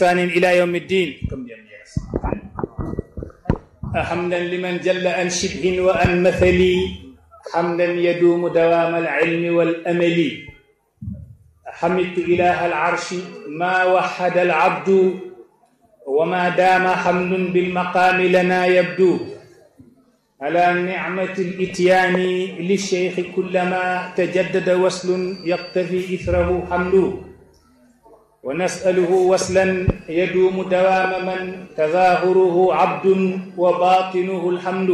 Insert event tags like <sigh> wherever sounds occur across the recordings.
بإحسان إلى يوم الدين حمدا لمن جل عن شبه وأن مثلي حمدا يدوم دوام العلم والأمل حمدت إله العرش ما وحد العبد وما دام حمد بالمقام لنا يبدو على نعمة الإتيان للشيخ كلما تجدد وصل يقتفي إثره حمده ونسأله وسلا يدوم دوام من تظاهره عبد وباطنه الحمد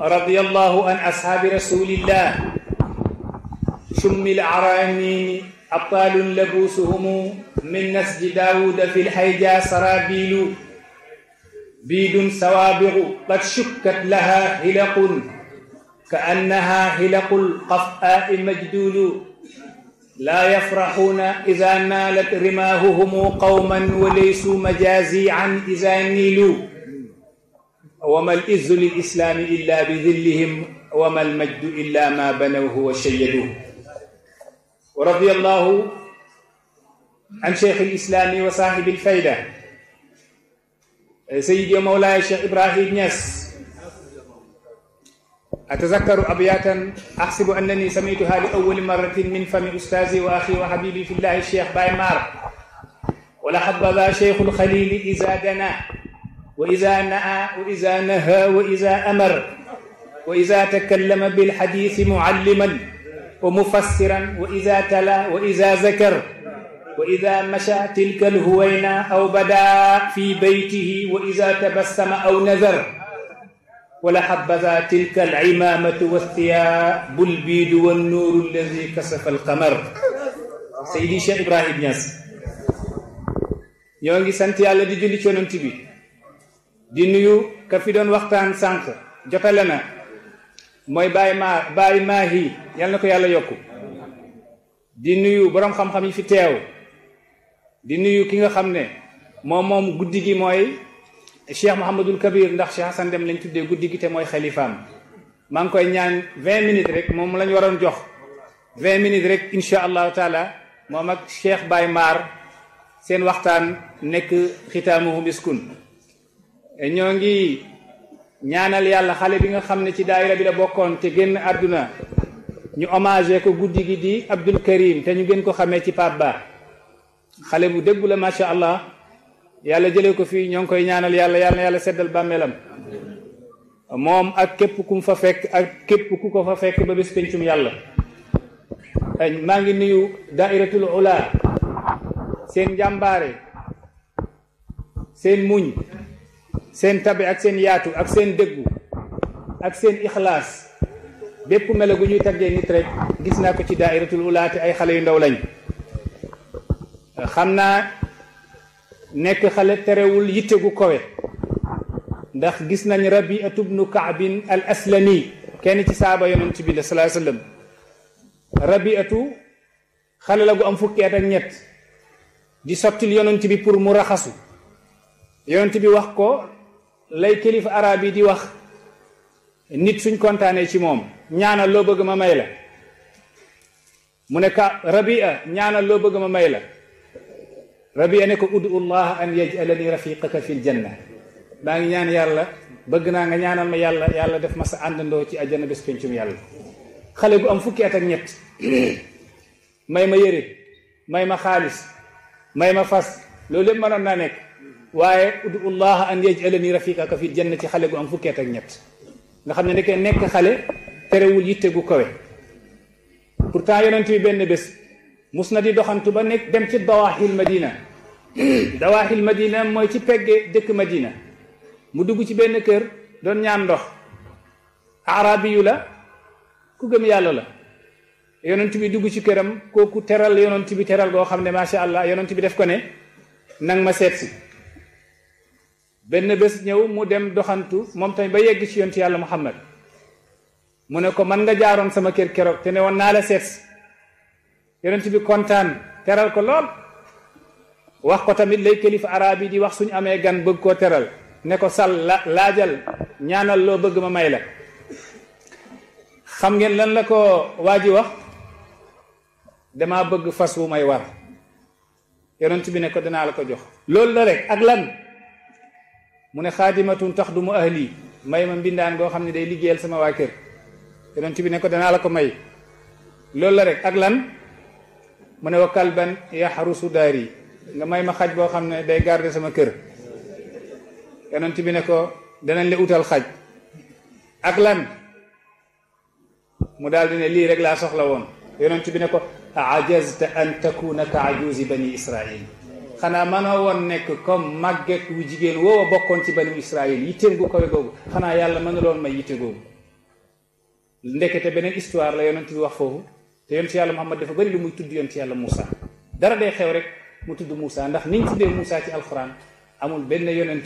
رضي الله عن أصحاب رسول الله شم العرانين أبطال لبوسهم من نسج داود في الحيجا سرابيل بيد سوابغ قد شكت لها هلق كأنها هلق القفآء مجدول لا يفرحون إذا نالت رماههم قوما وليسوا مجازيعا إذا نيلوا وما الإز للإسلام إلا بذلهم وما المجد إلا ما بنوه وشيدوه ورضي الله عن شيخ الإسلام وصاحب الفائدة سيدي مولاي الشيخ إبراهيم نيس أتذكر أبياتا أحسب أنني سمعتها لأول مرة من فم أستاذي وأخي وحبيبي في الله الشيخ بايمار ولحبذا شيخ الخليل إذا دنا وإذا نأى وإذا نهى وإذا أمر وإذا تكلم بالحديث معلما ومفسرا وإذا تلا وإذا ذكر وإذا مشى تلك الهوينا أو بدا في بيته وإذا تبسم أو نذر ولحبذا تلك العمامة والثياب البيد والنور الذي كسف القمر سيدي شيخ إبراهيم ياس يونغي سنتي على دي جولي شونن تبي دي نيو كفي دون وقتان سانك جوتا لنا موي باي ما باي ما هي يالنكو يالا يوكو دي نيو بروم خام خامي في تيو di nuyu ki nga xamne mom mom guddigi moy cheikh mohammedul kabir ndax cheikh hasan dem lañ tuddé guddigi te moy khalifam mang koy ñaan 20 minutes rek mom lañ waron jox 20 minutes rek insha allah taala mom ak cheikh bay mar seen waxtaan nek khitamuhu miskun e ñongi ñaanal yàlla xale bi nga xamne ci daayira bi la bokkon te génn aduna ñu hommage ko guddigi di abdul karim te ñu genn ko xamé ci papa Ba xale bu déggu la macha allah yàlla jëlee ko fii ñoo ngi koy ñaanal yàlla yàlla na yàlla seddal bàmmeelam moom ak képp ku fa fekk ak képp ku ko fa fekk ba bés pencum yàlla maa ngi nuyu dairatul ula seen njàmbaare seen muñ seen tabe ak seen yaatu ak seen déggu ak seen ixlaas bépp melo gu ñuy nit rek gis naa ko ci dairatul ula te ay xale yu ndaw lañ xam naa nekk xale terewul yitte gu kowe ndax gis nañ rabi atubnu kaabin al aslami kenn ci saaba yonent bi la salaa sallam rabi atu xale la am fukki at ak ñett di sottil yonent bi pour mu raxasu yonent bi wax ko lay kilifa arab yi di wax nit suñ kontaanee ci moom ñaanal loo bëgg ma may la mu ne ka rabia ñaanal loo bëgg ma may la rabia ne ko udu llah an yajalani rafiqaka fi ljanna maa ngi ñaan yàlla bëgg naa nga ñaanal ma yàlla yàlla def ma sa àndandoo ci àjjana bés pencum yàlla xale bu am fukki at ak ñett <clears throat> may ma yére may ma xaalis may ma fas loolu lépp mënoon naa nekk waaye udu llah an yajalani rafiqaka fi ljanna ci xale gu am fukki at ñett nga xam ne ndeke nekk xale terewul yitte gu kawe pourtant yonent bi benn bés mus na di doxantu ba nekk dem ci dawaaxil madina dawaaxil madina mooy ci pegge dëkk madina mu dugg ci benn kër doon ñaan ndox arabi yu la ku gëm yàlla la yonent bi dugg ci këram kooku teral yonent bi teral goo xam ne macha allah yonent bi def ko ne nang ma seet si benn bés ñëw mu dem doxantu moom tamit ba yegg ci yonent yàlla muhammad mu ne ko man nga jaaroon sama kër keroog te ne woon naa la seet si yonent bi kontaan teral ko lool wax ko tamit lay kilifa arab yi di wax suñu amee gan bëgg koo teral ne ko sal la laajal ñaanal loo bëgg ma may la xam ngeen lan la ko waa wax dama bëgg fas wu may war yonent bi ne ko danaa la ko jox loolu la rek ak lan mu ne xaadimatun tax ahli may ma mbindaan goo xam ne day liggéeyal sama waa kër yonent bi ne ko danaa la ko may loolu la rek ak lan mu wa kalban yaxrusu dari nga may ma xaj bo xamne day garder sama kër yonent bi ne ko danañ le outal xaj ak lan mu dal di li rek la soxla woon yonent bi ne ko ajazta an takuna ka ajuzi bani israil xana mënoo won nek comme màgget wu jigen wo bokkon ci bani israil yitteem gu kawe googu xana yàlla man mënuloon may yité googu ndekete benen histoire la yonent bi wax fofu te yonent yàlla Muhammad dafa bari lu muy tuddu yonent yàlla musa dara day xew rek mu tuddu musa ndax niñ tuddee musa ci alquran amul benn yonent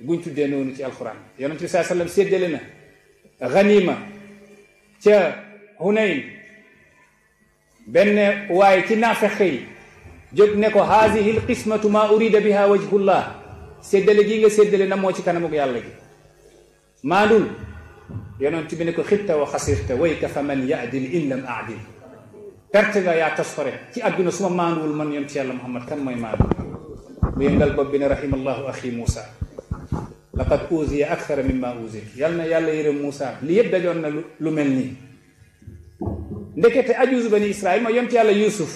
guñ tuddé nonu ci alquran yonent bi sallam séddale na ganima ca Hunayn benn waaye ci nafaxé jot ne ko hazihi alqismatu ma urida biha wajhullah séddale gi nga séddale na mo ci kanamug yàlla gi madul yonent bi ne ko khitta wa khasirta way ka faman ya'dil in lam aadil kartiga يا تصفره sare ki abina suma maanu ulman yamti yalla muhammad kan may maanu ويا قلب ربنا رحم الله اخي موسى لقد أوزي اكثر مما اوذي يالنا يالا يري موسى ليب دجون لو ملني نكيت بني اسرائيل ما يمتي يالا يوسف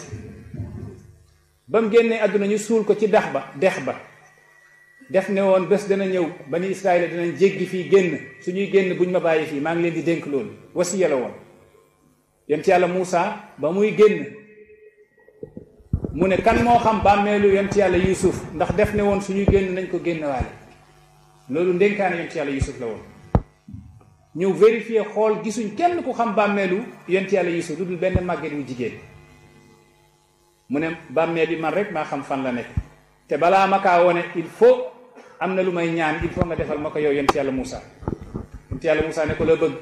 بام генي ادنا ني سول كو تي دخبا دخبا دف نيون بس دنا نيو بني اسرائيل دنا جيغي في ген سونيي ген بوني ما باي في ماغ لين وسيلا وون yonent yàlla Moussa ba muy génn mu ne kan moo xam bàmmeelu yonent yàlla Yuusuf ndax def ne woon suñuy génn nañ ko génn waale loolu ndénkaane yonent yàlla Yuusuf la woon ñu vérifier xool gisuñ kenn ku xam bàmmeelu yonent yàlla Yuusuf lu dul benn màgget wu jigéen mu ne bàmmeel bi man rek maa xam fan la nekk te balaa ma kaa wone il faut am na lu may ñaan il faut nga defal ma ko yow yonent yàlla Moussa yonent yàlla Moussa ne ko la bëgg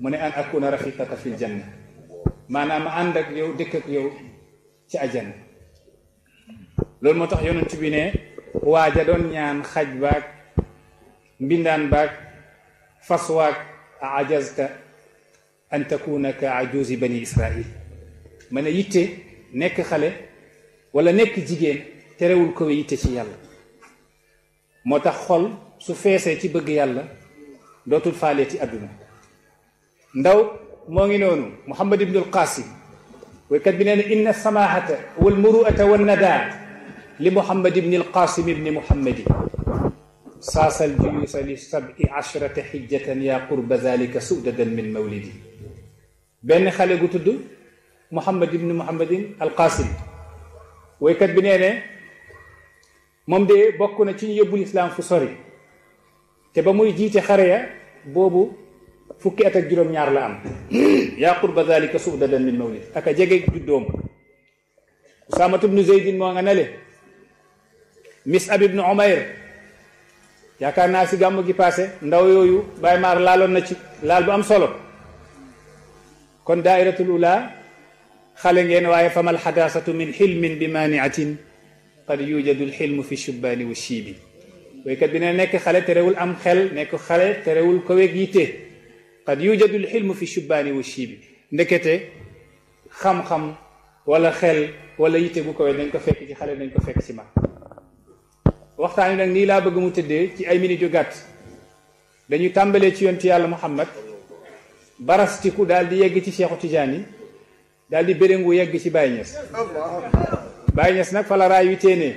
mu ne an akuna rafiqaka fil janna maanaam ma ànd ak yow dëkk ak yow ci àjjana loolu moo tax yonent bi ne waaja doon ñaan xaj baag mbindaan baag fas waag ajazta an takuna ka ajuzi bani israil ma ne yitte nekk xale wala nekk jigéen terewul kowe yitte ci yàlla moo tax xol su feesee ci bëgg yàlla dootul faaleeti àdduna ndaw moo ngi noonu muhammad ibnul qasim waykat bi nee na inna samahata wal muruata wa nada li muhammad ibnil qasim ibni muhammadi ساس الجيوس للسبع عشرة حجة يا قرب ذلك سؤددا من مولدي بين خالي قتد محمد بن محمد القاسم ويكت بنينا موم دي بوكنا تي يبو الاسلام في سوري تبا موي جيتي خريا بوبو fukki at ak juróom-ñaar la am yaa qurba dalika sudadan min mawlid aka jege juddoom usaamatu ibnu zeydin moo nga nele mis'ab ibnu umayr yaakaar naa si gàmm gi passé ndaw yooyu Baye maar laaloon na ci laal bu am solo kon daairatul ula xale ngeen waaye famal xadaasatu min xilmin bi maaniatin qad yujadu lxilmu fi shubbaani wa shiibi waykat bi ne nekk xale terewul am xel nekk xale terewul ko weg yitte قد يوجد الحلم في الشبان والشيب نكته خم خم ولا خل ولا يته بوكو وي دنجو فك سي خالي دنجو فك سي ما وقتاني نك ني لا بغ مو تدي سي اي مينيت يو غات دانيو تامبالي سي يونت يالله محمد باراستيكو دالدي يغ سي شيخو تيجاني دالدي بيرينغو يغ سي باينيس باينيس نك فلا راي يوتيني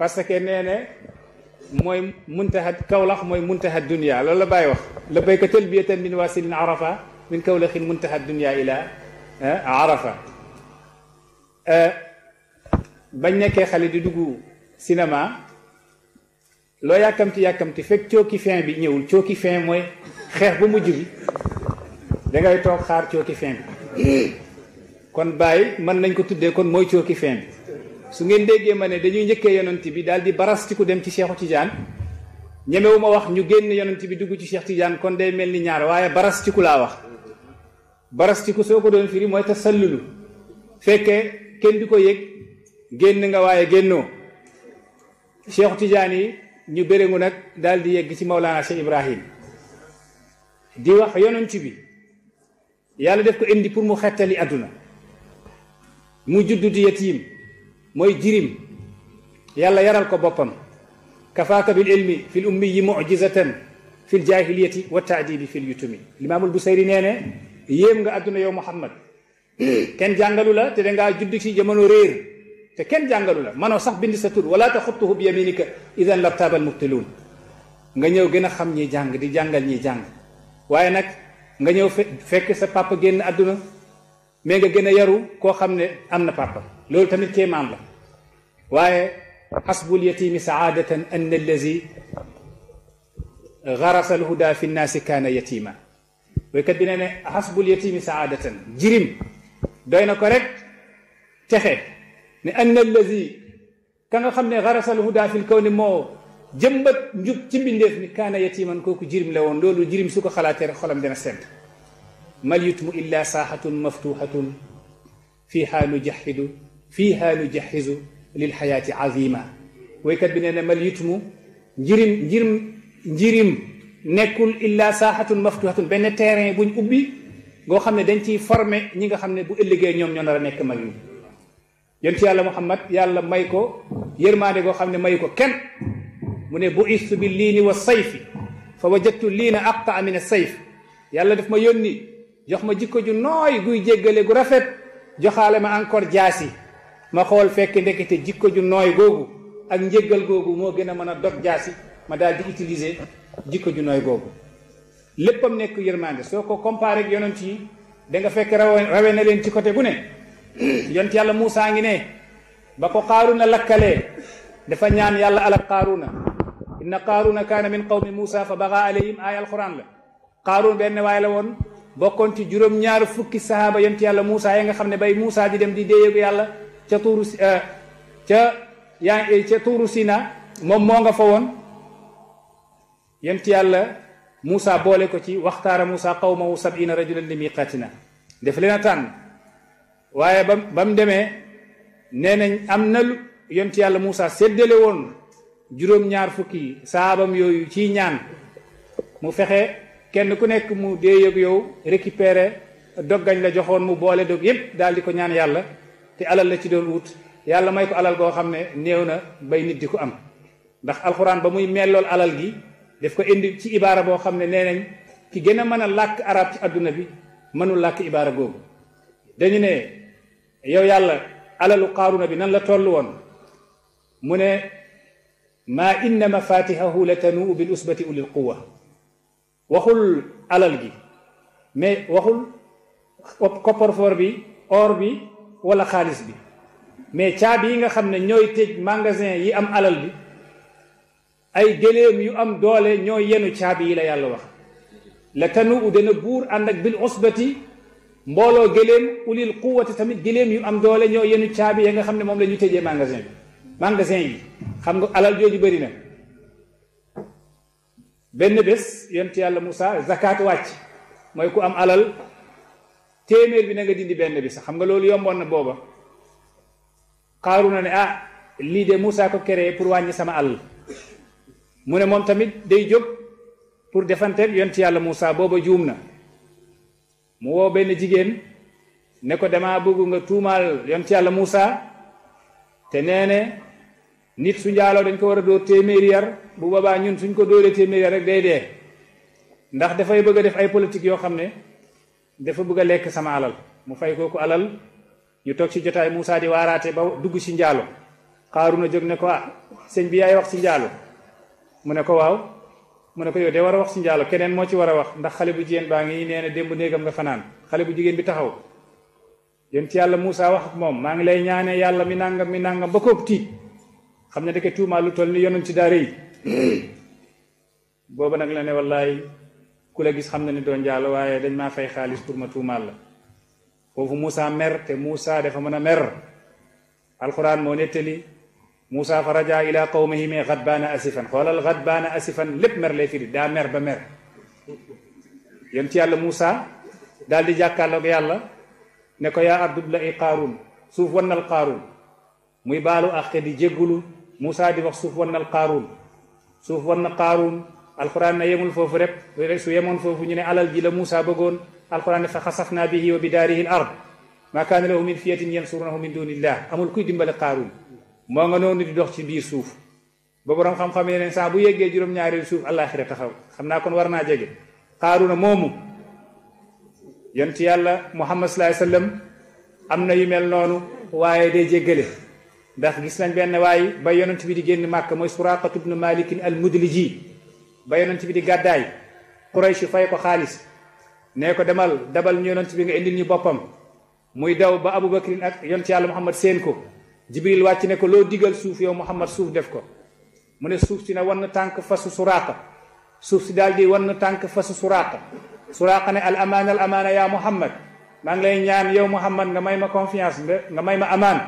باسكو نينه موي منتهى كولخ موي منتهى الدنيا لا لا باي وخ لبيك تلبية من واسل عرفة من كولخ منتهى الدنيا إلى عرفة أه بني خالد دوغو سينما لو يا كمتي يا كمتي فك تشوكي فين بي نيول تشوكي فين موي خير بو مجي دا غاي توك خار تشوكي فين كون باي من نانكو تودي كون موي تشوكي فين بي su ngeen déggee ma ne dañuy njëkkee yonent bi daal di barastiku dem ci Cheikhu Tidiane ñemewu ma wax ñu génn yonent bi dugg ci Cheikh Tidiane kon day mel ni ñaar waaye barastiku laa wax barastiku soo ko doon firi mooy tasallulu fekkee kenn du ko yëg génn nga waaye génnoo Cheikhu Tidiane yi ñu bëri béréngu nag daal di yegg ci Maulana Cheikh Ibrahim di wax yonent bi yàlla def ko indi pour mu xettali àdduna mu judd di yatiim mooy jirim yàlla yaral ko boppam kafaaka bil ilmi fil ummiyi mujizatan fil jahiliyati wa taadibi fil yutumi limaamul busayri nee ne yéem nga àdduna yow muhammad kenn jàngalu la te dangaa judd ci jamono réer te kenn jàngalu la manoo sax bind sa tur wala taxutuhu bi yaminika idan lartaabal mubtiluun nga ñëw gën a xam ñi jàng di jàngal ñi jàng waaye nag nga ñëw fekk sa papa génn àdduna mais nga gën a yaru koo xam ne am na papa لول تمت كي معملة واي حسب اليتيم سعادة أن الذي غرس الهدى في الناس كان يتيما ويكدنا حسب اليتيم سعادة جريم دوينا كوريك تخي أن الذي كان خمنا غرس الهدى في الكون مو جمبت نجوب تيمين ديف كان يتيما كوكو جرم لون لول جريم سوكو خلاتير خلام دينا سنت ما يتم إلا ساحة مفتوحة في حال نجحد fiiha lu jaxisu lil xayaati azima waykat bi nee na mal yitmu njirim njirim njirim nekkul illa saaxatun maftuhatun benn terrain buñ ubbi goo xam ne dañ ciy former ñi nga xam ne bu ëllëgee ñoom ñoo nar a nekk mag ñi yonent yàlla muhammad yàlla may ko yërmaande goo xam ne mayu ko kenn mu ne bu istu bi liini wa sayfi fa wajadtu liina aqtaa min sayf yàlla daf ma yónni jox ma jikko ju nooy guy jéggale gu rafet joxaale ma encore jaasi ma xool fekke ndekete jikko ju nooy googu ak njëggal googu moo gën a mën a dog jaasi ma daal di utiliser jikko ju nooy googu léppam nekk yërmande soo ko comparé ak yonent da nga fekk rawe rawe na leen ci côté bu ne <clears throat> yonent yàlla Moussa ngi ne ba ko Qaaruna lakkalee dafa ñaan yàlla alal Qaaruna inna Qaaruna kaana min qawmi Moussa fa bagaa alayhim aaya alquran la Qaarun benn waay la woon bokkoon ci juróom-ñaar fukki sahaaba yonent yàlla Moussa yi nga xam ne bay Moussa di dem di yàlla Eh, ca tuuru ca yaa ca tuuru na moom moo nga fa woon yonent yàlla Moussa boole ko ci waxtaara Moussa qawmahu sab'ina rajulan li na def leen a tànn waaye ba ba mu demee nee nañ am na lu yonent yàlla muusa séddale woon juróom-ñaar fukki saabam yooyu ci ñaan mu fexe kenn ku nekk mu dee yëg yow récupérer doggañ la joxoon mu boole dog yépp daal di ko ñaan yàlla te alal la ci doon wut yàlla may ko alal goo xam ne néew na bay nit di ko am ndax alxuraan ba muy mellool alal gi daf ko indi ci ibaara boo xam ne nee nañ ki gën a mën a làkk arab ci àdduna bi mënul làkk ibaara googu dañu ne yow yàlla alalu qaaruna bi nan la toll woon mu ne maa inna mafatihahu la tanuu bil usbati ulil quwa waxul alal gi mais waxul kopporfor bi or bi wala xaalis bi mais caabi yi nga xam ne ñooy tëj magasin yi am alal bi ay gëléem yu am doole ñooy yenu caabi yi la yàlla wax la tanu dana buur ànd ak bil usbati mbooloo gëléem ulil quwati tamit gëléem yu am doole ñoo yenu caabi ya nga xam ne moom la ñu tëjee magasin bi magasin yi xam nga alal jooju bëri na benn bés yonent yàlla Moussa zakat wàcc mooy ku am alal téeméer bi na nga dindi benn bi sax xam nga loolu yomboon na booba xaaru na ne ah lii de Moussa ko créé pour wàññi sama àll mu ne moom tamit day jóg pour defanteeg yonti yàlla Moussa booba juum na mu woo benn jigéen ne ko dama bëgg nga tuumaal yonti yàlla Moussa te nee ne nit su njaaloo dañ ko war a dóor téeméeri yar bu boobaa ñun suñ ko dóoree téeméeri yar rek day dee ndax dafay bëgg a def ay politique yoo xam ne dafa bëgg a lekk sama alal mu fay kooku alal ñu toog ci jotaay Moussa di waaraate ba dugg ci njaalo na jóg ne ko ah sëñ bi yaay wax ci njaalo mu ne ko waaw mu ne ko yow de war a wax ci njaalo keneen moo ci war a wax ndax xale bu jigéen baa ngi nee na démb néegam nga fanaan xale bu jigéen bi taxaw yéen ci yàlla Moussa wax moom maa ngi lay ñaane yàlla mi nàngam mi nàngam ba kooku tiit xam ne dëkk tuuma lu toll ni yoonu ci daara yi <clears throat> boobu nag ku la gis xam na ni doon jàll waaye dañ maa fay xaalis pour ma tuumaal la foofu Moussa mer te Moussa dafa mën a mer alquran moo nettali Moussa faraja ila qawmihi mais xadbaana asifan xoolal xadbaana asifan lépp mer lay firi daa mer ba mer yéen ci yàlla Moussa daal di jàkkaarloog yàlla ne ko yaa abdub la i qaaruun suuf wannal qaaruun muy baalu àq di jéggulu Moussa di wax suuf wannal qaaruun suuf wanna qaaruun alquran na yemul foofu rek su yemoon foofu ñu ne alal ji la Moussa bëggoon alquran ne fa xasafna bihi wa bi daarihi l ard ma kaana lahu min fiyatin yansurunahu min dunillah amul kuy dimbale xaaruun moo nga noonu di dox ci biir suuf ba borom xam-xam yeneen saa bu yeggee juróom-ñaareelu suuf àllaaxira taxaw xam kon war jege xaaruuna moomu yonent yàlla muhammad salaai sallam am na yu mel noonu waaye day jéggale ndax gis nañ benn waay ba yonent bi di génn màkk mooy suraqatu bnu malikin al mudliji ba yonent bi di gàddaay Quraysh fay ko xaalis nee ko demal dabal ñu yonent bi nga indi ñu boppam muy daw ba abu Abubakrin ak yonent yàlla Muhammad seen ko Jibril wàcc ne ko loo digal suuf yow Muhammad suuf def ko mu ne suuf si ne wan tànk fasu suraaqa suuf si daal di wan tànk fasu suraaqa suraaqa ne al amaana al amaana yaa Muhammad maa ngi lay ñaan yow Muhammad nga may ma confiance nga may ma amaan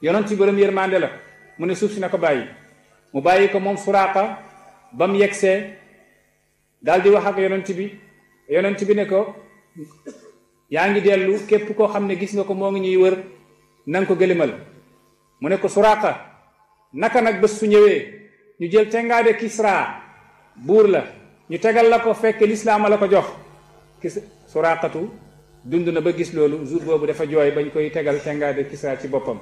yonent bi borom yërmande la mu ne suuf si na ko bàyyi ba mu yegsee daal di wax ak yonent bi yonent bi ne ko yaa ngi dellu képp koo xam ne gis nga ko moo ngi ñuy wër nanga ko gëlimal mu ne ko suraqa naka nag bés su ñëwee ñu jël tengaade kisra buur la ñu tegal la ko fekk lislaama la ko jox kis suraqatu dund na ba gis loolu jour boobu dafa jooy ba bañ koy tegal tengaade kisra ci boppam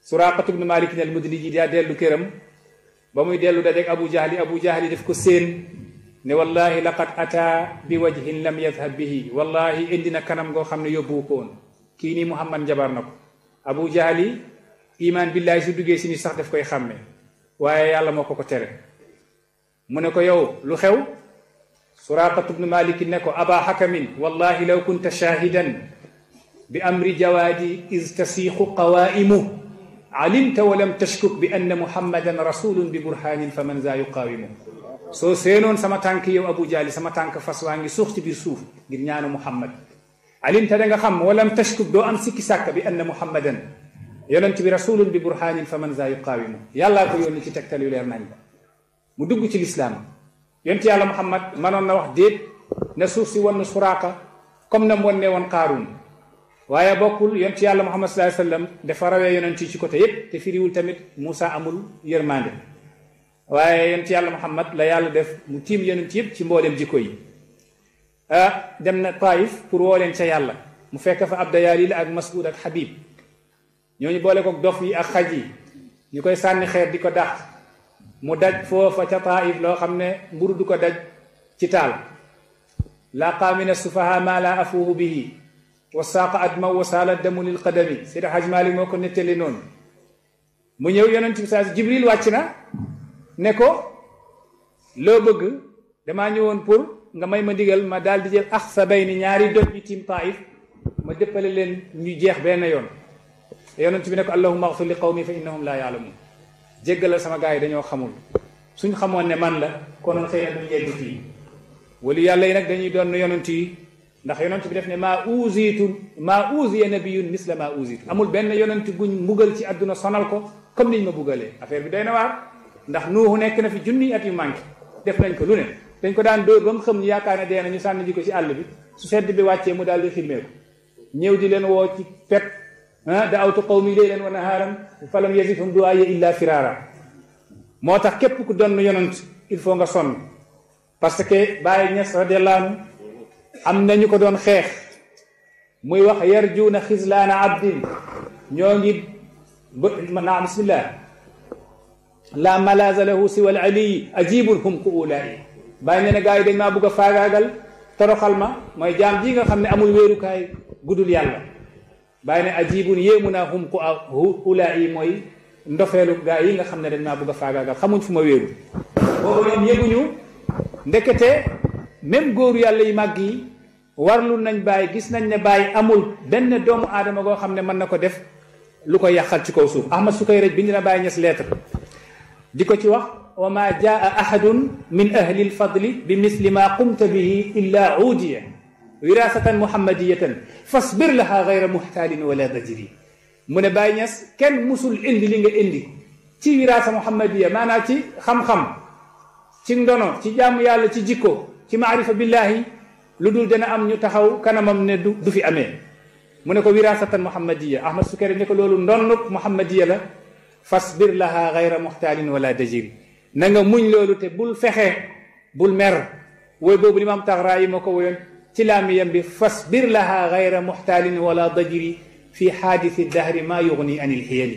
suraqatu ibnu malik al mudliji daa dellu këram ba muy dellu dajeeg abu jahli abu jahli def ko seen ne wallahi laqad ata bi wajhin lam yadhhab bihi wallahi indi na kanam goo xam ne yóbbuwu ko woon kii nii muhammad njabar na ko abu jahli iman billahi su duggee si ni sax daf koy xàmme waaye yàlla moo ko ko tere mu ne ko yow lu xew suraqat ibnu malik ne ko aba hakamin wallahi law kunta shahidan bi amri jawaadi iz tasiixu qawaa'imu علمت ولم تشكك بأن محمدا رسول ببرهان فمن ذا يقاومه سو سينون سما تانكي أبو جالي سما تانك فسواني سخت بيسوف محمد علمت دنگا خم ولم تشكك دو أمسك ساك بأن محمدا يلنت برسول ببرهان فمن ذا يقاومه يلا كيوني كي تكتلي ليرناي مدوغو الإسلام ينت يا محمد منون نوح ديت نسوسي ون كم نمون نيوان waye bokul yon yàlla muhammad sallallahu alayhi wasallam de farawé yonenti ci côté yépp te firiwul tamit musa amul yërmande waye yon yàlla muhammad la yàlla def mu tim yonenti yépp ci mbolém jikko yi ah dem na taif pour wolen ci yàlla mu fekk fa abda yalil ak mas'ud ak habib ñooñu bolé ko dof yi ak xaj yi koy sànni xeer diko ko dax mu daj fofa ca taif lo xamné mburu duko daj ci tal laqaa min as-sufaha ma la afuhu bihi wasaaqa adma wasaala damu lil qadami Seydi Hadj Malick moo ko nettali noonu mu ñëw yonent bi saa si Jibril wàcc na ne ko loo bëgg damaa ñëwoon pour nga may ma ndigal ma daal di jël ax sa bay ni ñaari doj yi tiim taif ma dëppale leen ñu jeex benn yoon yonent bi ne ko allahumma axfir li qawmi fa innahum laa yaalamun jéggalal sama gars yi dañoo xamul suñ xamoon ne man la konoon xëy na duñ yegg fii wali yàlla yi nag dañuy doon yonent yi ndax yonent bi def ne ma uzitu ma uusiya nabiyun misla ma uzitu amul ben yonent guñ mbugal ci aduna sonal ko comme niñ ma bugale affaire bi doy war waar ndax nuuxu nek na fi junni at yu manki def nañ ko lune dañ ko daan dóor ba xam ni yaakaar deena ñu sànni jiko ci àll bi su sedd bi wacce mu dal di ko ñëw di len wo ci pet daawtu qawmi leylan wa nahaaran falam yazifum du'a illa firara motax kep ku don yonent il faut nga son parce que baye ñes radiallahu anhu am na ñu ko doon xeex muy wax yarjuuna xislaana abdin ñoo ngi naam bismillah la malaasa lahu siwal aliyi ajibul hum ku ulaayi bàyyi ne na gaa yi dañ maa bugg a faagaagal toroxal ma mooy jaam ji nga xam ne amul wéerukaay gudul yàlla bàyyi ne ajibun yéemu naa hum ku ulaayi mooy ndofeelu gaa yi nga xam ne dañ maa bugg a faagaagal xamuñ fu ma wéeru boobu ñoom yëguñu ndekete même góoru yàlla yi màgg yi warlu nañ bàyyi gis nañ ne bàyyi amul benn doomu aadama goo xam ne mën na ko def lu ko yàqal ci kow suuf ahmad su koy rëj bind na bàyyi ñes lettre di ko ci wax wa ma jaa ahadun min ahli lfadli bi misli ma qumta bihi illa uudiya wirasatan muhammadiyatan fasbir laha gayra muhtaalin wala dajiri mu ne bàyyi ñes kenn musul indi li nga indi ci wirasa muhammadiya maanaam ci xam ci ndono ci jaamu yàlla ci jikko ci maarifa billahi lu dul dana am ñu taxaw kanamam ne du fi amee mu ne ko wirasatan muhammadiya ahmad sukari ne ko loolu ndonnuk muhammadiya la fasbir laha gayra muxtaalin wala dajir na nga muñ loolu te bul fexe bul mer way boobu limaam taxraa yi moo ko woyoon ci laamiyam bi fasbir laha gayra muxtaalin wala dajiri fi xaadisi dahri ma yugni an ilxiyali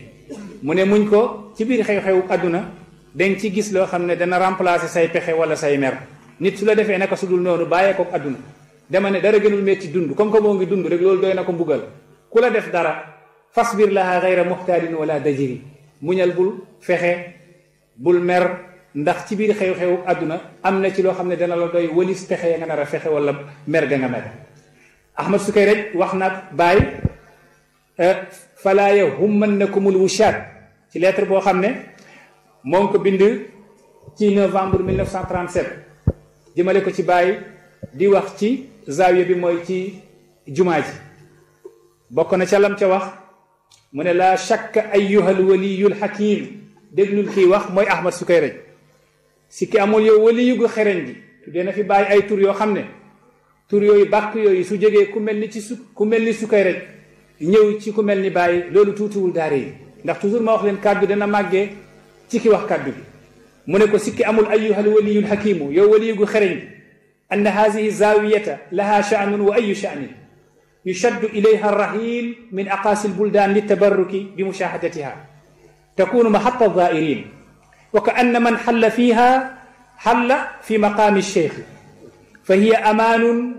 mu ne muñ ko ci biir xew-xew àdduna dañ ci gis loo xam ne dana remplacer say pexe wala say mer nit su la defee naka sudul dul noonu bàyyee ko adduna dama ne dara gënul metti dund comme que moo ngi dund rek loolu doy na ko mbugal ku la def dara fasbir laha gayra muxtaarin wala dajiri muñal bul fexe bul mer ndax ci biir xew-xewu àdduna am na ci loo xam ne dana la doy walis fexe nga nar a fexe wala mer ga nga mer ahmad sukay rek wax naag baay falaa yahummannakumul wushaat ci lettre boo xam ne moo ngi ko bind ci novembre 1937 jëmale ko ci bàyyi di wax ci zaawiya bi mooy ci jumaa ji bokk na ca lam ca wax mu ne laa ayyuhal waliyul hakim déglul kii wax mooy ahmad sukayraj si ki amul yow wali gu xereñ gi tuddee na fi bàyyi ay tur yoo xam ne tur yooyu bàkk yooyu su jógee ku mel ni ci su ku mel ni ñëw ci ku mel ni bàyyi loolu tuutiwul daare yi ndax toujours ma wax leen kàddu dana màggee ci ki wax kàddu bi mu سكي ko أيها الولي الحكيم waliyul ولي yow أن هذه الزاوية لها شأن وأي شأن يشد إليها الرحيل من أقاصي البلدان للتبرك بمشاهدتها تكون محط الظائرين وكأن من حل فيها حل في مقام الشيخ فهي أمان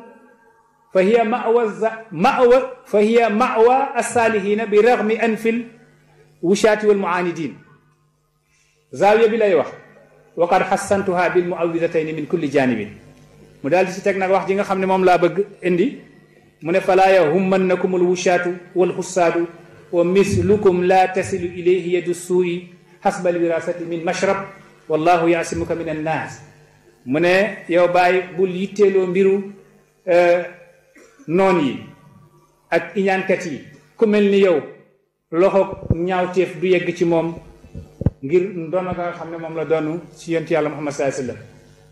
فهي مأوى مأوى فهي مأوى الصالحين برغم أنف الوشاة والمعاندين زاوية بلا يوحد wa qad xassantuha bil muawisatayni min kulli janibin mu daal di si teg nag wax ji nga xam ne moom la bëgg indi mu ne falaa yahummannakum alwushaatu walxussaadu wa mislukum laa tasilu ilayhi yadu suuyi xasba alwirasati min mashrab wallahu yaasimuka min annaas mu ne yow bàyyi bul yitteeloo mbiru e, noon yi ak iñaankat yi ku mel ni yow loxo ñaawteef du yegg ci moom ngir doona nga xamne mom la doonu ci yent yàlla muhammad sallallahu saa wasallam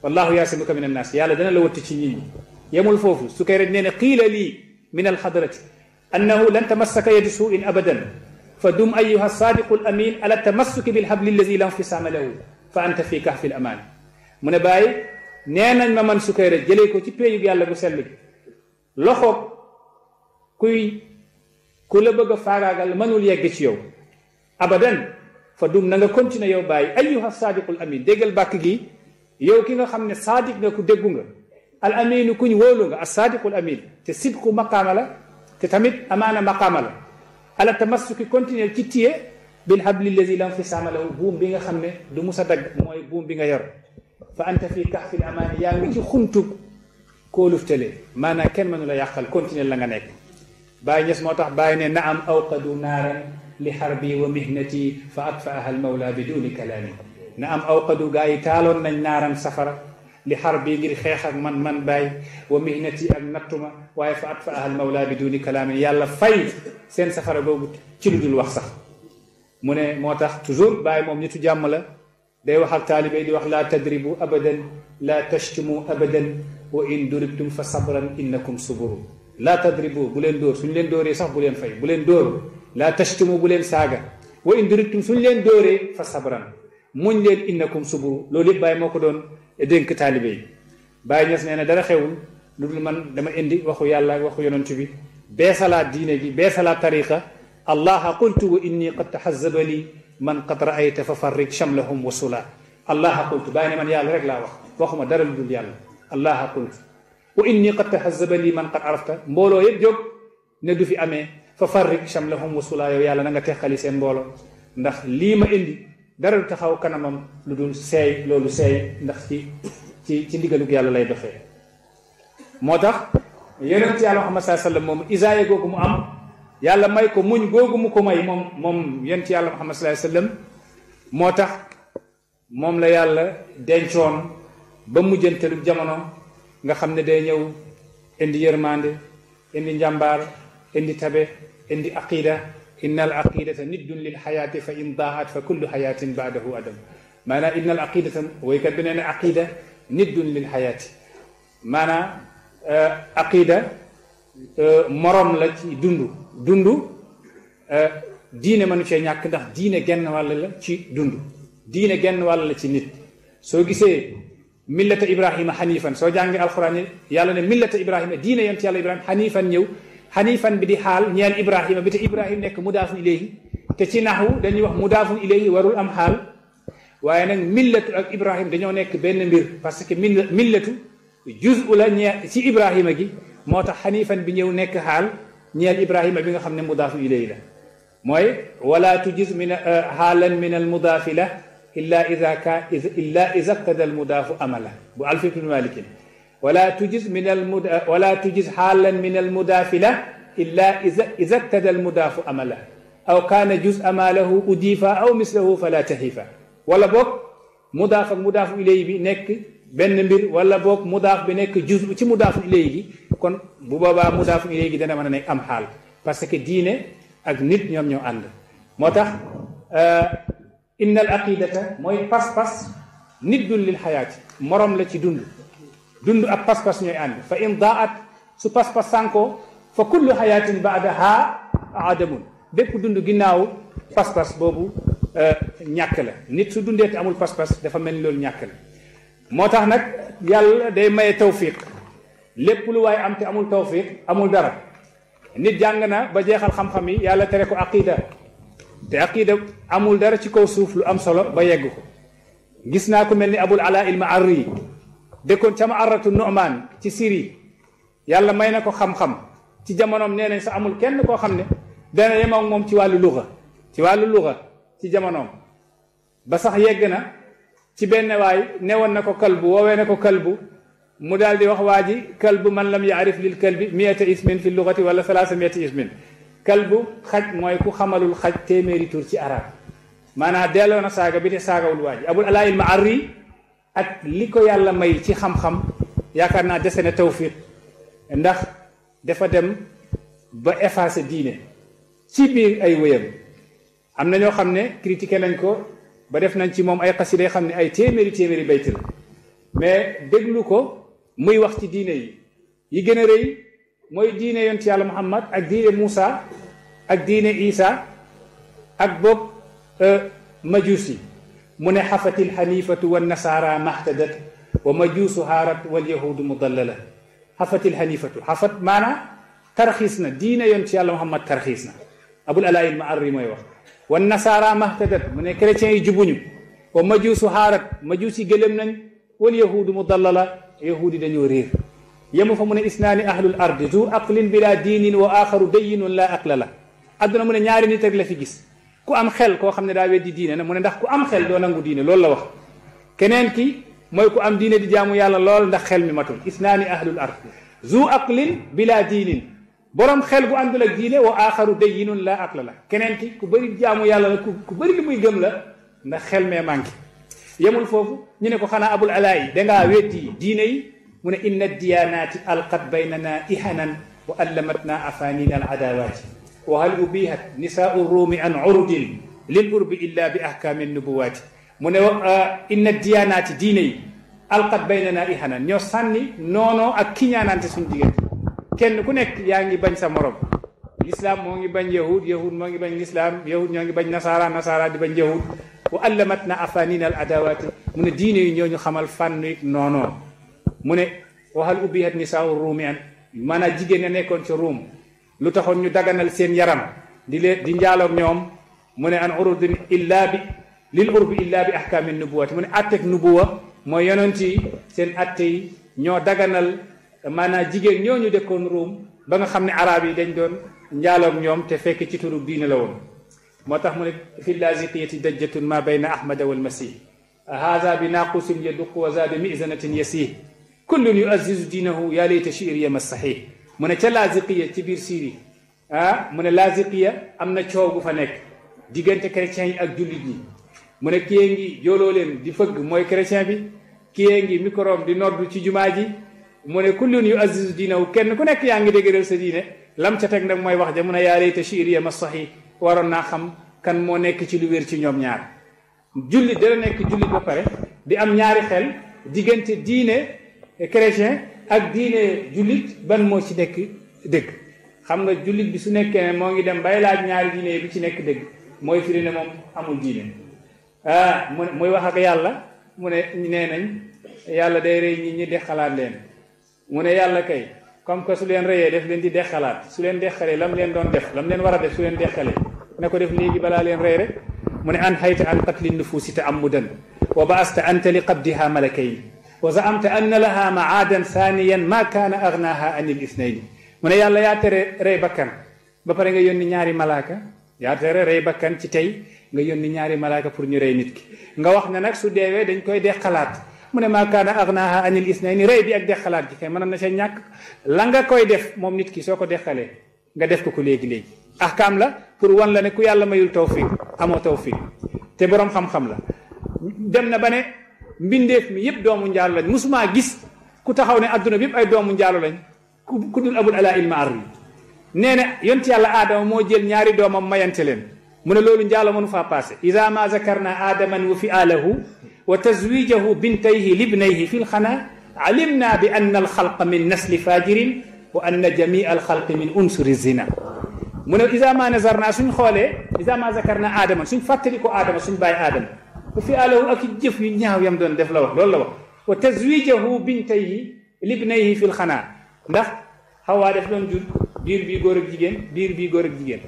wallahu yasimuka minan nas yàlla dana la wotti ci nit ñi yamul fofu su kay rek neena qila li min al alxadrati annahu lan tamassaka yadu suin abadan fadum ayyuha ayuha al amin ala tamassuk bil habl alladhi la nfisaama lahu fa anta fi kahfi al aman mune ne bàyyi ma man su kay rek jele ko ci peyu yàlla bu sel loxo kuy ku la bëgg a faagaagal mënul yegg ci yow abadan fa dum na nga continuer yow bàyyi ayyuha saadiqul amin déggal bàkk gi yow ki nga xam ne saadiq nga ku déggu nga al aminu kuñ wóolu nga as saadiqul amin te sidqu maqaama la te tamit amaana maqaama la ala tamassuki continuer ci tiye bil habli lazi lam fi saamalahu buum bi nga xam ne du mus dagg mooy buum bi nga yor fa anta fi kahfil amaani yaa ngi ci xuntu koo luftale maanaam kenn mënu la yàqal continuer la nga nekk bàyyi ñes moo tax bàyyi ne na am awqadu لحربي ومهنتي فأطفأها المولى بدون كلام نعم أوقدوا قاي تالون من نارا سفرة لحربي غير خيخك من من باي ومهنتي النقطمة وهي فأطفأها المولى بدون كلام يلا فاي سين سفرة بوقت تلد الوقت من موتاخ تزور باي مومني تجاملة دي وحال طالبي دي لا تدربوا أبدا لا تشتموا أبدا وإن دربتم فصبرا إنكم صبروا لا تدربوا بلندور دور سن لين laa tashtumu bu leen saaga wa indirictum suñ leen dóoree fa sabran muñ leen innakum suburu loolu yëpp bàyyi moo ko doon dénk taalibe yi bàyyi ñes nee na dara xewul lu dul man dama indi waxu yàlla waxu yonent bi beesalaat diine gi beesalaat tariqa allaha qultu wa inni qad tahazaba li man qad raayta fa farrik shamlahum wasula allaha qultu bàyyi ne man yàlla rek laa wax waxuma dara lu dul yàlla allaha qultu wa inni qad tahazaba li man qad arafta mbooloo yëpp jóg ne du fi amee fa farrik chamlahum wasulaa yow yàlla na nga teqali seen mbooloo ndax lii ma indi dara du taxaw kanamam lu dul seey loolu seey ndax ci ci ci ndigalug yàlla lay doxee moo tax yonent yàlla Muhammad saa sallam moom isaaye googu mu am yàlla ma ko muñ googu mu ko may moom moom yonent yàlla Muhammad saa sallam moo tax moom la yàlla dencoon ba mujjantelu jamono nga xam ne day ñëw indi yërmande indi njàmbaar indi tabe indi aqida inna al aqidata niddun lil xayaati fa in at fa kullu xayaatin baadahu adam maanaam inna al aqidata woykat bi nee na aqida niddun lil xayaati maanaam eh, aqida eh, morom la ci dund dund eh, diine mënu cee ñàkk ndax diine genn wàll la ci dund diine genn walla la ci nit soo gisee millata ibrahima xanifan soo jàngee alxuraan yàlla ne millata ibrahima diine yonent yàlla ibrahima xanifan ñëw hanifan bi di xaal ñeel ibrahima bi te ibrahim nekk mudaafun ilayhi te ci naxu dañuy wax mudaafun ilayhi warul am xaal waaye nag millatu ak ibrahim dañoo nekk benn mbir parce que millatu juzu la ñeel ci ibrahima gi moo tax xanifan bi ñëw nekk xaal ñeel ibrahima bi nga xam ne mudaafun ilayhi la mooy wala tujiz min xaalan min al mudaafi la illa ida ka illa ida qtada al mudaafu amala bu alfitul malikin ولا تجز من المد... ولا تجز حالا من المدافلة إلا إذا إذا ابتدى المدافع أمله أو كان جزء ماله أضيفا أو مثله فلا تهيفا ولا بوك مدافع مدافع إليه نك بن بير ولا بوك مدافع بنك جزء تي مدافع إليه كون بوبابا مدافع إليه دنا مانا نك أم حال باسكو دين اك نيت نيوم نيو اند موتاخ ان الاقيده موي باس باس نيت للحياه مروم لا تي دوند dund ak pas-pas ñooy ànd fa in daat su pas-pas sànkoo fa kullu xayaatin baadaha adamun bépp dund ginnaaw pas-pas boobu euh, ñàkk la nit su dundee te amul pas-pas dafa mel ni loolu ñàkk la moo tax nag yàlla day maye tawfiq lépp lu waaye am te amul tawfiq amul dara nit jàng na ba jeexal xam-xam yi yàlla tere ko aqida te aqida amul dara ci kaw suuf lu am solo ba yegg ko gis naa ko mel ni abul ala ilma arri dëkkoon ca ma arratu nu'maan ci Syrie yàlla may na ko xam-xam ci jamonoom nee nañ sa amul kenn koo xam ne dana yem ak moom ci wàllu luxa ci wàllu luxa ci jamonoom ba sax yegg na ci benn waay newoon na ko kalbu woowee na ko kalbu mu daal di wax waa ji kalbu man lam yaarif lil kalbi miyata ismin fi luxati wala salaasa miyata ismin kalbu xaj mooy ku xamalul xaj téeméeri tur ci arab maanaam delloo na saaga bi te saagawul waa ji abul alaa ma arri ak liko yàlla may ci xam-xam yakarna desene dese tawfiq ndax dafa dem ba effacer diine ci bir ay wéyam am naño xamne critiquer ne nañ ko ba def nañ ci mom ay qasida xamne ay téméri téméri bayt la mais déglu ko muy wax ci diine yi yi gëna reey moy mooy diine yonti yàlla muhammad ak diine musa ak diine Isa ak bok euh majusi mu ne xafati alxanifatu wannasaara mahtadat wa majuusu haarat walyahuudu mudallala xafati alxanifatu xafat maanaa tarxiis na diine yoon ci yàlla muhammad tarxiis na abul alaayil ma arri mooy wax wannasaara mahtadat mu ne chrétiens yi jubuñu wa majuusu haarat majuus yi gëlëm nañ walyahuudu mudallala yahuudi dañoo réer yemu fa mu ne isnaani ahlul ardi zu aqlin bila diinin wa axaru dayinun la aqla la adduna mu ne ñaari nit rek la fi gis ku am xel ko xamne da weddi diine na mu ne ndax ku am xel do nangu diine lol la wax keneen ki moy ku am diine di jaamu yàlla lol ndax xel mi matul isnani ahlul ard zu aqlin bila diinin borom xel gu àndul ak diine wa akharu dayyinun la aqla la keneen ki ku bari jaamu yàlla ku ku bëri li gëm la ndax xel me manki yamul fofu ñu ne ko xana abul de nga weddi diine yi mu ne inna diyanati alqat baynana ihanan wa allamatna afanina al وهل أبيهت نساء الروم أن عرض للقرب إلا بأحكام النبوات من آه، إن الديانات ديني ألقت بيننا إهنا نيوساني نونو أكينيان أنت سنديت كن كنك يعني بني سمرب الإسلام مونغي بن يهود يهود مونغي بن الإسلام يهود مونغي بن نصارى نصارى دي بن يهود وألمتنا أفانين الأدوات من ديني نيو خمال فاني نونو من وهل أبيهت نساء الروم يعني mana jigen ya nekkoon ci room lu taxon ñu daganal seen yaram di le di ak ñoom mu ne an urudin illa bi lil urbi illa bi ahkaami nubuwati mu ne atteeg nubuwa mooy yonenti seen atte yi ñoo daganal maanaam jigéen ñoo ñu dëkkoon ruum ba nga xam ne arab yi dañ doon ak ñoom te fekk ci turu diine la woon moo tax mu ne fi laziqiyati dajjatun ma bayna ahmada walmasih هذا بناقوس يدق وزاد مئزنة يسيه كل يؤزز دينه يا ليت شعري ما mu ne ca laaziqiya ci biir Syrie ah mu ne laaziqiya am na coow gu fa nekk diggante chrétiens yi ak jullit ñi mu ne kiyee ngi jooloo leen di fëgg mooy chrétien bi kiyee ngi microbe di noddu ci jumaa ji mu ne kullun yu azizu diinahu kenn ku nekk yaa ngi dëgëral sa diine lam ca teg nag mooy wax ja mu ne yaa layta shiiriya ma saxi waroon naa xam kan moo nekk ci lu wér ci ñoom ñaar jullit dana nekk jullit ba pare di am ñaari xel diggante diine chrétien ak diine julit ban moo ci nekk dëgg xam nga julit bi su nekkee ne moo ngi dem bay laaj ñaari diine bi ci nekk dëgg mooy firi ne moom amul diine ah mu muy wax ak yàlla mu ne nee nañ yàlla day rey nit ñi di xalaat leen mu ne yàlla kay comme que su leen reyee def leen di dexalaat su leen dexalee lam leen doon def lam leen war a def su leen dexalee ne ko def léegi balaa leen rey rek mu ne an xayta an qatli nufuusi te amudan wa baasta anta li qabdiha malakayn wa a anna laha maadan thaniyan ma kaana agnaha anil isnayni mu ne yàlla yaa tere rey bakkan ba pare nga yónni ñaari malaaka yaa rey bakkan ci tey nga yónni ñaari malaaka pour ñu rey nit ki nga wax ne nag su deewee dañ koy deqalaat mu ne maa kaana agnaha anil isnayni rey bi ak deqalaat gi kay mënoon na sa ñàkk la nga koy def moom nit ki soo ko deqalee nga def ko ko léegi-léegi ahkaam la pour wan la ne ku yàlla mayul tawfiq amoo tawfiq te boroom xam-xam la dem na ba ne mbindeef mi yëpp doomu njaalo lañ musuma gis ku taxaw ne adduna bi yëpp ay doomu njaalo lañ ku dul abul ala ilma arri nee na yont yàlla aadama moo jël ñaari doomam mayante leen mu ne loolu njaalo mënu faa passé ida ma zakarna aadaman wa fi'alahu wa tazwijahu bintayhi libnayhi fi lxana alimna bi anna alxalqa min nasli fajirin wa anna jamia alxalqi min unsuri zina mu ne ida ma nazarna suñ xoolee ida ma zakarna aadama suñ fàttali ko aadama suñ bàyyi aadama وفي آله أكي جف ينهاو يمدون دف لوح لول لوح وتزويجه بنتيه لابنيه في الخناء ده هو عارف لون جود بير بي غورك جيجين بير بي غورك جيجين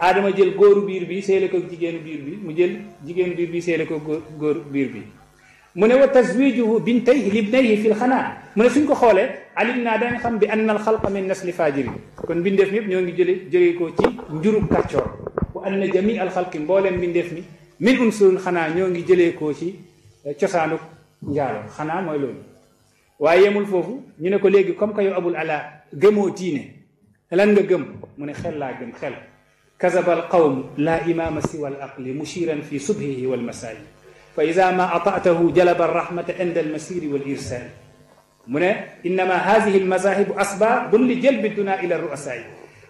آدم جيل غور بير بي سيلك جيجين بير بي مجيل جيجين بير بي سيلك غور بير بي من هو تزويجه بنتيه لابنيه في الخناء من سنكو خالة علمنا دان خم بأن الخلق من نسل فاجر كن بين دفني بنيون جلي جلي كوتي جروب كاتشور وأن جميع الخلق بولم بين دفني min unsurin xanaa ñoo ngi jëlee koo ci eh, cosaanuk njaalo xanaa mooy loolu waaye yemul foofu ñu ne ko léegi comme que yow abul ala gëmoo diine lan nga gëm mu ne xel laa gëm xel كذب القوم لا إمام سوى العقل مشيرا في صبحه والمسائي فإذا ما أطعته جلب الرحمة عند المسير والإرسال من إنما هذه المذاهب بل جلب الدنا إلى الرؤساء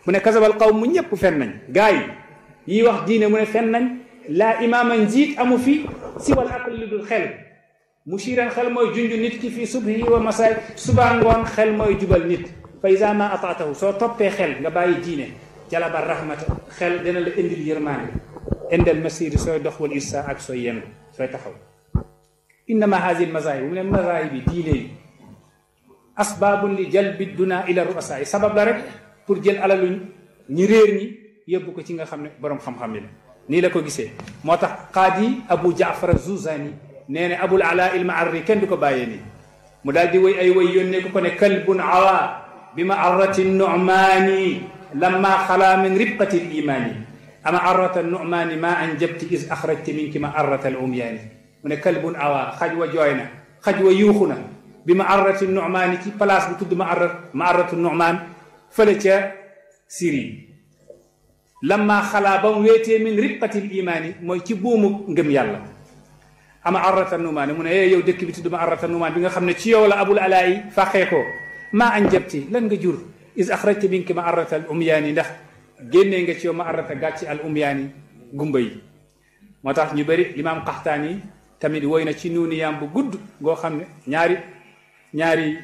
من كذب القوم من يبقى فنن غاي يوح دين من فنن laa imaama njiit amu fi siwal aql li dul xel mushiran xel mooy junj nit ki fii subhi wa masaay subaa ngoon xel mooy jubal nit fa isa ma ataatahu soo toppee xel nga bàyyi diine jalaba rahmata xel dina la indil yërmaane indal masiri sooy dox wal issa ak sooy yenn sooy taxaw innama hasi l masahib mu ne masahib yi diine yi asbabun li jalbi duna ila ruasa yi sabab la rek pour jël alalu ñi réer ñi yóbbu ko ci nga xam ne borom xam-xam yi la nii la ko gisee moo tax qaadi abu jaafar zuzani nee na abul ala ilma arri kenn du ko bàyyee nii mu daal di way ay way yónnee ko ko ne kalbun awa bi ma arrati numaani lamma xalaa min ribqati l imaani ama arrata numaani ma an jabti is axrajte min ki ma arrata al umyaani mu ne kalbun awa xaj wa jooy na xaj wa yuuxu na bi ma arrati numaani ci place bu tudd ma arrat ma arratu numaan fële ca Syrie lamma xalaa ba mu weetee min riqatil imaani mooy ci buumu ngëm yàlla ama arrata numaani mu ne ee eh, yow dëkk bi tudd ma arrata numaan bi nga xam ne ci yow la abul alaayi fàqee ko maa an jabti lan nga jur is axrajta minki ma arrata al umyaani ndax génnee nga ci yow ma arrata gàcci al umyaani gumba yi moo tax ñu bëri limaam qaxtaani tamit woy na ci nuuniyaam bu gudd goo xam ne ñaari ñaari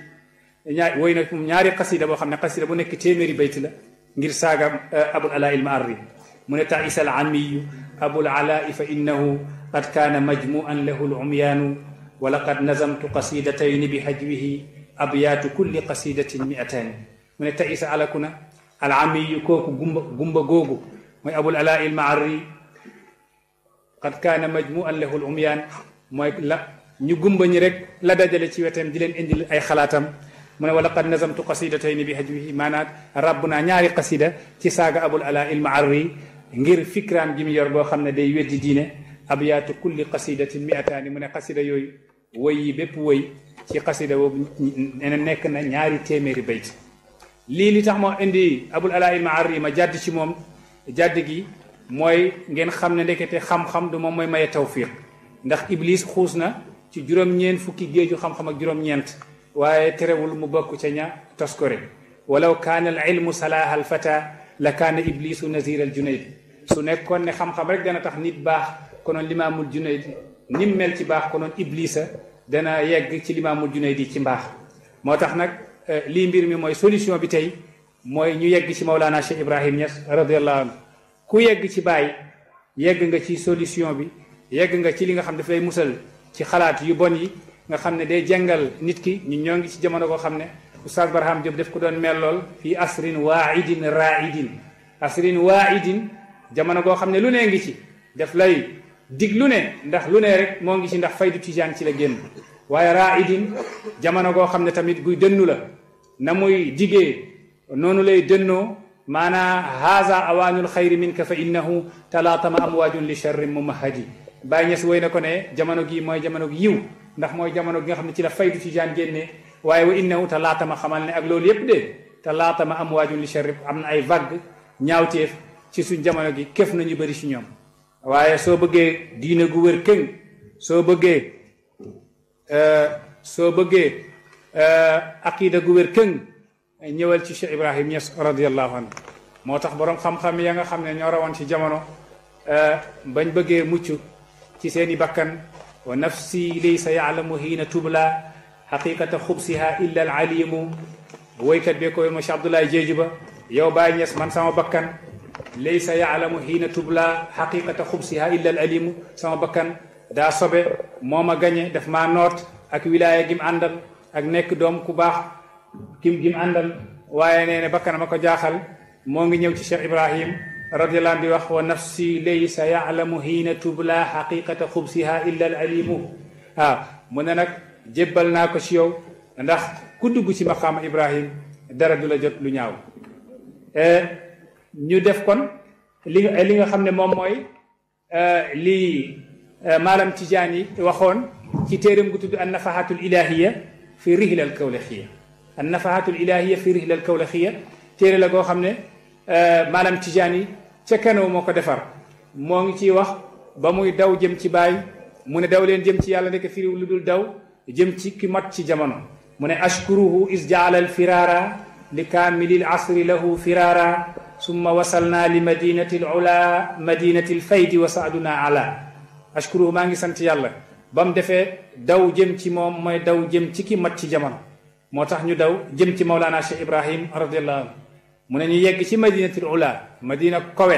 ñaari woy na ñaari xasida boo xam ne xasida bu nekk téeméeri bayt la ngir saaga eh, abul alaa il maarri mu ne taisa al amiyu abul alaa fa innahu qad kaana majmuan lahu lumyaanu wa laqad nazamtu qasidatayn bi hajwihi abyaatu kulli qasidatin miataani mu ne taisa na al amiyu kooku gumba gumba googu mooy abul alaa il maarri qad kaana majmuan lahu lumyaan mooy la ñu gumba ñi rek la dajale ci wetam di leen indil ay xalaatam من ولقد نزمت قصيدتين بهجوه مانا ربنا نياري قصيدة تساق أبو العلاء المعري غير فكرة جيم يربو خمنا دي ويدي دينة أبيات كل قصيدة مئتان من قصيدة يوي وي بيب وي تي قصيدة ننك نياري تيمير بيت لي لي تخمو عندي أبو العلاء المعري ما جاد شي موم جاد جي موي نين خمنا دي كتي خم خم دو موم موي ما يتوفيق ndax iblis xuus na ci juróom ñeen fukki géeju xam-xam ak waaye terewul mu bokk ca ña toskore walaw kaana al ilmu salaaha al fata la kaana iblisu nazir al junayd su nekkoon ne xam-xam rek dana tax nit baax konoon limaamul junayd nim mel ci baax konoon iblisa dana yegg ci limaamul junayd yi ci mbaax moo tax nag lii mbir mi mooy solution bi tey mooy ñu yegg ci Maulana Cheikh Ibrahim Niass radiallahu anhu ku yegg ci bàyyi yegg nga ci solution bi yegg nga ci li nga xam daf lay musal ci xalaat yu bon yi nga xam ne day jàngal nit ki ñu ñoo ngi ci jamono koo xam ne oustaz Barham Diop def ko doon mellool fii asrin waidin raidin asrin waidin jamono goo xam ne lu ne ngi ci def lay dig lu ne ndax lu ne rek moo ngi ci ndax faydu tijaan ci la génn waaye raidin jamono goo xam ne tamit guy dënnu la na muy digee noonu lay dënnoo maanaa haza awaanul xayri min ka fa innahu talaatama amwaajun li charrin mumahadi bàyyi ñes woy na ko ne jamono gii mooy jamono gi ndax mooy jamono gi nga xam ne ci la ci tijaan génnee waaye wa innahu te ma xamal ne ak loolu yépp de te laatama am waajun li sharib am na ay vague ñaawteef ci suñ jamono gi kef nañu bari si ñoom waaye soo bëggee diine gu wér këng bëggee soo bëggee euh, euh, aqida gu wér këng ñëwal ci Cheikh Ibrahim Niass radiallahu anhu moo tax boroom xam-xam ya nga xam ne ñoo rawoon ci jamono euh, bañ bëggee mucc ci seeni bakkan ونفسي ليس يعلم حين تبلى حقيقة خبصها إلا العليم بويكت بيكو يوم عبد الله جيجبا يو باينيس من سما بكن ليس يعلم حين تبلى حقيقة خبصها إلا العليم سما بكان دا صبي موما غني دف ما نوت اك ولايه جيم اندال اك نيك دوم كو باخ كيم جيم اندال واي نين بكن مكو جاخال موغي نيو شيخ ابراهيم radiyallahu di wax wa nafsi laysa yaalamu hiina tubla xaqiqata xubsiha illa al alimu waaw ah, mu ne nag jébbal naa ko ci yow ndax ku dugg ci maqaama ibrahim dara du la jot lu ñaaw eh, ñu def kon li li nga xam ne moom mooy eh, lii eh, maalam tijaan yi waxoon ci téeram gu tudd an nafahatul ilahiya fi rihla al kawlaxiya an nafahatul ilahiya fi rihla al kawlaxiya téere la goo xam ne maalam tijaan yi ca kanaw moo ko defar moo ngi ciy wax ba muy daw jëm ci baay mu ne daw leen jëm ci yàlla nekk firiw lu dul daw jëm ci ki mat ci jamono mu ne ashkuruhu is jaala al firara li kaamili asri lahu firara summa wasalna li madinati l ula madinati l faydi wa saaduna ala ashkuruhu maa ngi sant yàlla ba mu defee daw jëm ci moom mooy daw jëm ci ki mat ci jamono moo tax ñu daw jëm ci mawlaana cheikh ibrahim radiallahu anhu mu ne ñu yegg ci madinatul ula madina kowe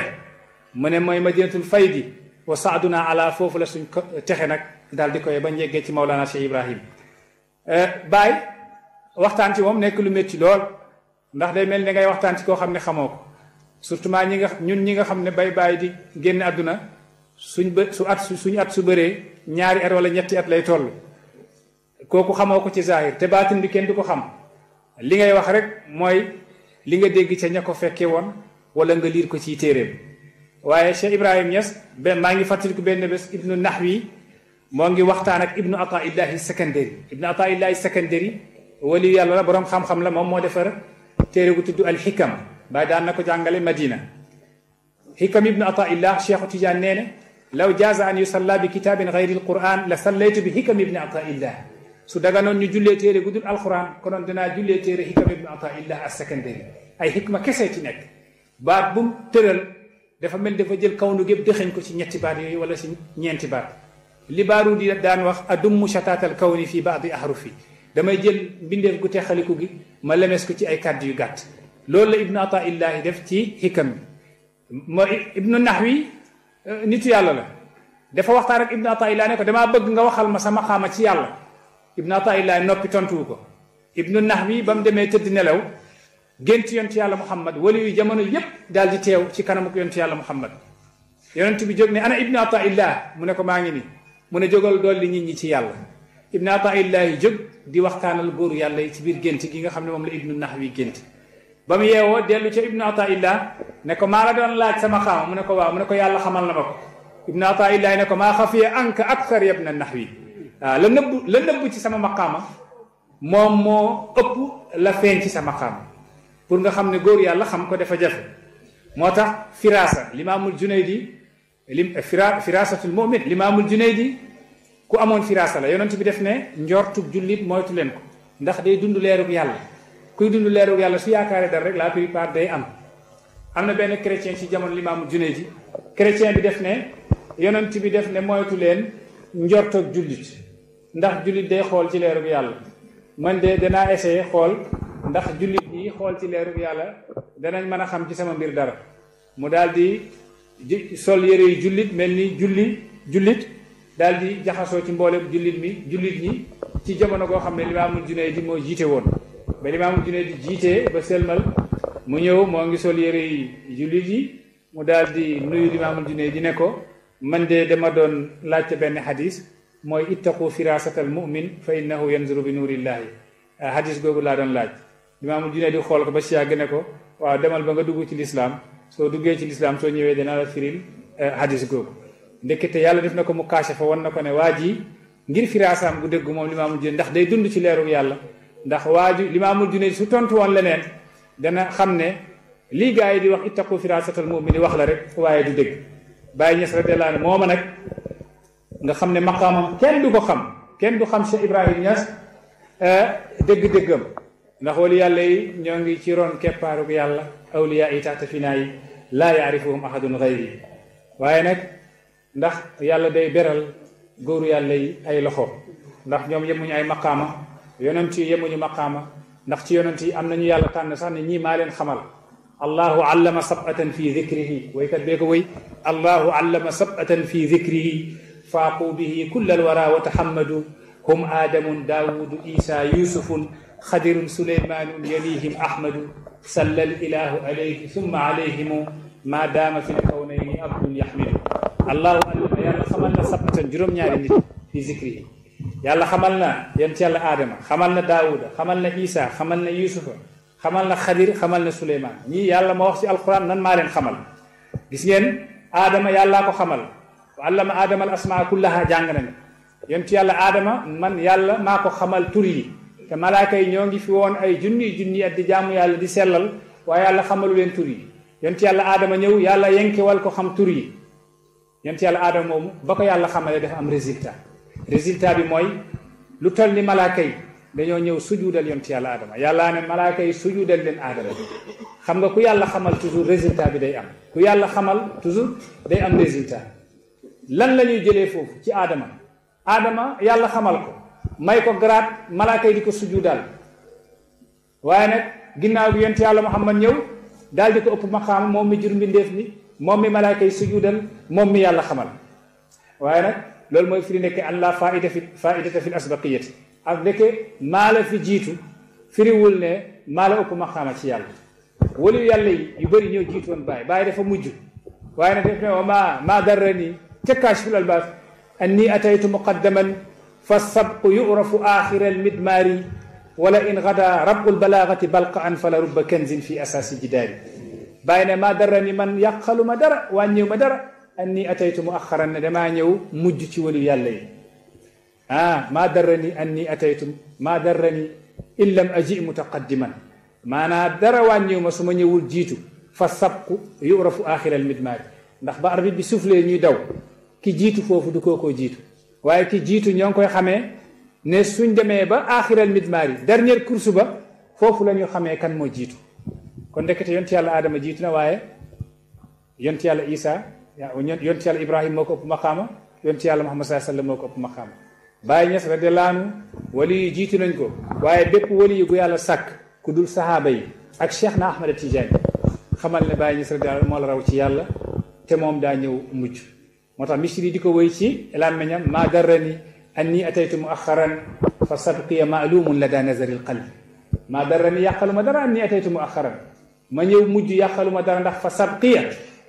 mu ne mooy madinatul faydi wa saaduna ala foofu la suñ texe nag daal di koy bañ yeggee ci Maulana Cheikh Ibrahim baay waxtaan ci moom nekk lu métti lool ndax day mel ni ngay waxtaan ci koo xam ne xamoo ko surtout ment ñi nga ñun ñi nga xam ne bay baay di génn àdduna suñ ba su at suñu at su bëree ñaari at wala ñetti at lay toll kooku xamoo ko ci zahir te baatin bi kenn du ko xam li ngay wax rek mooy li nga dégg ca ña ko fekkee woon wala nga liir ko ci téeréem waaye Cheikh Ibrahim Niass be maa ngi fàttaliku benn bés ibnu nax wi moo ngi waxtaan ak ibnu ata illahi Sekandari ibnu ata illahi Sekandari wali yàlla la borom xam-xam la moom moo defar téere gu tudd al xikam bàyyi daan na ko jàngale Madina xikam ibnu ata illah cheikhu Tidiane nee na law jaasa an yusalla bi kitaabin xayri alquran la sallaytu bi xikam ibnu ata illah su daga noon ñu jullee téere gudul alquran konoon danaa jullee téere hikam ibnu ata illah as secondary ay hikma kese ci nekk baat bu tëral dafa mel dafa jël kawnu gépp dëxañ ko ci ñetti baat yooyu wala si ñeenti baat li baaru di daan wax adummu shataatal kawni fi baadi ahrufi damay jël mbindeef gu texaliku gi ma lemes ko ci ay kàddu yu gàtt loolu la ibnu ata def ci hikam bi ma ibnu nahwi nitu yàlla la dafa waxtaan ak ibnu ata illah ne ko damaa bëgg nga waxal ma sama xaama ci yàlla ibnu ataillahi noppi tontuwu ko ibn nahmi ba mu demee tëdd nelaw gént yontu yàlla muhammad wali yu jamono yépp daal di teew ci kanamu yontu yàlla muhammad yonent bi jóg ne ana ibnu ataillah mu ne ko maa ni mu ne jógal dolli nit ci yàlla ibnu ataillahi jóg di waxtaanal góor yàlla yi ci biir gént gi nga xam ne moom la ibnu nahwi gént ba mu yeewoo dellu ca ibnu ataillah ne ko maa la laaj sama xam mu ko waaw mu ko yàlla xamal na ma ko ibnu ataillah ne ko maa xafiya anka akthar yabna nahwi waaw la nëbb la ci sama maqaama moom moo ëpp la feeñ ci sa maqaama pour nga xam ne góor yàlla xam ko dafa jafe moo firasa firaasa limaamul junaydi lim fira firaasatul mu'min limaamul junaydi ku amoon firaasa la yonent bi def ne njortub jullit moytu leen ko ndax day dund leerug yàlla kuy dund leerug yàlla su yaakaaree dara rek la plupart day am am na benn chrétien ci jamono limaamul junaydi chrétien bi def ne yonent bi def ne moytu leen njortoog jullit ndax jullit day xool ci leerub yàlla man de danaa essayé xool ndax jullit yi xool ci leerub yàlla danañ mën a xam ci sama mbir dara mu daal di sol yére yu jullit mel ni julli jullit daal di jaxasoo ci mboolem jullit mi jullit ñi ci jamono goo xam ne limaamul Junayd moo jiite woon ba limaamul Junayd di jiitee ba selmal mu ñëw moo ngi sol yére yi jullit yi mu daal di nuyu limaamul Junayd di ne ko man de dama doon laajte benn xadis mooy ittaqu firaasatal mu'min fa innahu yanzuru bi nuurillaahi hadis googu laa doon laaj imaamul junne di xool ko ba si yàgg ne ko waaw demal ba nga dugg ci lislaam soo duggee ci lislaam soo ñëwee dana la firil hadis googu ndekete yàlla def na ko mu kaase fa wan na ko ne waa ji ngir firaasaam gu dégg moom limaamul junne ndax day dund ci leeru yàlla ndax waa ji limaamul junne su tontu woon leneen dana xam ne lii gars yi di wax ittaqu firaasatal mu'min wax la rek waaye du dégg bàyyi ñes rek de laa ne mooma nag nga xam ne maqaamam kenn du ko xam kenn du xam Cheikh Ibrahim Niass dëgg-dëggam ndax wali yàlla yi ñoo ngi ci roon keppaaruk yàlla awliya yi taxta finaa yi laa yaarifuhum ahadun xayri waaye nag ndax yàlla day beral góoru yàlla yi ay loxo ndax ñoom yemuñu ay maqaama yonent yi yemuñu maqaama ndax ci yonent yi am nañu yàlla tànn sax ne ñii maa leen xamal allahu allama sab'atan fi dikrihi waykat bee ko wëy allahu allama sab'atan fi dikrihi فاقوا به كل الورى وتحمدوا هم آدم داود عيسى يوسف خدر سليمان يليهم أحمد صلى الإله عليه ثم عليهم ما دام في الكونين عبد يحمل الله يلا خملنا سبتا جرم نياري في ذكره الله خملنا ينت الله آدم خملنا داود خملنا عيسى خملنا يوسف خملنا خدير خملنا سليمان na suleymaan ñii yàlla ma wax ci alquran nan maa leen xamal allama aadama al asmaa kullaha jàng nañu yonent yàlla aadama man yàlla maa ko xamal tur yi te malaaka yi ñoo ngi fi woon ay junni junni at di jaamu yàlla di sellal waaye yàlla xamalu leen tur yi yonent yàlla aadama ñëw yàlla yenkewal ko xam tur yi yonent yàlla aadama moomu ba ko yàlla xamalee dafa am résultat résultat bi mooy lu toll ni malaaka yi dañoo ñëw sujuudal yonent yàlla aadama yàllaa ne malaaka yi sujuudal leen aadama xam nga ku yàlla xamal toujours résultat bi day am ku yàlla xamal toujours day am résultat lan lañuy jëlé fofu ci adama adama yàlla xamal ko may ko grat malaaka yi di ko sujudal waaye nag ginnaaw bi yent yàlla muhammad ñëw dal di ko ëpp maxaama mom mi jur mbindeef ni mom mi malaaka yi sujudal mom mi yàlla xamal waye nak loolu moy firi nek allah faida fi faidata fi asbaqiyati ak nek mala fi jitu firi wul ne mala upp ëpp ci yàlla wolu yàlla yi yu bëri ñoo jiitu woon bàyyi dafa mujj waye nak def ne wa ma ma darani تكاشف الألباس أني أتيت مقدما فالسبق يعرف آخر المدمار ولئن غدا رب البلاغة بلقعا فلرب كنز في أساس جدار بينما درني من يقل مدر وأني مدر أني أتيت مؤخرا نيو مجتي ولي يلي آه ما درني أني أتيت ما درني إن لم أجئ متقدما ما نادر وأني مسمني والجيت فالسبق يعرف آخر المدمار ndax ba arbit bi ñuy daw ki jiitu foofu du ko jiitu waaye ki jiitu ñoo ngi koy xamee ne suñ demee ba aaxiral midmaar yi dernière course ba foofu la ñu xamee kan moo jiitu kon ndekete yonti yàlla adama jiitu na waaye yonti yàlla isa yonti yàlla ibrahima moo ko ëpp maqaama yonti yàlla muhammad saa sallam moo ko ëpp maqaama bàyyi ñes radiallahu anhu wali yu jiitu nañ ko waaye bépp wali gu yàlla sàkk ku dul sahaaba yi ak cheikh na ahmada tijaani xamal ne bàyyi ñes radiallahu moo la raw ci yàlla te moom daa ñëw mujj moo tax misri di ko wéy ci làmmiñam maa darrani anni ataytu muaxaran fa sabqiya maalumun lada nazari lqalbi maa darrani yàqaluma dara anni ataytu muaxaran ma ñëw mujj yàqaluma dara ndax fa sabqiya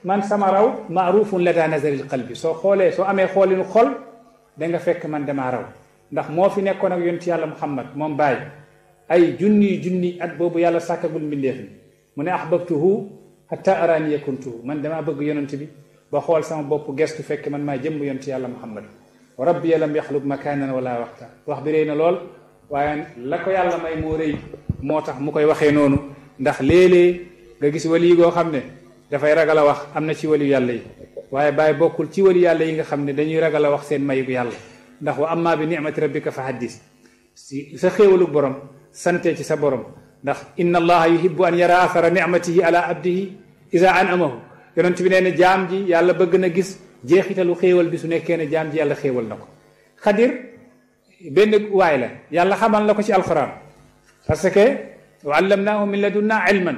man sama raw maarufun lada nazari lqalbi soo xoolee soo amee xoolinu xol da nga fekk man damaa raw ndax moo fi nekkoon ak yonti yàlla muhammad moom bàyyi ay junni junni at boobu yàlla sàkkagul mbindeef mi mu ne ahbabtuhu hatta araniya kuntuhu man damaa bëgg yonent bi ba xool sama bopp gestu fekk man maa jëmm yonti yàlla muhammad rabbi lam yaxluq makanan wala waxta wax bi rëy na lool waaye la ko yàlla may moo rëy moo tax mu koy waxee noonu ndax léeg-léeg nga gis wali yi goo xam ne dafay ragal a wax am na ci wali yàlla yi waaye bàyyi bokkul ci wali yàlla yi nga xam ne dañuy ragal a wax seen mayigu yàlla ndax wa amma bi nicmati rabbika fa haddis si sa xéewalu borom sante ci sa borom ndax inna allaha yuhibbu an yara athara nicmatihi ala abdihi ida an amahu yonent bi nee na jaam ji yàlla bëgg na gis jeexitalu xéewal bi su nekkee ne jaam ji yàlla xéewal na ko xadir benn waay la yàlla xamal na ko ci alxuraan parce que wa allamnaahu min ladunna ilman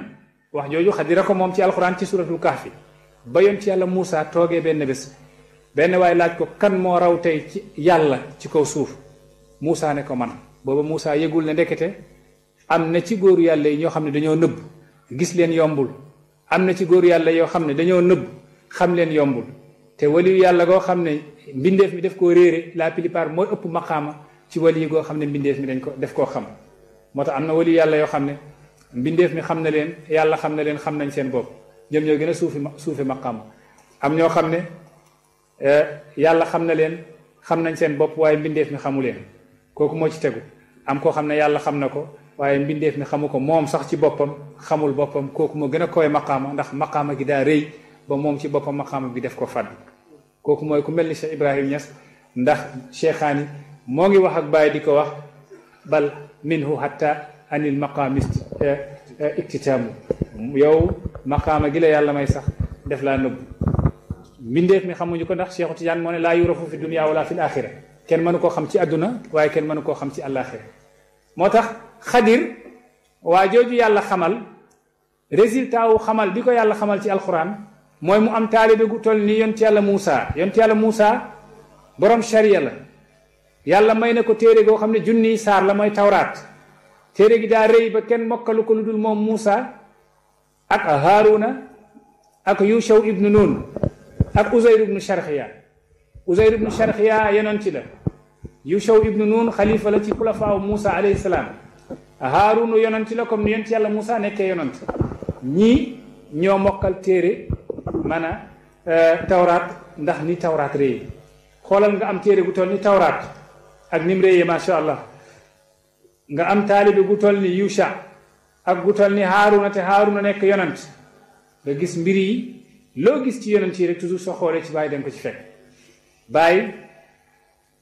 wax jooju xadira ko moom ci alxuraan ci suratul kahfi ba yoon ci yàlla Moussa toogee benn bés benn waay laaj ko kan moo raw tey ci yàlla ci kaw suuf Moussa ne ko man booba Moussa yëgul ne ndekete am na ci góoru yàlla yi ñoo xam ne dañoo nëbb gis leen yombul amna ci góor yàlla yo xamne ne dañoo nëbb xam len yombul te wali yàlla go xamne mbindef mi def ko réere la plupart moy upp maqama ci wali go xamne mbindef mi dañ ko def ko xam moo amna wali yàlla yo xamne mbindef mi xam len yàlla xam len xam nañ seen bop ñom ñoo gëna suufi suufi maqaama am ño xamne euh yàlla xam len xam nañ seen bop waye mbindef mi xamulen koku mo ci teggu am ko xamne yàlla xam ko waaye mbindeef mi xamu ko moom sax ci boppam xamul boppam kooku moo gën a kowe maqaama ndax maqaama gi daa rëy ba moom ci boppam maqaama bi def ko fàdd kooku mooy ku mel ni Cheikh Ibrahim Niass ndax cheikhaani moo ngi wax ak bàyyi di ko wax bal minhu hatta anil maqaamist iktitaamu yow maqaama gi la yàlla may sax def laa nëbb mbindeef mi xamuñu ko ndax Cheikhu Tidiane moo ne laa yurafu fi dunia wala fi l axira kenn mënu koo xam ci àdduna waaye kenn mënu koo xam ci àllaaxira moo tax xadir waa jooju yàlla xamal résultat wu xamal bi ko yàlla xamal ci alxuraan mooy mu am taalibe gu toll nii yonti yàlla Moussa yonti yàlla Moussa borom sharia la yàlla may na ko téere goo xam ne junniy saar la mooy tawraat téere gi daa rëy ba kenn mokkalu ko lu dul moom Moussa ak Haaruna ak Yushaw ibnu Nun ak Uzayr ibnu Sharxiya Uzayr ibnu Sharxiya yenoon la Yushaw ibnu Nun xalifa la ci xulafaaw Moussa alayhi salaam Haarunu yonent la comme ni yonent yàlla Moussa nekkee yonent ñii ñoo mokkal téere man a euh, tawraat ndax ni tawraat réy xoolal nga am téere gu toll ni tawraat ak nim réyee macha allah nga am taalibe gu toll ni Yusha ak gu toll ni Haaruna te Haaruna nekk yonent nga gis mbir yi loo gis ci yonent yi rek toujours soo xoolee ci bàyyi dem ko ci fekk bàyyi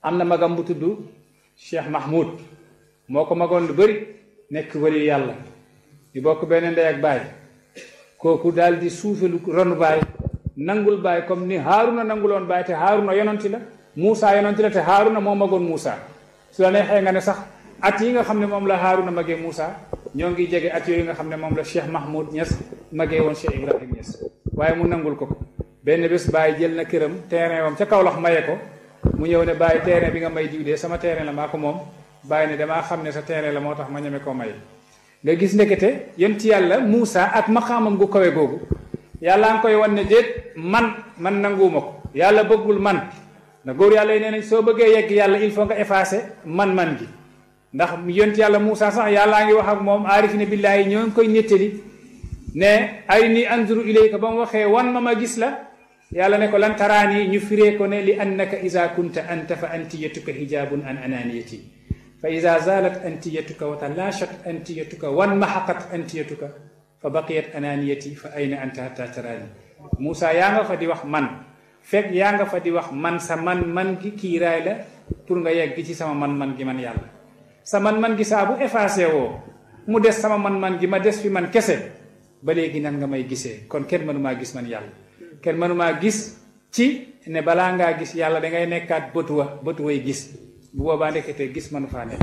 am na magam bu tudd Cheikh Mahmoud moo ko magoon lu bari nekk wëli yàlla di bokk benn ndey ak baay kooku daal di suufelu ronu baay nangul baay comme ni Haaruna nanguloon baay te Haaruna yonanti la Muusa yonanti la te Haaruna moo magoon Muusa su la neexee nga ne sax at yi nga xam ne moom la Haaruna magee Muusa ñoo ngi jege at yooyu nga xam ne moom la Cheikh Mahmoud Niass magee woon waaye mu nangul ko benn bés baay jël na këram terrain wam ca Kaolack maye ko mu ñëw ne bàyyi terrain bi nga may diw dee sama terrain la maa ko moom bàyyi ne damaa xam ne sa terrain la moo tax ma ñeme ko may nga gis ndekete yonent yàlla Moussa ak maqaamam gu kawe googu yàlla nga koy wan ne déet man man nanguuma ko yàlla bëggul man na góor yàlla yi nee nañ soo bëggee yegg yàlla il faut nga effacer man-man gi ndax yonent yàlla Moussa sax yàlla ngi wax ak moom aarifina billaahi ñoo ngi koy nettali ne ay ni anzuru ilayka ba mu waxee wan ma ma gis la yàlla ne ko lan taraani ñu firee ko ne li annaka isa kunta anta fa antiyatuka hijabun an ananiyati fa isa zalat antiyatuka wa talashat antiyatuka wan mahaqat antiyatuka fa baqiyat ananiyati fa ayna anta hatta taraani Moussa yaa nga fa di wax man fek yaa nga fa di wax man sa man man gi kiiraay la pour nga yegg ci sama man man gi man yàlla sa man man gi saa bu effacé woo mu des sama man man gi ma des fi man kese ba léegi nan nga may gisee kon kenn mënumaa gis man yàlla ken manuma gis ci ne bala nga gis yàlla da ngay nekkat botuwa wa gis bu boba nekete gis mënu fa nek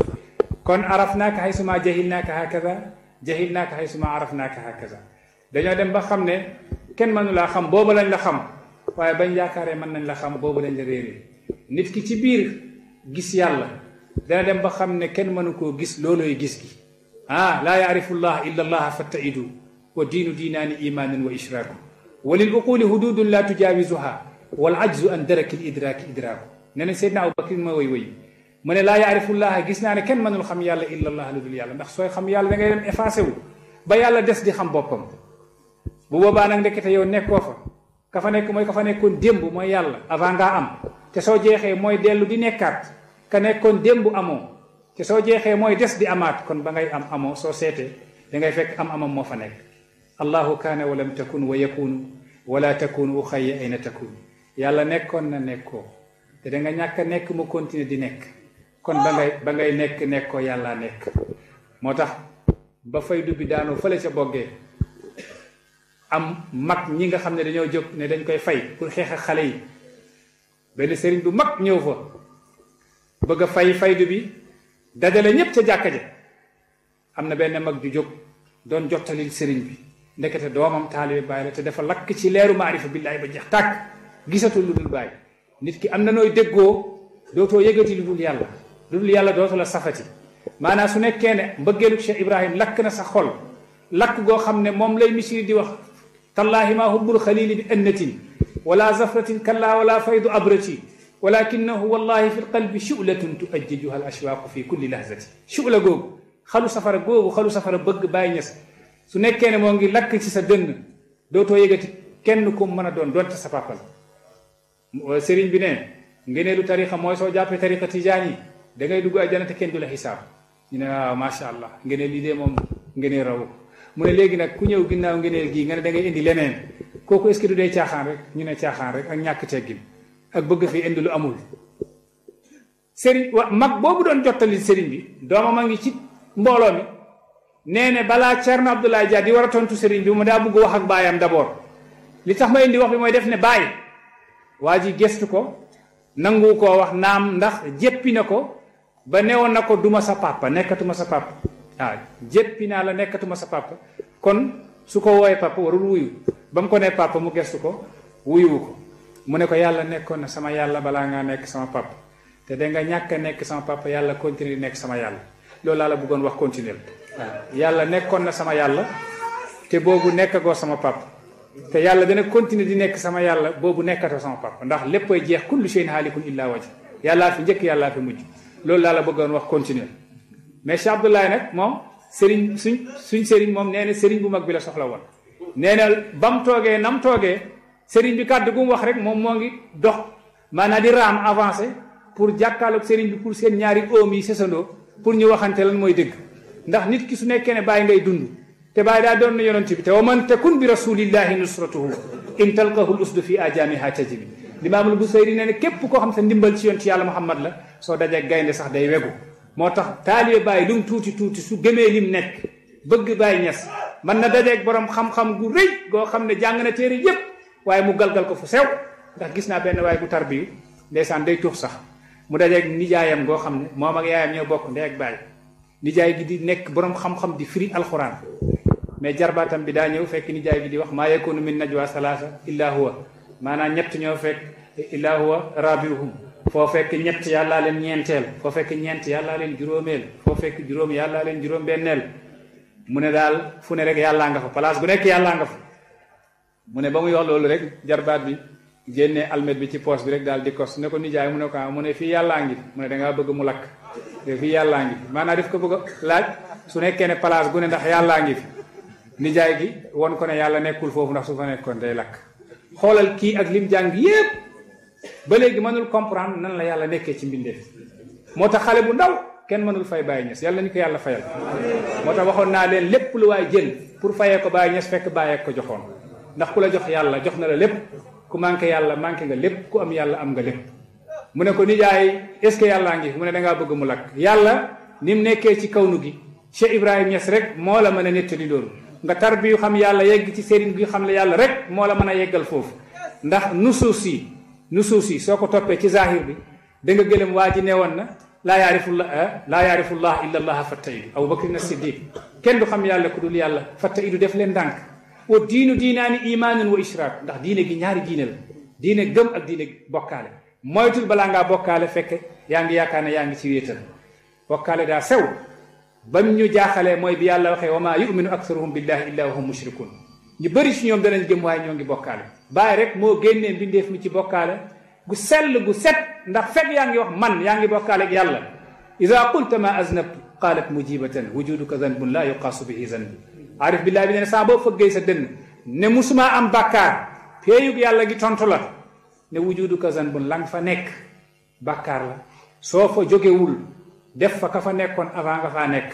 kon arafnaka naaka xay suma hakaza jahilnaka naaka xay suma hakaza dañu dem ba xamne ken manu la xam boobu lañ la xam waye bañ yaakaaree man nañ la xam boobu lañ la réeree nit ki ci bir gis yàlla dana dem ba xamne ken manu ko gis loloy gis gi ah la ya'rifu allah illa allah fattaidu wa dinu dinani imanan wa ishraaku وللبقول حدود لا تجاوزها والعجز عن درك الادراك ادراك نانا سيدنا ابو بكر ما وي وي من لا يعرف الله غيسنا انا كان من الخم الا الله لد يالا نخ سوي خم يالا داغي ديم افاسيو با يالا ديس دي خم بوبام بو بوبا نك نك تي يو نيكو فا كافا نيك موي كافا نيكون ديمبو موي يالا افانغا ام تي سو جيهي موي ديلو دي نيكات كان نيكون ديمبو امو تي سو جيهي موي ديس دي امات كون باغي ام امو سو سيتي داغي فك ام امو مو فا نيك allahu kaana walam takun wa yakunu wala takunu xayya ayna takunu yàlla nekkoon na nekkoo nga ñàkk a mu continuer di nekk kon ba ngay ba ngay nekk nekkoo yàlla nekk moo tax ba faydu bi daanoo fële ca boggee am mag ñi nga xam dañoo jóg ne dañ koy fay pour xeex xale yi benn sëriñ bu mag ñëw fa bëgg a fay faydu bi dajale ñépp ca jàkka ja am na benn mag ju jóg doon jottalil sëriñ bi ndekete doomam taalibe bàyyi la te dafa lakk ci leeru maarifa billaay ba jeex tàkk gisatul lu dul bàyyi nit ki am na nooy déggoo dootoo yëgati lu dul yàlla lu dul yàlla dootu la safati maanaam su nekkee ne mbëggeelu Cheikh Ibrahim lakk na sa xol lakk goo xam ne moom lay misiri di wax tallaahi maa hubbul xalili bi annatin wala zafratin kalla wala faydu abrati walakinahu wallahi fi lqalbi shulatun tuajjijuha al ashwaaqu fi kulli lahzati shula googu xalu safara googu xalu safara bëgg bàyyi ñes su nekkee ne moo ngi lakk ci sa dënn dootoo yëgati kenn ku mën a doon donte sa papa la sëriñ bi ne ngeneelu tarixa mooy soo jàppee tarixa tijaan yi da ngay dugg ajjana te kenn du la xisaab ñu ne waaw ah, macha allah ngeneel lii de moom ngeneel raw mu ne léegi nag ku ñëw ginnaaw ngeneel gii nga ne da indi leneen kooku est-ce du dee caaxaan rek ñu ne caaxaan rek ak ñàkk teggin ak bëgg fi indi lu amul sëriñ wa mag boobu doon jottali sëriñ bi doomam mbooloo mi neene bala Thierno Abdoulaye Dia di war tontu sëriñ bi mu da bugg wax ak bayam d'abord li tax may indi wax bi moy def ne bay waji gestu ko nangu ko wax nam ndax jéppi ba newon nako duma sa papa nekatuma sa papa ah jéppi naa la nekatuma sa papa kon suko woy papa warul wuyu bam ko ne papa mu gestu ko wuyu ko mu ne ko yalla nekkon na sama yalla bala nga nek sama papa te de nga ñaka nek sama papa yalla continuer nek sama yalla. loolu laa la wax waaw yàlla nekkoon na sama yàlla te boobu nekkagoo sama papa te yàlla dana continuer di nekk sama yàlla boobu nekkatoo sama papa ndax léppay jeex kullu shay'in haalikun illaa wajh yàllaa fi njëkk yàllaa fi mujj loolu laa la bëggoon wax continuer mais Cheikh Abdoulaye nag moom sëriñ suñ suñ sëriñ moom nee na sëriñ bu mag bi la soxla woon nee na bam toogee na mu toogee sëriñ bi kàddu gu mu wax rek moom moo ngi dox maanaam di raam avancé pour jàkkaarloog sëriñ bi pour seen ñaari oom yi pour ñu waxante lan mooy dëgg ndax nit ki su nekkee ne bàyyi ngay dund te bàyyi daa doon na yonent bi te wa man takun bi rasulillahi nusratuhu in talqahu lusdu fi ajamiha tajibi limaamul busayri nee ne képp koo xam sa ndimbal ci yonent yàlla muhammad la soo dajee gaynde sax day wegu moo tax taalibe bàyyi lu mu tuuti tuuti su gëmee lim nekk bëgg bàyyi ñes man na dajeeg borom xam-xam gu rëy goo xam ne jàng na téere yépp waaye mu galgal ko fu sew ndax gis naa benn waaye bu tarbiyu ndeysaan day tuux sax mu dajeeg nijaayam goo xam ne moom ak yaayam ñoo bokk ndey ak bàyyi nijaay gi di nekk borom xam-xam di firi alxuraan mais jarbaatam bi daa ñëw fekk nijaay gi di wax maa yakunu min najwa salaasa illa huwa maanaam ñett ñoo fekk illa huwa rabiuhum foo fekk ñett yàllaa leen ñeenteel foo fekk ñeent yàllaa leen juróomeel foo fekk juróom yàllaa leen juróom benneel mu ne fu ne rek yàllaa nga fa place bu nekk yàllaa nga fa mu ne ba muy wax loolu rek jarbaat bi génnee almet bi ci poos bi rek daal di kos ne ko nijaay mu ne ko mu ne fii yàllaa ngi mu ne dangaa bëgg mu lakk de fi yàllaa ngi fi maanaam def ko bëgg a laaj su nekkee ne place gu ne ndax yàllaa ngi fi nijaay gi won ko ne yàlla nekkul foofu ndax su fa nekkoon day lakk xoolal kii ak lim jàng yépp ba léegi mënul comprendre nan la yàlla nekkee ci mbindeef moo tax xale bu ndaw kenn mënul fay Baye Niass yàlla nañu ko yàlla fayal moo tax waxoon naa leen lépp lu waay jël pour fayee ko Baye Niass fekk Baye ko joxoon ndax ku la jox yàlla jox na la lépp ku manqué yàlla manqué nga lépp ku am yàlla am nga lépp mu ne ko nijaay est ce que yàllaa ngi mu ne da ngaa bëgg mu lakk yàlla ni mu nekkee ci kawnu gi che ibrahim yes rek moo la mën a nettali loolu nga tarbi yu xam yàlla yegg ci sëriñ bi xam la yàlla rek moo la mën a yeggal foofu ndax nusuus yi nusuus yi soo ko toppee ci zahir bi da nga gëlëm waa ji newoon na laa la laa yaarifullah illa allah fatta idu abu bakri na siddiq kenn du xam yàlla ku dul yàlla fatta du def leen ndànk wa diinu diinaani imaanun wa ishraak ndax diine gi ñaari diine la diine gëm ak diine bokkaale moytul bala nga bokkaale fekk yaa ngi yaakaar ne yaa ngi ci wéetal bokkaale daa sew bam ñu jaaxalee mooy bi yàlla waxee wama yuminu aktaruhum billahi illa wahum mushrikun ñu bëri ci ñoom danañ jëm waaye ñoo ngi bokkaale bàyyi rek moo génnee mbindeef mi ci bokkaale gu sell gu set ndax fekk yaa ngi wax man yaa ngi bokkaale ak yàlla ida qulta ma aznab qalat mujibatan wujuduka zanbun la yuqasu bihi zanbi arif billahi bi ne saa boo fëggee sa dënn ne musuma am bàkkaar péeyug yàlla gi tontu la ne wujudu kazan la lang fa nek bakar la so fa wul def fa ka fa nekkon avant nga fa nek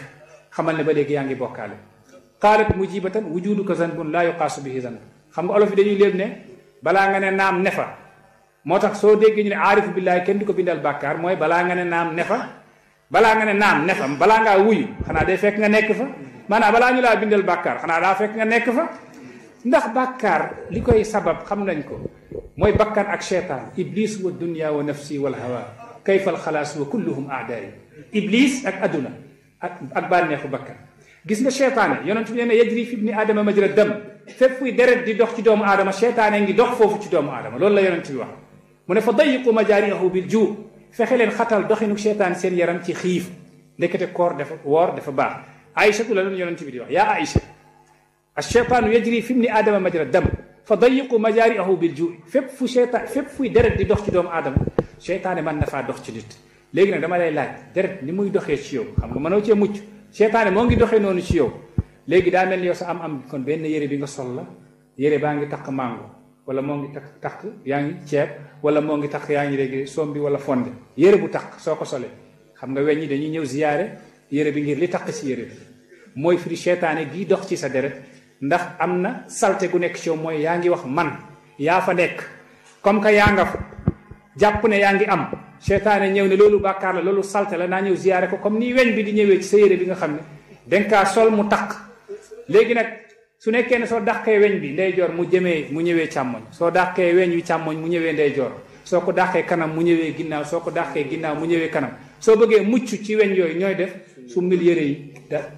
xamal ne ba léegi yaa bokale qalat mujibatan wujudu kasandun la yuqas bihi zan xam nga olof dañuy leb ne bala nga ne nam nefa motax so deg ñu ne billahi ken diko bindal bakar moy bala nga ne nam nefa bala nga ne nam nefa bala nga wuy xana day nga nek fa maanaam bala ñu la bindal bakar xana da fek nga nek fa ndax bàkkaar li koy sabab xam nañ ko mooy bakkan ak cheytaan iblis wa dunya wa nafsi wal hawa kayfa al khalas wa kulluhum a'da'i iblis ak aduna ak ak bànneexu bakkan gis nga cheytaane yonent bi nee yajri fi ibn adam majra dam fépp fuy deret di dox ci doomu aadama cheytaane ngi dox fofu ci doomu aadama loolu la yonent bi wax mu ne fa dayiqu majarihu bil ju fexe leen khatal doxinu cheytaan seen yaram ci xiif ndekete koor dafa woor dafa baax aïcha la doon yonent bi di wax ya aisha الشيطان يجري في ابن ادم مجرى الدم فضيقوا مجاريه بالجوع فب في شيطان فب في درد دي دوخ دوم ادم شيطان من نفا دوخ نيت لغي نك دا مالاي لاج درد ني موي دوخي سي يو خم ما نو تي شيطان موغي دوخي نونو سي يو لغي دا ملني يوس ام ام كون بن يري بيغا سول لا يري باغي تاك مانغو ولا موغي تاك تاك ياغي تشيب ولا موغي تاك ياغي ريغي سومبي ولا فوند يري بو تاك سوكو سولي خم نغا وني دا ني نيو زياره يري بي غير لي تاك سي يري موي فري شيطان غي دوخ سي سا درد ndax am na salte gu nekk ci mooy yaa ngi wax man yaa fa nekk comme que yaa nga fa jàpp ne yaa ngi am seytaane ñëw ne loolu bàkkaar la loolu salte la naa ñëw ziyaare ko comme nii weñ bi di ñëwee ci sa yére bi nga xam ne danga sol mu takk léegi nag su nekkee ne soo dàqee weñ bi ndeyjoor mu jëmee mu ñëwee càmmoñ soo dàqee weñ wi càmmoñ mu ñëwee ndeyjoor soo ko dàqee kanam mu ñëwee ginnaaw soo ko dàqee ginnaaw mu ñëwee kanam soo bëggee mucc ci weñ yooyu ñooy def summil yére yi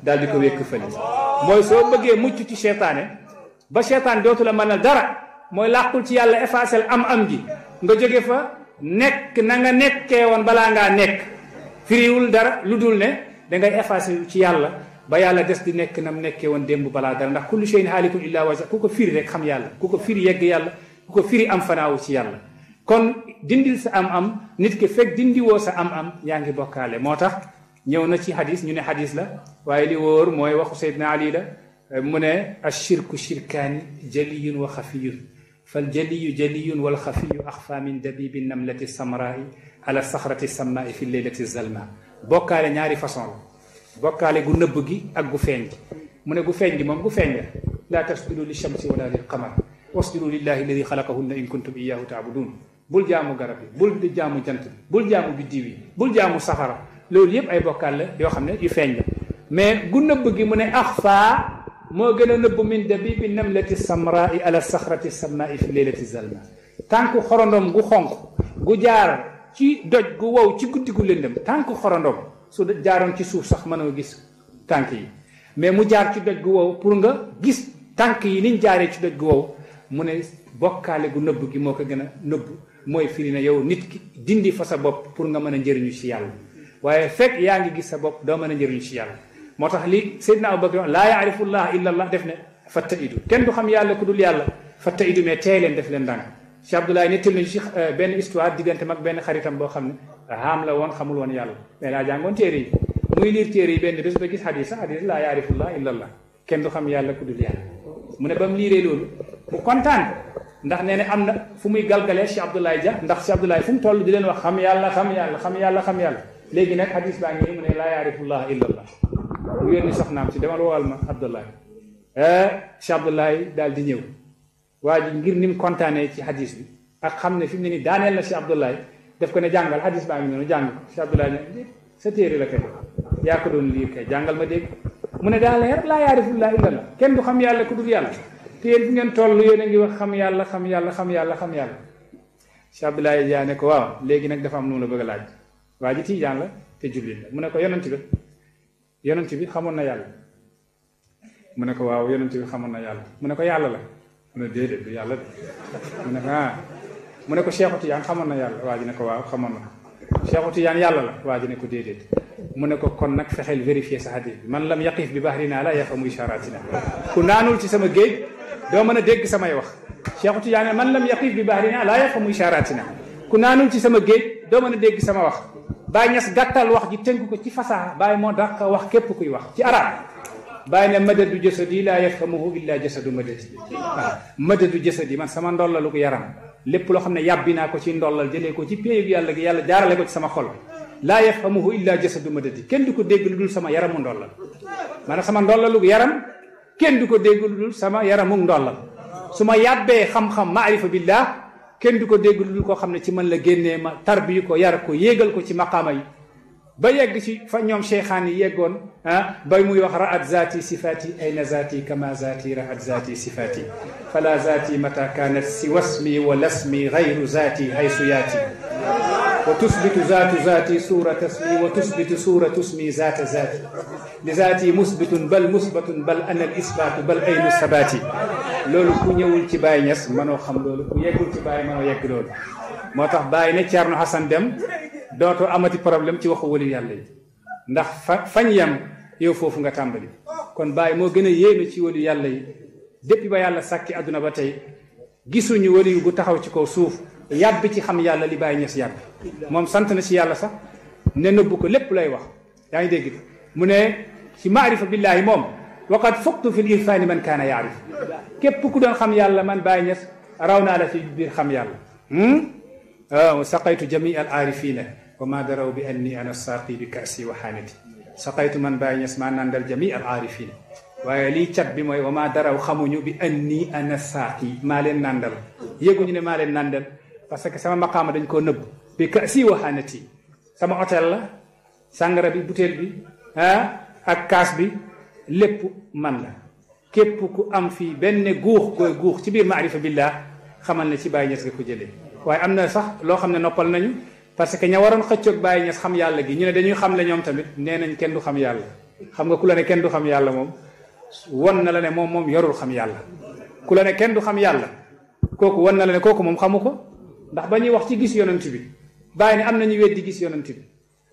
daal di ko wékk fële mooy soo bëggee mucc ci seetaane ba seytaan dootu la mënal dara mooy làqul ci yàlla effacel am am gi nga jóge fa nekk na nga nekkee woon balaa ngaa nekk firiwul dara lu dul ne dangay effacé ci yàlla ba yàlla des di nekk nam nekkee woon démb balaa dara ndax kullu shay'in haalikun illaa wajha ku ko firi rek xam yàlla ku ko firi yegg yàlla ku ko firi am fanaawu ci yàlla kon dindil sa am am nit ki fekk dindiwoo ñëw na ci hadis ñu ne hadis la waaye li wóor mooy waxu saydna ali la mu ne ashirku shirkaani jaliyun wa xafiyun فالجلي جلي والخفي أخفى من دبيب النملة السمراء على الصخرة السماء في الليلة الظلماء بوكالي نياري فاصون بوكالي غو نيب غي اك غو فين من غو فين موم غو فين لا تسجدوا للشمس ولا للقمر واسجدوا لله الذي خلقهن إن كنتم إياه تعبدون بول جامو غربي بول جامو جنت بول جامو بديوي بول جامو صخره loolu yëpp ay bokkaal la yoo xam ne yu feeñ la mais gu nëbb gi mu ne axfaa moo gën a nëbb min dabibi namlati samrai ala saxrati samnai fi leylati zalma tànk xorondom gu xonq gu jaar ci doj gu wow ci guddi gu lëndëm tànk xorondom su jaaroon ci suuf sax mënoo gis tànk yi mais mu jaar ci doj gu wow pour nga gis tànk yi niñ jaaree ci doj gu wow mu ne bokkaale gu nëbb gi moo ko gën a nëbb mooy firi na yow nit ki dindi fa sa bopp pour nga mën a njëriñu ci waye fek yaangi gis sa bop do meuna a ci yàlla motax li Seydina Abubakar laa yaarifullah illa allah def ne fatta idu kenn du xam yàlla ku dul yàlla fatta'idu me teelen def len ndànk Cheikh Abdoulaye nettali nañu ci ben histoire diggante mag ben xaritam bo xamne ham la won xamul won yàlla be la jangon téré yi muy lire téré yi benn bés ba gis hadith hadith la ya'rifu allah illa allah kenn du xam yàlla ku dul yàlla mu ne ba mu liiree loolu mu ndax nee amna am na fu muy galgalee Cheikh Abdoulaye Dia ndax Cheikh Abdoulaye fu mu toll di len wax xam yàlla xam yàlla xam yàlla xam yàlla léegi nag xadis baa ngi mu ne laa yaarifullah illa allah mu yónni soxnaam si demal woowal ma abdullahi si abdullahi daal di ñëw waa ji ngir ni mu kontaanee ci xadis bi ak xam ne fi mu ne nii daaneel na si abdullahi def ko ne jàngal xadis baa ngi noonu jàng ko si abdullahi ne sa téere la kay yaa ko doon liir kay jàngal ma dégg mu ne daal leer laa yaarifullah illa allah kenn du xam yàlla ku dul yàlla te yéen fi ngeen toll yéen a ngi wax xam yàlla xam yàlla xam yàlla xam yàlla si abdullahi jaa ne ko waaw léegi nag dafa am lu mu la bëgg a laaj waa ji tiijaan la te jullit la mu ne ko yonent bi yonent bi xamoon na yàlla mu ne ko waaw yonent bi xamoon na yàlla mu ne ko yàlla la mu ne déedéet du yàlla de mu ne ko ah mu ne ko Cheikhu Tijaan xamoon na yàlla waa ne ko waaw xamoon na Cheikhu Tijaan yàlla la waa ne ko déedéet mu ne ko kon nag fexeel vérifier sa hadith bi man lam yaqif bi bahrinaa la yafamu isharatina ku naanul ci sama géej doo mën a dégg samay wax Cheikhu Tijaan man lam yaqif bi bahrinaa la yafamu isharatina ku naanul ci sama géej doo mën a dégg sama wax Baay Ñas gàttal wax ji tënk ko ci fasaxa Baay moo dàq wax képp kuy wax ci arab Baay ne madadu jasadi laa yafhamuhu illa jasadu madadi waaw madadu jasadi man sama ndollalu ko yaram lépp loo xam ne yàbbi naa ko ci ndollal jëlee ko ci péeyug yàlla gi yàlla jaarale ko ci sama xol laa yafhamuhu illa jasadu di kenn du ko dégg lu dul sama yaramu ndollal maanaam sama ndollalu yaram kenn du ko dégg lu dul sama yaramu ndollal su ma yàbbee kenn du ko dégg lu dul koo xam ne ci man la génnee ma tarbiyu ko yar ko yéegal ko ci maqaama yi ba yegg ci fa ñoom cheikhaan yi yeggoon ah bay muy wax raat zaati sifaati ayna zaati kama zaati raat zaati sifaati fala zaati mata kanat si wasmi wa lasmi gayru zaati haysu yaati وتثبت ذات ذاتي صورة اسمي وتثبت صورة اسمي ذات ذاتي لذاتي مثبت بل مثبت بل أنا الإثبات بل أين الثبات loolu ku ñëwul ci Baye Niass mënoo xam loolu ku yeggul ci Baye mënoo yegg loolu moo tax Baye ne Thierno Hassane dem dootoo amati problème ci waxu wali yàlla yi ndax fa fañ yam yow foofu nga tàmbali kon Baye moo gën a yéeme ci wali yàlla yi depuis ba yàlla sàkki àdduna ba tey gisuñu wali yu bu taxaw ci ko suuf yàbbi ci xam yàlla li bàyyi ñes yàbbi moom sant na si yàlla sax ne nëbbu ko lépp lay wax yaa ngi dégg mu ne si maarifa billahi moom waqad fuqtu fi l irfani man kaana yaarif képp ku doon xam yàlla man bàyyi ñes raw naa la si biir xam yàlla waaw saqaytu jami al aarifina wa ma daraw bi anni ana saaqi bi kaasi wa xaanati saqaytu man bàyyi ñes maa nandal jami al aarifina waaye lii cat bi mooy wa ma daraw xamuñu bi anni ana saaqi maa leen nandal yëguñu ne maa leen nandal parce que sama maqaama dañ koo nëbb bi ka si waxaanati sama hôtel la sàngara bi butéel bi ah ak kaas bi lépp man la képp ku am fii benn guux koy guux ci biir maarifa billah xamal ne ci Baye Niass nga ko jële waaye am na sax loo xam ne noppal nañu parce que ña waroon xëccoog Baye Niass xam yàlla gi ñu ne dañuy xam la ñoom tamit nee nañ kenn du xam yàlla xam nga ku la ne kenn du xam yàlla moom won na la ne moom moom yorul xam yàlla ku la ne kenn du xam yàlla ndax ba ñuy wax ci gis yonent bi bàyyi ne am nañu weddi gis yonent bi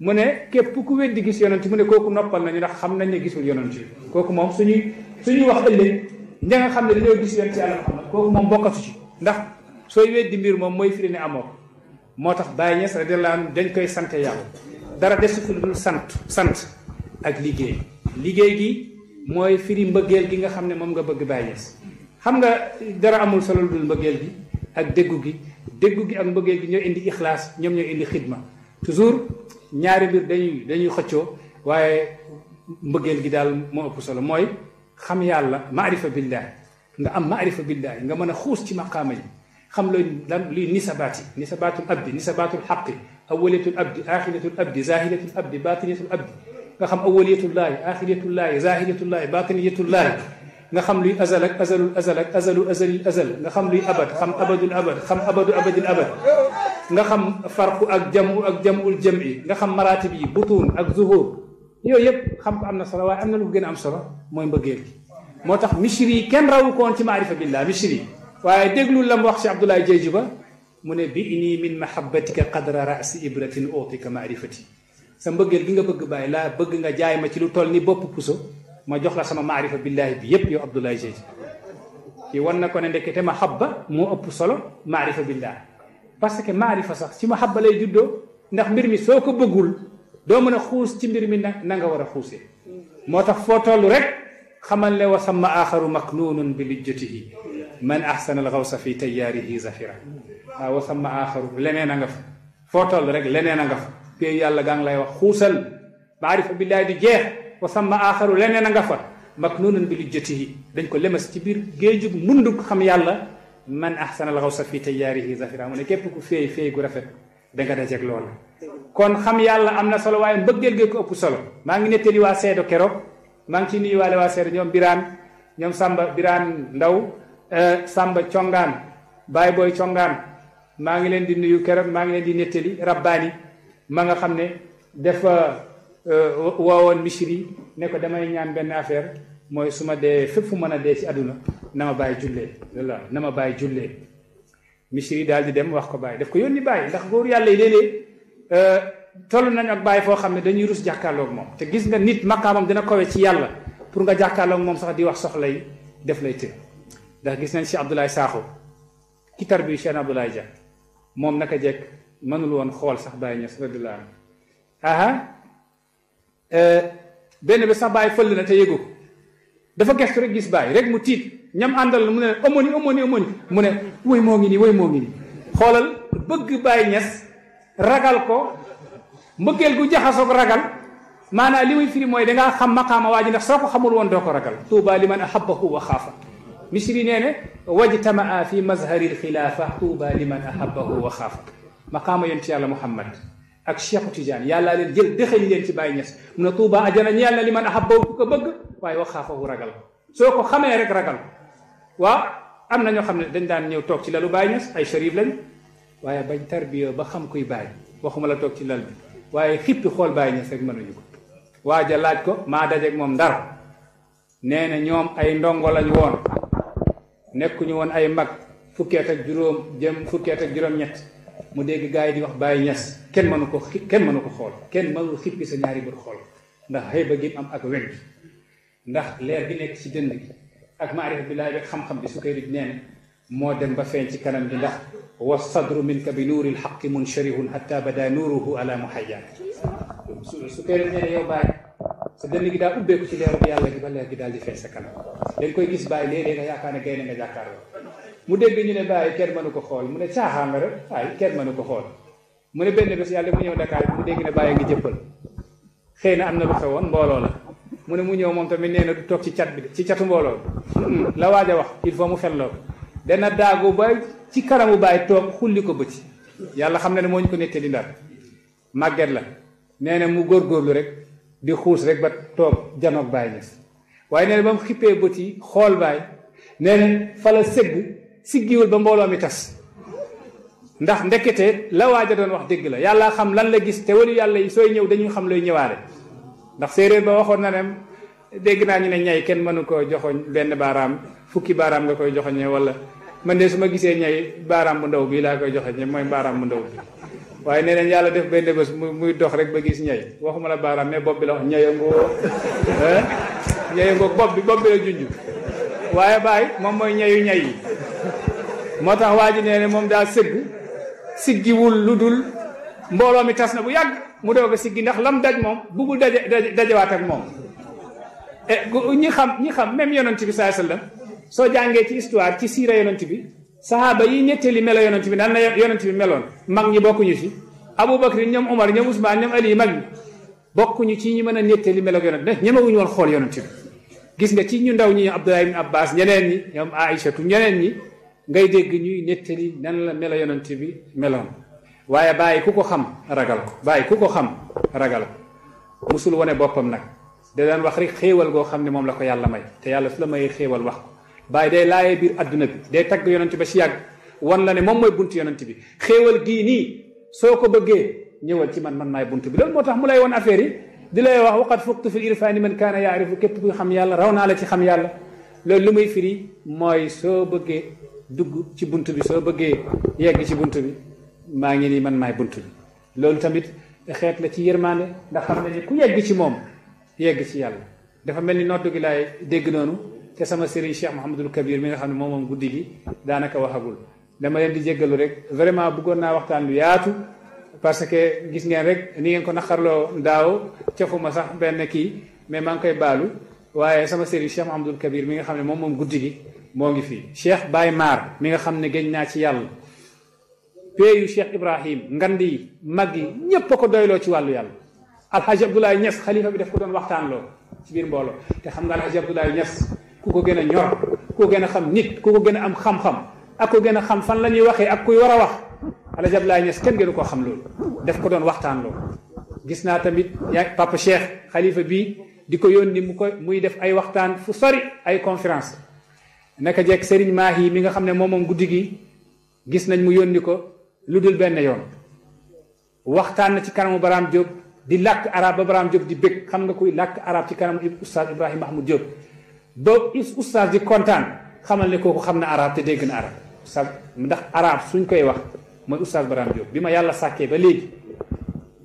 mu ne képp ku weddi gis yonent mu ne kooku noppal nañu ndax xam nañ ne gisul yonent bi kooku moom su suñuy suñuy wax ëllëg ña nga xam ne dañoo gis yonent yàlla Muhammad kooku moom bokkatu ci ndax sooy weddi mbir moom mooy firi ne amoon moo tax Baye Niass radiyallahu anhu dañ koy sante yàlla dara desu fi sant sant ak liggéey liggéey gi mooy firi mbëggeel gi nga xam ne moom nga bëgg Baye xam nga dara amul solo gi ak déggu gi déggu gi ak mbëggeel gi ñoo indi ixlaas ñoom ñoo indi xidma toujours ñaari mbir dañuy dañuy xëccoo waaye mbëggeel gi daal moo ëpp solo mooy xam yàlla maarifa billahi nga am maarifa billahi nga mën a xuus ci maqaama yi xam looy lan luy nisabaati nisabaatul abdi nisabaatul xaqi awaliyatul abdi axiratul abdi zahiratul abdi batiniyatul abdi nga xam awaliyatullahi axiriyatullahi zahiriyatullahi batiniyatullahi nga xam luy azal ak azalul azal ak azalul azalil azal nga xam luy abad xam abadul abad xam abadu abadil abad nga xam farqu ak jamu ak jamul jami nga xam maratib yi butun ak zuhur yooyu yëpp xam ko am na solo waaye am na lu gën a am solo mooy mbëggeel gi moo tax misri kenn rawu ko woon ci maarifa billah misri waaye déglu la mu wax ci abdoulaye jeeju ba mu ne bi ini min mahabbatika qadra rasi ibratin utika maarifati sa mbëggeel gi nga bëgg bàyyi laa bëgg nga jaay ma ci lu toll ni bopp puso ما جوخ لا سما معرفه بالله بي ييب يا عبد الله جيج كي وانا كون ندك تي محبه مو اوب سولو معرفه بالله باسكو معرفه صح سي محبه لي جودو ناخ ميرمي سوكو بغول دو مانا خوس تي ميرمي نانغا ورا خوسي موتا فوتولو ريك خمال لي وسما اخر مقنون بلجته من احسن الغوص في تياره زفيرا وسما اخر لنين نغف فوتول ريك لنين نغف بي يالا غان لاي وخ خوسل معرفه بالله دي جيه wa samma akharu lenen nga fa maknunun bil lijjatihi dañ ko lemas ci bir geejju munduk xam yalla man ahsana al ghawsa fi tayarihi zafira mo ne kep ku fey fey gu rafet da nga dajek lool kon xam yalla amna solo way mbeugel ge ko upp solo ma ngi neteli wa sedo kero ma ngi ci nuyuwaale wa seedo ñom biran ñom samba biran ndaw samba congaan bay boy congaan ma ngi len di nuyu kero ma ngi len di neteli rabbani ma nga xamne ne Euh, woowoon misiri ne ko damay ñaan benn affaire mooy suma ma dee fépp fu mën a dee ci àdduna na ma bàyyi jullee loolu na ma bàyyi jullee misiri daal di dem wax ko bàyyi daf ko yónni bàyyi ndax góor yàlla yi léeg-léeg euh, toll nañ ak bàyyi foo xam ne dañuy rus jàkkaarloog moom te gis nga nit maqaamam dina kowe ci yàlla pour nga jàkkaarloog moom sax di wax soxla yi def lay të ndax gis nañ Cheikh Abdoulaye Sakho ki tarbi Cheikh Abdoulaye Dia moom naka jekk mënul woon xool sax bàyyi ñes ben bi sax baye fëll na te yego dafa gestu rek gis baye rek mu tit ñam àndal mu ne omoni omoni omoni mu ne way mo ngi ni way mo ngi nii xoolal bëgg baye ñess ragal ko mbëggeel gu jaxaso ko ragal mana li muy firi moy da nga xam maqama waji ndax soko xamul won do ko ragal tuba liman man ahabahu wa khafa misri neene wajtama fi mazhari al khilafa tuba liman ahabahu wa khafa maqama yonti yàlla muhammad ak Cheikhu Tidiane yàllaa leen jël dëxëñ leen ci Baye Niass mu a Touba ajana ñeel na li man ahabbahu ku ko bëgg waaye wax xaafahu ragal soo ko xamee rek ragal waaw am na ñoo xam ne dañ daan ñëw toog ci lalu Baye Niass ay sharif lañ waaye bañ tarbiyo ba xam kuy Baye waxuma la toog ci lal bi waaye xippi xool Baye Niass rek mënuñu ko waaja laaj ko maa dajeeg moom ndar nee na ñoom ay ndongo lañ woon nekkuñu woon ay mag fukkeet ak juróom jëm fukkeet mu dégg gars yi di wax Baye Niass kenn mënu ko xi kenn mënu ko xool kenn mënul xippi sa ñaari bët xool ndax xëy ba gi am ak weñ ndax leer gi nekk ci dënn gi ak maarifa billaahi bi xam-xam bi su koy rij moo dem ba feeñ ci kanam gi ndax wa sadru minka bi nuuril xaqi munsharihun hatta bada nuuruhu ala muhayya su koy rij nee na yow Baye sa dënn gi daal ubbeeku ci leeru yàlla gi ba leer gi daal di feeñ sa kanam dañ koy gis Baye léeg nga yaakaar ne gaynde nga jàkkaarloo mu dégg ñu ne bàyyi kenn mënu ko xool mu ne caaxaan nga rek waaye kenn mënu ko xool mu ne benn bés yàlla mu ñëw Dakar mu dégg ne bàyyi ngi jëppal xëy na am na lu xewoon mbooloo la mu ne mu ñëw moom tamit nee na du toog ci cat bi ci catu mbooloo hmm, la waaj a wax il faut mu loo xelloo dana daagu ba ci kanamu bàyyi toog xulli ko bëti yàlla xam na ne moo ñu ko nettali ndar màgget la nee na mu góorgóorlu rek di xuus rek ba toog janoog bàyyi ñes waaye ba mu xippee bët siggiwul ba mbooloo mi tas ndax ndekete la waaj a doon wax dégg la yàlla xam lan la gis te walu yàlla yi sooy ñëw dañuy xam lay ñëwaare ndax séeréer ba waxoon na ne dégg naa ñu ne ñay kenn mënu koo joxoñ benn baaraam fukki baaraam nga koy joxoñee wala man de su ma gisee ñay baaraam bu ndaw bii laa koy joxoñee mooy baaraam bu ndaw bi waaye nee nañ yàlla def benn bés muy dox rek ba gis ñay waxuma la baaraam mais bopp bi la wax ñayangoo <laughs> ñayangoo bopp ñayu ñay moo tax waa ji nee ne moom daa sëgg siggiwul lu dul mbooloo mi tas na bu yàgg mu doog a siggi ndax lam daj moom bugul daje dajewaat ak moom eh, ñi xam ñi xam même yonent bi saa sallam soo jàngee ci histoire ci siira yonent bi sahaaba yi ñetteeli melo yonent bi nan la yonent bi meloon mag ñi bokkuñu ci Abubakar ñoom Umar ñoom Usmaan ñoom Ali mag ñi bokkuñu ci ñu mën a ñetteeli melo yonent bi ñemewuñu woon xool yonent bi gis nga ci ñu ndaw ñi ñoom Abdullah ñeneen ñi ñoom Aïchatu ñeneen ñi ngay dégg ñuy nettali nan la melo yonent bi meloon waaye bàyyi ku ko xam ragal ko bàyyi ku ko xam ragal ko musul wone boppam nag da daan wax rek xéewal goo xam ne moom la ko yàlla may te yàlla su la mayee xéewal wax ko bàyyi day laayee biir adduna bi day tagg yonent ba si yàgg wan la ne moom mooy bunt yonent bi xéewal gii nii soo ko bëggee ñëwal ci man man maay bunt bi loolu moo tax mu lay won affaire yi di lay wax waqat fuqtu fil irfaani man kaana yaarifu képp kuy xam yàlla raw naa la ci xam yàlla loolu li muy firi mooy soo bëggee dugg ci bunt bi soo bëggee yegg ci bunt bi maa ngi nii man maay bunt bi loolu tamit xeet la ci yërmaande ndax xam ne ni ku yegg ci moom yegg ci yàlla dafa mel ni noddu gi laay dégg noonu te sama sëriñ Cheikh Mouhamadul Kabir mi nga xam ne moom moom guddi gi daanaka waxagul dama leen di jéggalu rek vraiment bëggoon naa waxtaan lu yaatu parce que gis ngeen rek ni ngeen ko naqarloo daaw cafuma sax benn kii mais maa ngi koy baalu waaye sama sëriñ Cheikh Mouhamadul Kabir mi nga xam ne moom moom guddi gi moo ngi fii cheikh Baye Mar mi nga xam ne géñ naa ci yàlla peeyu cheikh Ibrahim ngand yi mag yi ñëpp a ko doyloo ci wàllu yàlla alhaji Abdoulaye Niass xalifa bi daf ko doon waxtaanloo ci biir mbooloo te xam nga alhaji Abdoulaye Niass ku ko gën a ñor ku ko gën a xam nit ku ko gën a am xam-xam ak ko gën a xam fan la ñuy waxee ak kuy war a wax alhaji Abdoulaye Niass kenn gënu koo xam loolu daf ko doon waxtaanloo gis naa tamit yaa papa cheikh xalifa bi di ko yónni mu koy muy def ay waxtaan fu sori ay conférence naka jekk Serigne Mahi mi nga xam ne moom moom guddi gi gis nañ mu yónni ko lu dul benn yoon waxtaan na ci kanamu Baraam Diop di làkk arab ba Baraam Diop di bëgg xam nga koy làkk arab ci kanamu oustaz Ibrahima Mahmoud Diop ba oustaz di kontaan xamal ne kooku xam ne arab te dégg na arab oustaz ndax arab suñ koy wax mooy oustaz Baraam Diop bi ma yàlla sàkkee ba léegi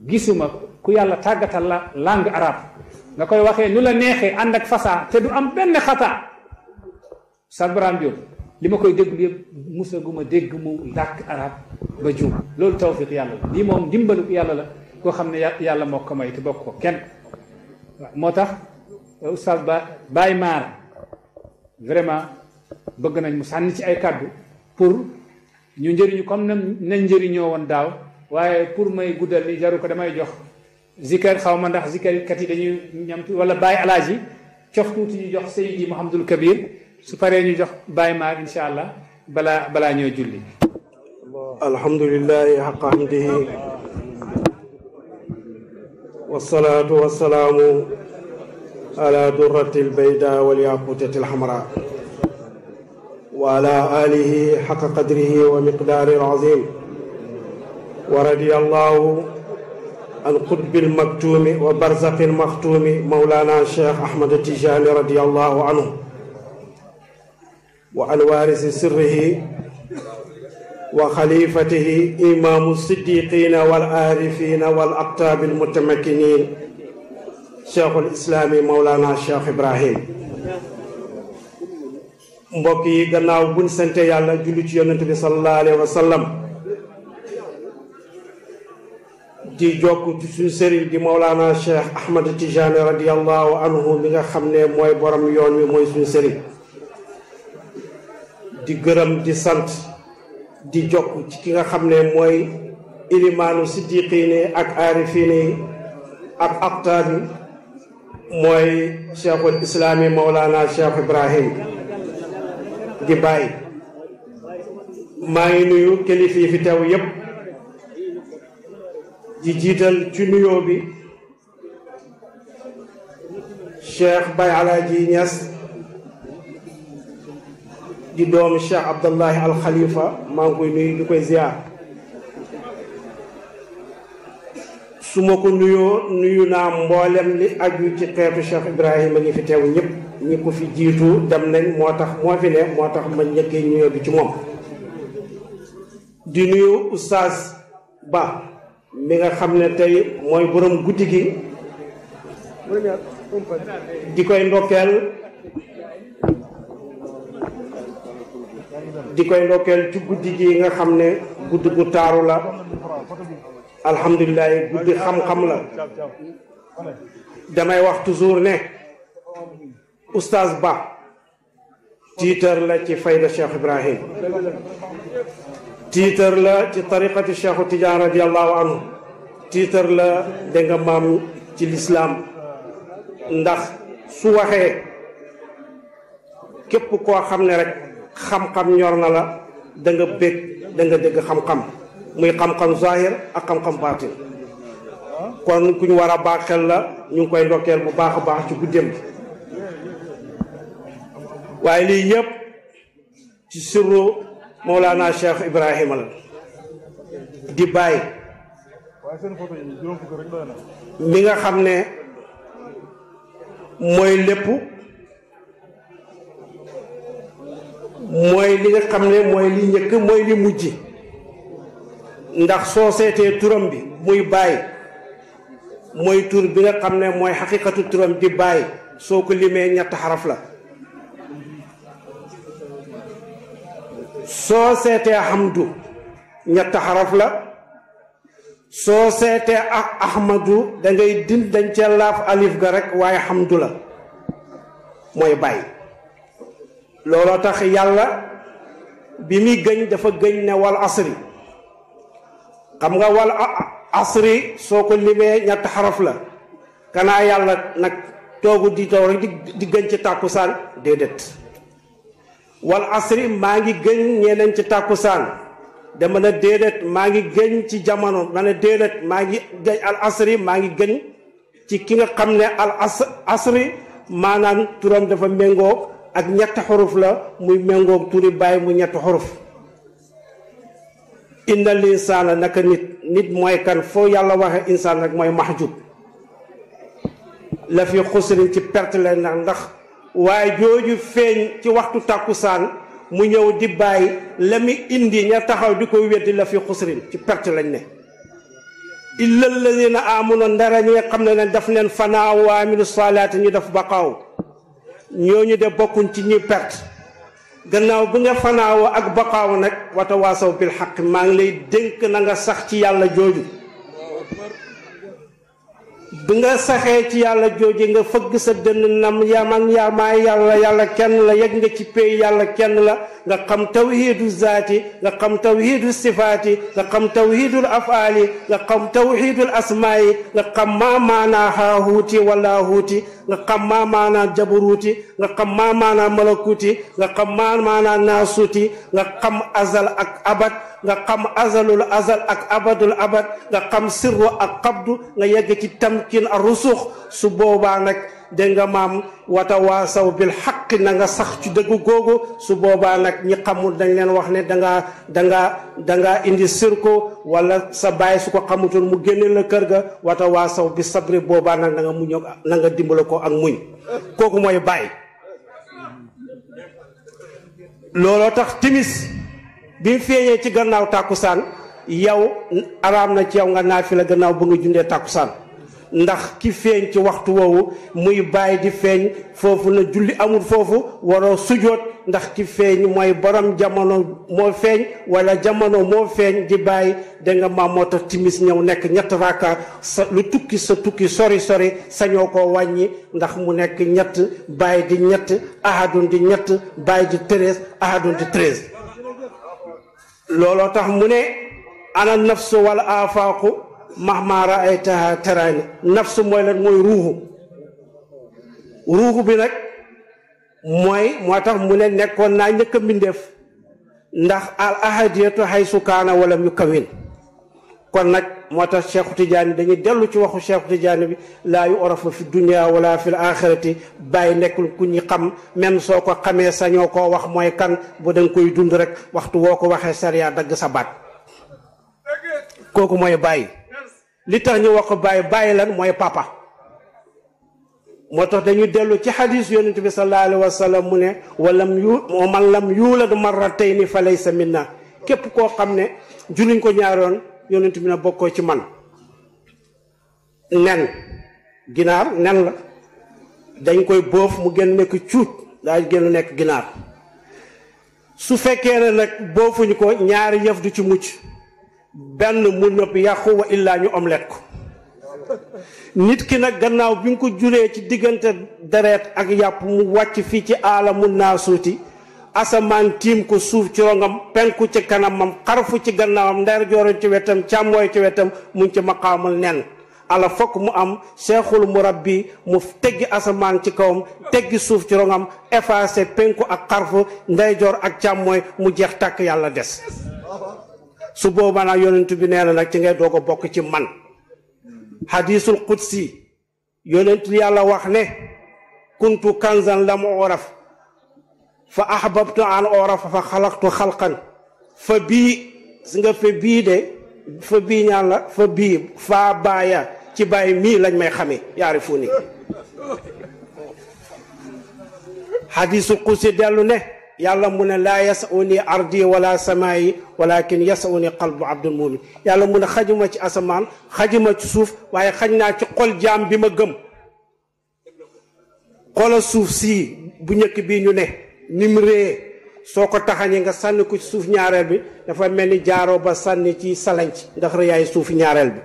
gisuma ku yàlla tàggatal la langue arabe nga koy waxee nu la neexee ànd ak fasaa te du am benn Salbraan Diop li ma koy déglu yëpp musa gu ma dégg mu làkk arab ba juum loolu tawfiq yàlla la lii moom ndimbalu yàlla la koo xam ne yàlla moo ko may te bokk ko kenn moo tax euh, oustaz ba Baye Maara bëgg nañ mu sànni ci ay kàddu pour ñu njëriñu comme na njëriñoo woon daaw waaye pour may guddal li jaru ko damay jox zikar xaw ma ndax zikarkat yi dañuy ñam wala Baye Alaaji cof tuuti ñu jox Seydi Mouhamadul Kabir su paree ñu jox bàyyi maag incha allah balaa balaa ñoo julli alhamdulillahi xaqa hamdihi والصلاة والسلام على درة البيداء والياقوتة الحمراء وعلى آله حق قدره ومقداره العظيم ورضي الله عن قطب المكتوم وبرزق المختوم مولانا الشيخ أحمد التجاني رضي الله عنه وعن وارث سره وخليفته إمام الصديقين والآرفين والأقطاب المتمكنين شيخ الإسلام مولانا الشيخ إبراهيم مبكي غناو بن سنت يالا جلوت يونتي صلى الله عليه وسلم دي جوكو تي سون دي مولانا الشيخ احمد تيجان رضي الله عنه ميغا خامني موي بروم موي سون سيري di gërëm di sant di jokk ci ki nga xam ne mooy ilimaanu siddiqiini ak aarifiini ak aqtaab mooy cheikhul islaami mawlaana cheikh ibrahim di bàyyi maa ngi nuyu kilifa yi fi teew yépp di jiital ci nuyoo bi cheikh Baye Alaaji Ñas di doomi Cheikh Abdallahi Al Khalifa maa ngi nuyu di koy ziar su ma ko nuyoo nuyu naa mboolem li aju ci xeetu Cheikh Ibrahima ngi fi teew ñëpp ñi ko fi jiitu dem nañ moo tax moo fi ne moo tax ma njëkkee nuyoo bi ci moom di nuyu Oustaz Ba mi nga xam ne tey mooy borom guddi gi di koy ndokkeel di koy ndokkeel ci guddi gi nga xam ne guddi gu taaru la alhamdulilah guddi xam-xam la damay wax toujours ne oustaz Ba tiitar la ci fayda Cheikh Ibrahim tiitar la ci tariqati Cheikhu Tidiane radiallahu anhu tiitar la da maam ci lislaam ndax su waxee képp koo xam ne rek xam-xam ñor na la da nga bég dégg xam-xam muy xam-xam zahir ak xam-xam baatin kon ku ñu war a baax la ñu ngi koy ndokkeel bu baax a baax ci guddeem bi waaye lii yëpp ci sirru naa Cheikh Ibrahima la di bàyyi mi nga xam ne mooy lépp mooy li nga xam ne mooy li njëkk mooy li mujj ndax soo seetee turam bi muy bàyyi mooy tur bi nga xam ne mooy xaqiqatu turam di bàyyi soo ko limee ñett xaraf la soo seetee hamdu ñett xaraf la soo seetee ak ah ahmadu da ngay din dañ ca laaf alif ga rek waaye hamdu la mooy bàyyi lolo tax yalla bi mi gëñ dafa gëñ ne wal asri xam nga wal asri soko ko ñatt xaraf la kana yalla nak togu di taw rek di gëñ ci takusan dedet wal asri ma ngi gëñ ñeneen ci takusan dama mana dedet ma ngi gëñ ci jamono ma dedet ma ngi al asri ma ngi gëñ ci ki nga xamne al asri manan turam dafa mengok ak ñett xuruf la muy méngoog turi bàyyi mu ñett xuruf inna linsaana naka nit nit mooy kan foo yàlla waxe insaan rek mooy maxjub la fi xusrin ci perte la nag ndax waaye jooju feeñ ci waxtu tàkkusaan mu ñëw di bàyyi la mu indi ña taxaw di ko weddi la fi xusrin ci perte lañ ne illa alladina amuna ndara ñi nga xam ne ne daf leen fanaaw wa amilu salaati ñu def baqaaw ñooñu de bokkuñ ci ñi pert gannaaw bi nga fanaawoo ak baqaaw nag watawaasaw bil xaq maa ngi lay dénk na nga sax ci yàlla jooju bi saxé ci yàlla jojé nga fëgg sa dënn nam yaman ya ma yàlla yàlla kenn la yegg nga ci pé yàlla kenn la nga xam tawhidu zati nga xam tawhidu sifati nga xam tawhidul afali nga xam tawhidul asma'i nga xam ma mana hahuti wala huti nga xam ma mana jabruti nga xam ma mana malakuti nga xam ma mana nasuti nga xam azal ak abad nga xam azalul azal ak abadul abad nga xam sirru ak qabdu nga yegg ci tamkin ar rusukh su boba nak de nga mam wata waasaw bil haqq na nga sax ci dëgg gogo su boba nak ñi xamul dañ leen wax ne nga da nga indi sirko wala sa bay su ko xamutul mu gene le kër ga wata waasaw bi sabri boba nak da nga muñ la nga dimbal ko ak muñ koku moy bay lolo tax timis bi feeñee ci gannaaw tàkkusaan yow araam na ci yow nga la gannaaw ba nga jundee tàkkusaan ndax ki feeñ ci waxtu woowu muy bàyyi di feeñ foofu la julli amul foofu waroo sujoot ndax ki feeñ mooy borom jamono moo feeñ wala jamono moo feeñ di bàyyi da nga maam moo tax timis ñëw nekk ñett raaka sa lu tukki sa tukki sori sori sañoo ko wàññi ndax mu nekk ñett bàyyi di ñett ahadun di ñett bàyyi di treize ahadun di treize looloo tax mu ne ana nafsu wal afaaqu mahma raaytaha teraani nafsu mooy lan mooy ruuxu ruuxu bi nag mooy moo tax mu ne nekkoon naa njëkk a mbindeef ndax al ahadiyatu xaysu kaana walam yu kawin kon nak moo cheikh tidiane delu dañuy delu ci waxu cheikh tidiane bi la yu orafu fi dunia wala fi l axirati nekul nekkul ku ñi xam même soko xame saño ko wax moy kan bu dang koy dund rek waxtu woko waxe sharia dag sa bat koku moy bay li tax ñu wax bay bay lan moy papa motax dañuy delu ci hadith yonente bi sallallahu alaihi wasallam mu ne walam yu man lam yulad marratayni falaysa minna kep ko xamne ne ko ñaaroon yonent bi ne bokkoo ci man nen ginaar nen la dañ koy boof mu gën nekk cuut daa gën nekk ginaar su fekkee ne nag boofuñu ko ñaari yëf du ci mucc benn mu nëpp yàqu illaa ñu omelette ko nit ki nag gannaaw bi nga ko juree ci diggante deret ak yàpp mu wàcc fii ci aalamu suuti asamaan tiim ko suuf ci rongam penku ci kanamam xarfu ci gannaawam ndeer jooro ci wetam càmmooy ci wetam mun ci maqaamul nen ala fokk mu am seexul murabbi mu teggi asamaan ci kawam teggi suuf ci rongam effacé penku ak xarfu ndeyjoor ak càmmooy mu jeex tàkk yàlla des su boobaa bi nee na nag ci ngay doog bokk ci man hadisul qudsi yonent yàlla wax ne kuntu kanzan lam uraf فأحببت أن أعرف فخلقت خلقا فبي سنغا فبي دي فبي نيالا فبي فا بايا تي باي مي لاج ماي خامي يعرفوني حديث القدسي دالو نه يالا مون لا يسوني ارضي ولا سماي ولكن يسوني قلب عبد المؤمن يالا مون خاجوما تي اسمان خاجوما تي سوف واي خاجنا تي خول جام بيما گم خول سوف سي بو نيك بي ني نه nim ree soo ko taxañee nga sànni ko ci suuf ñaareel bi dafa mel ni jaaroo ba sànni ci salanc ndax rëyaayu suuf ñaareel bi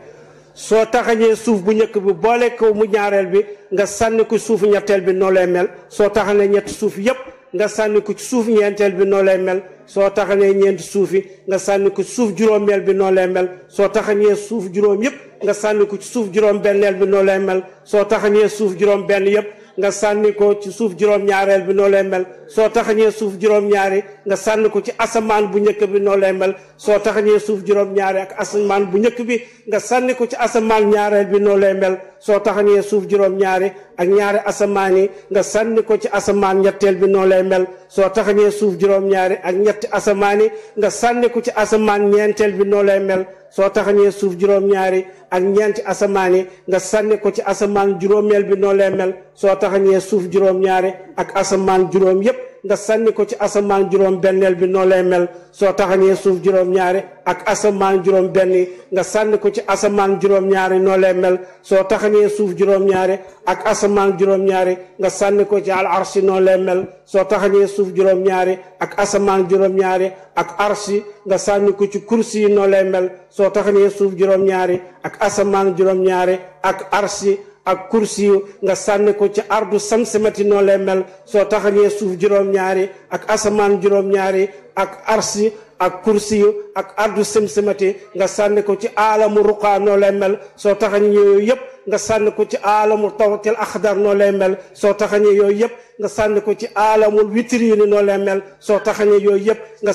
soo taxañee suuf bu njëkk bi boole ko mu ñaareel bi nga sànni ko suuf ñetteel bi noo lay mel soo taxañee ñetti suuf yëpp nga sànni ko ci suuf ñeenteel bi noo lay mel soo taxañee ñeenti suuf yi nga sànni ko suuf juróomeel bi noo lay mel soo taxañee suuf juróom yëpp nga sànni ko ci suuf juróom benneel bi noo lay mel soo taxañee suuf juróom benn yëpp nga sànni ko ci suuf juróom-ñaareel bi noo lay mel soo taxañee suuf juróom-ñaari nga sànni ko ci asamaan bu njëkk bi noo lay mel soo taxañee suuf juróom-ñaari ak bu njëkk bi nga sànni ko ci asamaan ñaareel bi noo lay mel soo taxañee suuf juróom-ñaari ak ñaari asamaan yi nga sànni ko ci asamaan ñetteel bi noo lay mel soo taxañee suuf juróom-ñaari ak ñetti asamaan yi nga sànni ko ci asamaan ñeenteel bi noo lay mel soo tax taxañee suuf juróom-ñaari ak ñeenti asamaan yi nga sànni ko ci asamaan juróomeel bi noo lay mel soo tax taxañee suuf juróom-ñaari ak asamaan juróom yépp nga sànni ko ci asamaan juróom benneel bi noo lay mel soo taxañee suuf juróom ñaari ak asamaan juróom benni nga sànni ko ci asamaan juróom ñaari noo lay mel soo taxañee suuf juróom ñaari ak asamaan juróom ñaari nga sànni ko ci al arsi noo lay mel soo taxañee suuf juróom ñaari ak asamaan juróom ñaari ak arsi nga sànni ko ci kursi yi noo lay mel soo taxañee suuf juróom ñaari ak asamaan juróom ñaari ak arsi ak kursi yu nga sànni ko ci ardu samsimati noo lay mel soo taxañee suuf juróom-ñaari ak asamaan juróom-ñaari ak arsi ak kursi yu ak ardu samsimati nga sànni ko ci aalamu ruqaa noo lay mel soo taxañee yooyu yëpp nga sànni ko ci aalamu tawtil axdar noo lay mel soo taxañee yooyu yëpp yooyu yëpp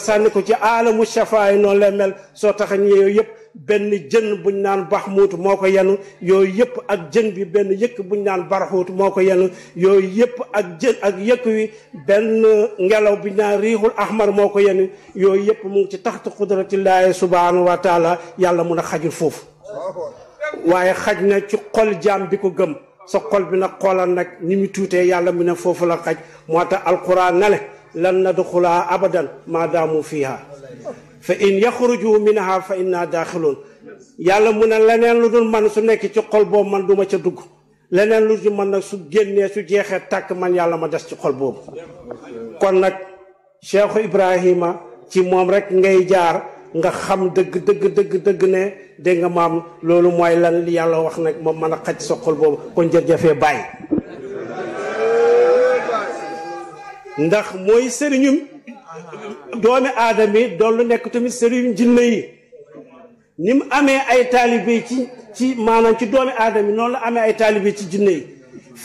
sànni ko ci aalamu shafaayi noo lay mel soo taxañee yooyu yëpp benn jën buñ naan baxmuut moo ko yenu yooyu yëpp ak jën bi benn yëkk buñ naan baraxuut moo ko yenu yooyu yëpp ak jën ak yëkk wi benn ngelaw buñ naan riixul ahmar moo ko yenu yooyu yëpp mu ngi ci taxtu qudratillahi subhanahu wa taala yàlla mun a xajul foofu waaye xaj na ci xol jaam bi ko gëm sa xol bi nag xoolal nag ni mu tuutee yàlla mu ne foofu la xaj moo tax alquran na le lan nadxulaa abadan maadaamu fiiha fa in yakhruju minha fa inna dakhilun yalla munen lenen ludul man su nek ci xol bo man duma ca dug lenen lu dul man nak su genné su jexé tak man yalla ma dess ci xol bo kon nak cheikh ibrahima ci mom rek ngay jaar nga xam deug deug deug deug ne de nga mam lolu moy lan li yalla wax nak mom man xat xol bo kon bay ndax moy serignum doomi aadama yi doon lu nekk tamit sëriñ jinne yi ni amee ay taalibe ci ci maanaam ci doomi aadama yi noonu la amee ay taalibe ci jinne yi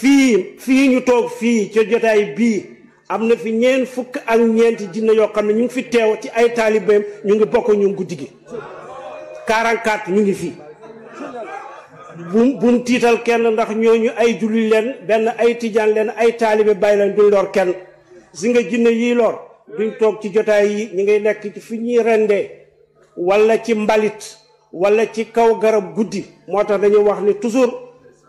fii fii ñu toog fii ci jotaay bii am na fi ñeen fukk ak ñeenti jinne yoo xam ne ñu fi teew ci ay taalibeem ñu ngi bokk ñu guddi gi 44 ñu ngi fii bu bu mu kenn ndax ñooñu ay julli benn ay tijaan leen ay taalibe bay leen duñ kenn si nga jinne yii lor duñ toog ci jotaay yi ñu ngay nekk fi ñuy rendee wala ci mbalit wala ci kaw garab guddi moo tax dañuy wax ni toujours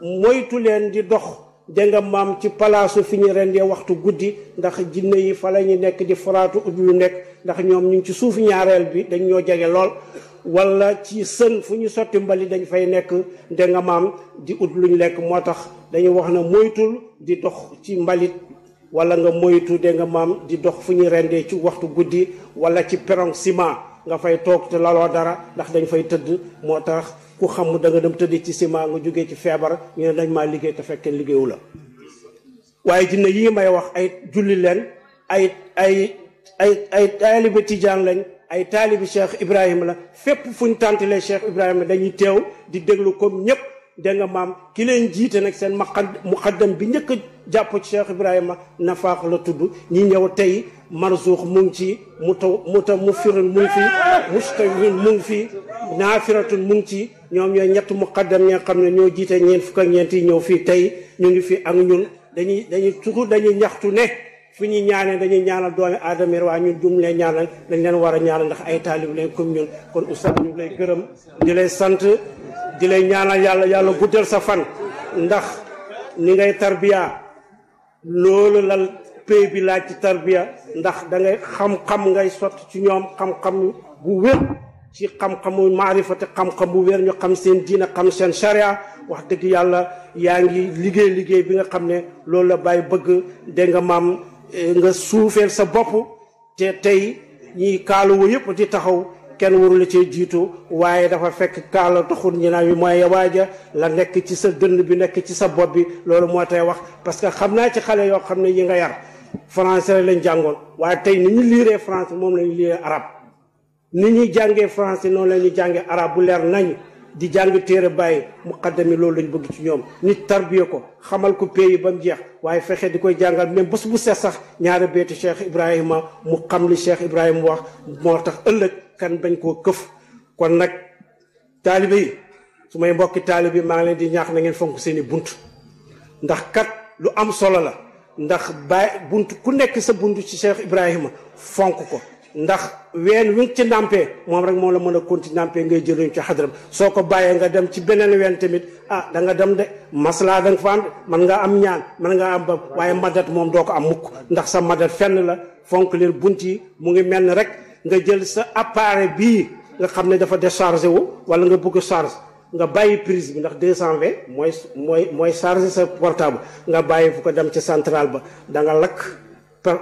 moytu leen di dox dégg maam ci palaasu fi ñu rendee waxtu guddi ndax jinne yi fa la ñu nekk di foraatu ut lu nekk ndax ñoom ñu ngi ci suuf ñaareel bi dañ ñoo jege lool wala ci sën fu ñu sotti mbalit dañ fay nekk dégg nga maam di ut luñ lekk moo tax dañu wax ne moytul di dox ci mbalit wala nga moytu de nga maam di dox fu ñuy rendee ci waxtu guddi wala ci perron ciment nga fay toog te laloo dara ndax dañ fay tëdd moo tax ku xam da nga dem tëdd ci ciment nga jógee ci feebar ñu ne dañ maa liggéey te fekkee liggéeyu la waaye jinne yii may wax ay julli leen ay ay ay ay taalibi tijaan lañ ay taalibi Cheikh Ibrahima la fépp fu ñu tàntalee Cheikh Ibrahima dañuy teew di déglu comme ñëpp dégg maam ki jiite nag seen muqaddam bi njëkk a jàpp ci brahima Ibrahima nafaax la tudd ñi ñëw tey marzuux mu ngi ci mu taw mu taw mu firun mu ngi fi mustawin mu ngi fi naafiratun mu ci ñoom ñooy ñett muqaddam ñi nga xam ne ñoo jiite ñeent fukk ak ñeent yi ñëw fii tey ñu ngi fii ak ñun dañuy dañuy toujours dañuy ñaxtu ne fu ñu ñaanee dañuy ñaanal doomi aadama yi waaye ñun dum leen ñaanal dañ leen war a ñaanal ndax ay taalib leen comme ñun kon oustaz ñu lay gërëm di lay sant di lay ñaanal yàlla yàlla guddal sa fan ndax ni ngay tarbiya loolu la pay bi laaj ci tarbiya ndax dangay xam-xam ngay sotti ci ñoom xam-xam bu wér ci xam-xamu maarifate xam-xam bu wér ñu xam seen diina xam seen charia wax dëgg yàlla yaa ngi liggéey liggéey bi nga xam ne loolu la bàyyi bëgg dégg Eh, nga suufeel sa bop te ñi kalu kaaluwu yep di taxaw kenn la ci jitu waye dafa fekk kala taxul ñina wi moy mooy waaja la nek ci sa dënd bi nek ci sa bop bi lolu mo tay wax parce que xamna ci xalé yo xamne yi nga yar français lañ jangol waye tay ni ñu lire français mom lañ lire arab ni ñi jangé français non lañ ñuy arab bu leer nañ di jàng bay, bàyyi muqaddami loolu lañ bëgg ci ñoom nit tarbiyé ko xamal ko pay bam jeex waye fexé di koy jangal même bés bu set sax ñaara beeti cheikh ibrahima mu xam li cheikh ibrahim wax mo tax ëlëk kan bañ ko këf kon nak talibé sumay mbokk talibé ma ngi leen di ñaax na ngeen fonk seeni bunt ndax kat lu am solo la ndax buntu bunt ku nekk sa buntu ci cheikh ibrahima fonk ko ndax ween wi ci ndampé mom rek mo la mëna a konti ndàmpee ngay jëriñ ci hadram soko bayé nga dem ci benen ween tamit ah da nga dem de masla da nga fand man nga am ñaan man nga am ba waaye madat mom do ko am mukk ndax sa madat fenn la fonk leen bunti mu ngi mel rek nga jël sa appareil bi nga xamné dafa décharger wu wala nga bëgg charge nga bayyi prise bi ndax 220 moy moy moy chargé sa portable nga bayyi fu ko dem ci centrale ba da nga lak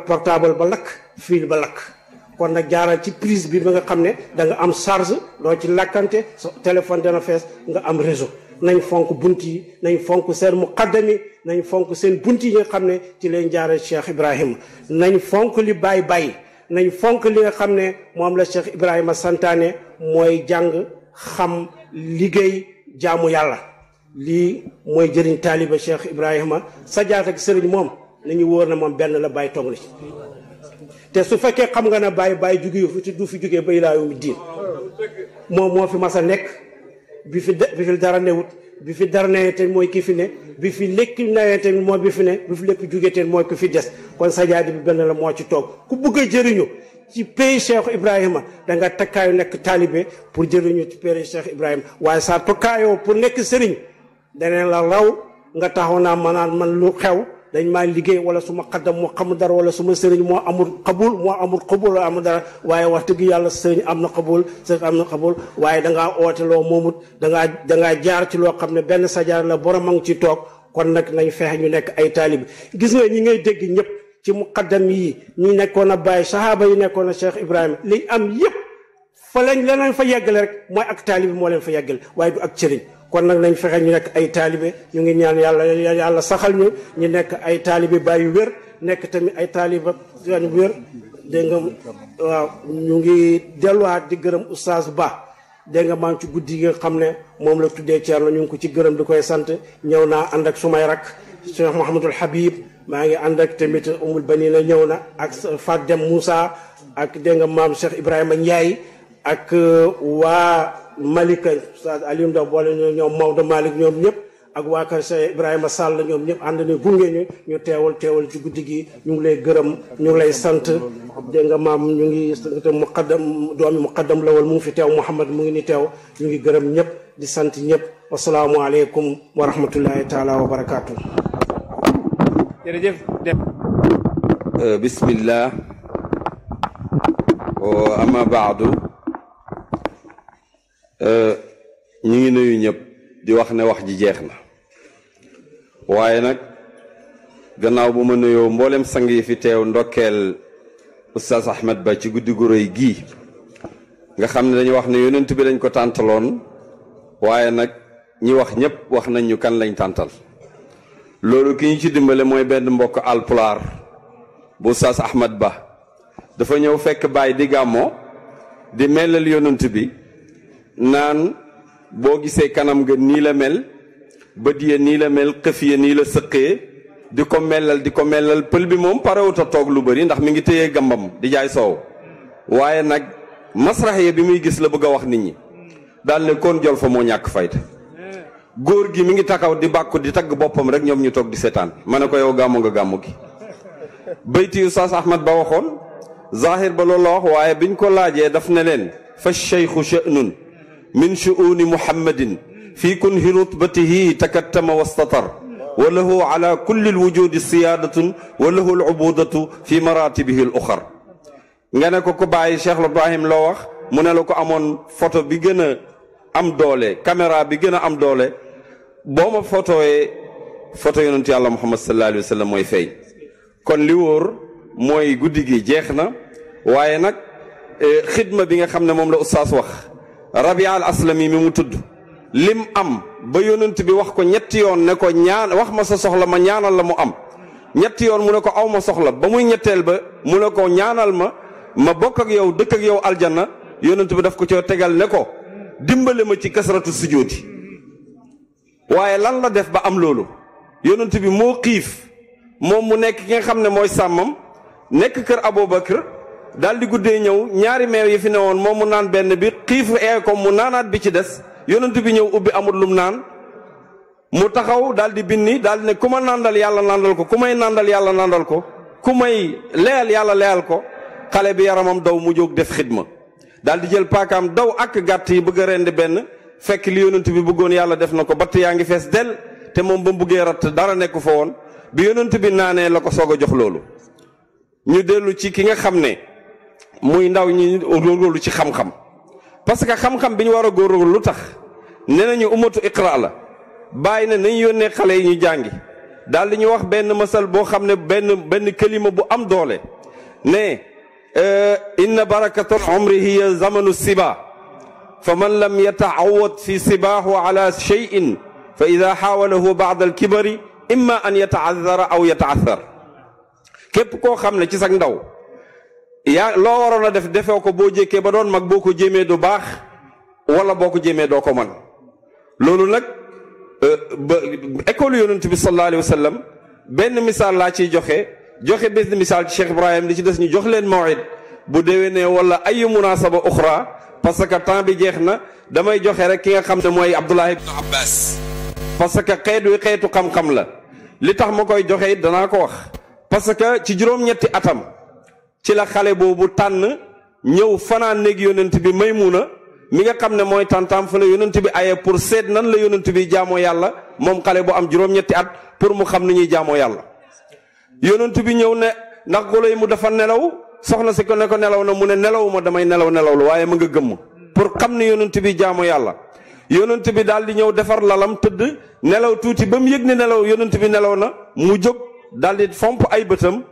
portable ba lak fil ba lak kon nag jaaral ci prise bi ba nga xam ne da nga am charge loo ci lakkante sa téléphone dana fees nga am réseau nañ fonk bunt yi nañ fonk seen mu xaddami nañ fonk seen bunt yi nga xam ne ci leen jaaral Cheikh Ibrahima nañ fonk li bàyyi bàyyi nañ fonk li nga xam ne moom la Cheikh Ibrahima santaane mooy jàng xam liggéey jaamu yàlla lii mooy jëriñ taaliba Cheikh Ibrahima sa jaat ak sëriñ moom nañu wóor na moom benn la bàyyi tong ci te su fekkee xam nga ne bàyyi bàyyi juge fu fi du fi jugee ba ilaa yawmi diin moom moo fi mas a nekk bi fi bi fi dara newut bi fi dara newee mooy kii fi ne bi fi lekk newee teen mooy bi fi ne bi fi teen mooy ki fi des kon sajaada bi benn la moo ci toog ku bëgg a jëriñu ci pays Cheikh Ibrahima da nga takkaayu nekk taalibe pour jëriñu ci pays Cheikh Ibrahima waaye sa tokkaayoo pour nekk sëriñ daneen la raw nga taxaw naa manaan man lu xew dañ maa liggéey wala su ma xaddam moo xamul dara wala su moo amul xabul moo amul xabul wala dara waaye wax dëgg yàlla sëriñ am na xabul sëriñ am na xabul waaye dangaa oote loo moomut dangaa dangaa jaar ci loo xam ne benn sajaar la borom a ngi ci toog kon nag nañu fexe ñu nekk ay taalibi gis nga ñi ngay dégg ñëpp ci muqaddam yi ñu nekkoon a bàyyi sahaaba yi nekkoon a Cheikh Ibrahima liñ am yëpp fa lañ leneen fa yeggale rek mooy ak taalibi moo leen fa yeggale waaye du ak sëriñ kon nag nañ fexe ñu nekk ay taalibe ñu ngi ñaan yàlla yàlla saxal ñu ñu nekk ay taalibe yu wér nekk tamit ay taalibe yu dégg nga ngi delluwaat di gërëm oustaz Ba. dégg nga maa ngi ci guddi gi nga xam ne moom la tuddee Thierno ñu ngi ko ci gërëm di koy sant ñëw naa ànd ak sumay rak Cheikh Mouhamadul Habib maa ngi ànd ak tamit umul nii la ñëw na ak Fat Dem Moussa ak dégg nga maam Cheikh Ibrahima Ndiaye ak euh, waa Malika Oustaz Alioune Ndao boole ñoo ñoom Maodo Malick ñoom ñëpp ak waa kër Cheikh Ibrahima Sall ñoom ñëpp ànd ne gunge ñu ñu teewal teewal ci guddi gi ñu ngi lay gërëm ñu lay sant dégg nga maam ñu ngi muqaddam doomi muqaddam lawal mu ngi fi teew Mouhamad mu ngi ni teew ñu ngi gërëm ñëpp di sant ñëpp wasalaamualeykum wa rahmatullahi taala wa barakaatu. jërëjëf euh, wa amma baadu ñu ngi nuyu ñëpp di wax ne wax ji jeex na waaye nag gannaaw bu ma nuyoo mbooleem sang yi fi teew ndokkeel oustaz Ahmed Ba ci guddi gu rëy gii nga xam ne dañu wax ne yonent bi lañ ko tàntaloon waaye nag ñi wax ñëpp wax nañ ñu kan lañ tàntal loolu ki ñu ci dimbale mooy benn mbokk alpulaar bu oustaz Ahmed Ba dafa ñëw fekk baay di gàmmoo di melal yonent bi naan boo gisee kanam nga nii la mel bët ya nii la mel xëf ya nii la sëqee di ko melal di ko melal pël bi moom parewuta toog lu bari ndax mi ngi téye gambam di jaay soow waaye nag masrax ya bi muy gis la bëgg a wax nit ñi daal ne kon jol fa moo ñàkk fayda góor gi mi ngi takkaw di bàkku di tagg boppam rek ñoom ñu toog di seetaan mën ne ko yow gàmmu nga gàmmu gi bayti Oustaz Ahmad Ba waxoon zahir ba loolu la wax waaye biñ ko laajee daf ne leen fa من شؤون محمد في كنه رتبته تكتم واستطر وله على كل الوجود سيادة وله العبودة في مراتبه الأخر أنا كوكو باي شيخ إبراهيم لوخ من لكو أمون فوتو بيجن أم دولة كاميرا بيجن أم دولة بوما فوتو فوتو ينتي الله محمد صلى الله عليه وسلم موي ويفي كون ليور موي غوديغي جيخنا وايي نك خدمه بيغا خامني موم لا استاذ واخ rabia al aslami mi mu tudd lim am ba yónnant bi wax ko ñetti yoon ne ko ñaan wax ma sa soxla ma ñaanal la mu am ñetti yoon mu ne ko aw ma soxla ba muy ñetteel ba mu ne ko ñaanal ma ma bokk ak yow dëkk ak yow aljana yonent bi daf ko coo tegal ne ko dimbale ma ci kasratu sujjóoti waaye lan la def ba am loolu yonent bi moo xiif moom mu nekk ki nga xam ne mooy sàmmam nekk kër Abubakar daal di guddee ñëw ñaari meew yi fi newoon moom mu naan benn bi xiif ee mu naanaat bi ci des yonent bi ñëw ubbi amul lum naan mu taxaw daal di binni daal di ne ku ma nàndal yàlla nàndal ko ku may nàndal yàlla nàndal ko ku may leyal yàlla leyal ko xale bi yaramam daw mu jóg def xidma daal di jël paakaam daw ak gàtt yi bëgg a rend benn fekk li yonent bi bëggoon yàlla def na ko batt yaa ngi fees del te moom ba mu buggee ratt dara nekku fa woon bi yonent bi naanee la ko soog a jox loolu ñu ki nga xam ne muy ndaw ñi góorgóorlu ci xam-xam parce que xam-xam bi ñu war a góorgóorlu lu tax nee nañu umatu iqra la bàyyi na nañ yónnee xale yi ñu jàngi daal di ñu wax benn masal boo xam ne benn benn kalima bu am doole ne euh, inna barakatul umri hiya zamanu siba fa man lam yataawad fi sibaahu ala cheyin fa ida xaawalahu baad al kibari imma an yataazara aw yataasar képp koo xam ne ci sag ndaw yaa loo waroon a def defew ko boo jékkee ba doon mag boo ko jéemee du baax wala boo ko jéemee doo ko man loolu nag ba école yonent bi sallallahu alayhi wa sallam benn misaal laa ciy joxe joxe benn misaal ci Cheikh Ibrahim li ci des ñu jox leen mawid bu déwénee wala ay munasaba uxra parce que temps bi jeex na damay joxe rek ki nga xam ne mooy Abdullah ibn Abbas parce que xeet wi xeetu xam-xam la li tax ma koy joxe it danaa ko wax parce que ci juróom-ñetti atam ci la xale boobu tànn ñëw fanaan néeg yonent bi Maymuna mi nga xam ne mooy tantam fa la yonent bi aye pour seet nan la yonent bi jaamoo yàlla moom xale bu am juróom-ñetti at pour mu xam ni ñuy jaamoo yàlla yonent bi ñëw ne ndax golo yi mu dafa nelaw soxna si ko ne ko nelaw na mu ne nelawuma damay nelaw nelaw la waaye mu nga gëmm pour xam ne yonent bi jaamu yàlla yonent bi daal di ñëw defar lalam tëdd nelaw tuuti ba mu yëg ne nelaw yonent bi nelaw na mu jóg daal di fomp ay bëtam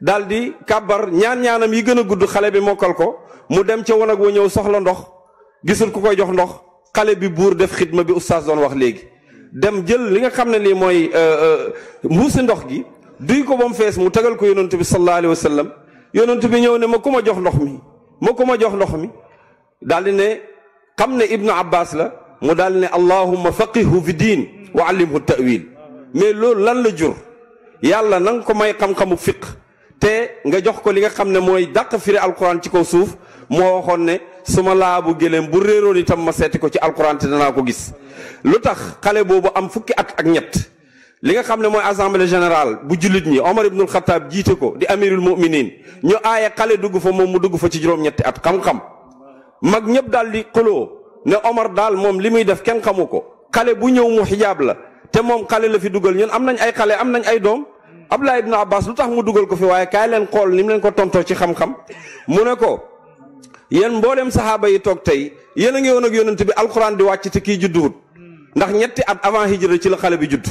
daal di kàbbar ñaan ñaanam yi gën a gudd xale bi mokkal ko mu dem ca wanag wa ñëw soxla ndox gisul ku koy jox ndox xale bi buur def xidma bi oustaz doon wax léegi dem jël li nga xam ne lii mooy euh, euh, mbuusi ndox gi duy ko ba mu fees mu tegal ko yonent bi sallallahu alayhi wa sallam yonent bi ñëw ne ma ku ma jox ndox mi ma ku ma jox ndox mi daal di ne xam ne ibnu abbas la mu daal di ne allahumma faqihu fi diin wa allimhu tawil mais loolu lan la jur yàlla na ko may xam fiq te nga jox ko li nga xam ne mooy dàq firi alquran ci kaw suuf moo waxoon ne suma laabu gëléem bu réeroon itam ma seeti ko ci alquran te danaa ko gis lu tax xale boobu am fukki at ak ñett li nga xam ne mooy assemblée générale bu jullit ñi Omar ibnul Xataab jiite ko di amirul muminin ñu aaye xale dugg fa moom mu dugg fa ci juróom-ñetti at xam-xam mag ñëpp daal di xuloo ne Omar daal moom li muy def kenn xamu ko xale bu ñëw mu xijaab la te moom xale la fi dugal ñun am nañ ay xale am nañ ay doom Abdullah ibn Abbas lu tax mu dugal ko fi waaye kaay leen xool ni mu leen ko tontoo ci xam-xam mu ne ko yéen mboolem saxaaba yi toog tey yéen a ngi woon ak yonent bi alxuraan di wàcc te kii judduwut ndax ñetti at avant hijra ci la xale bi judd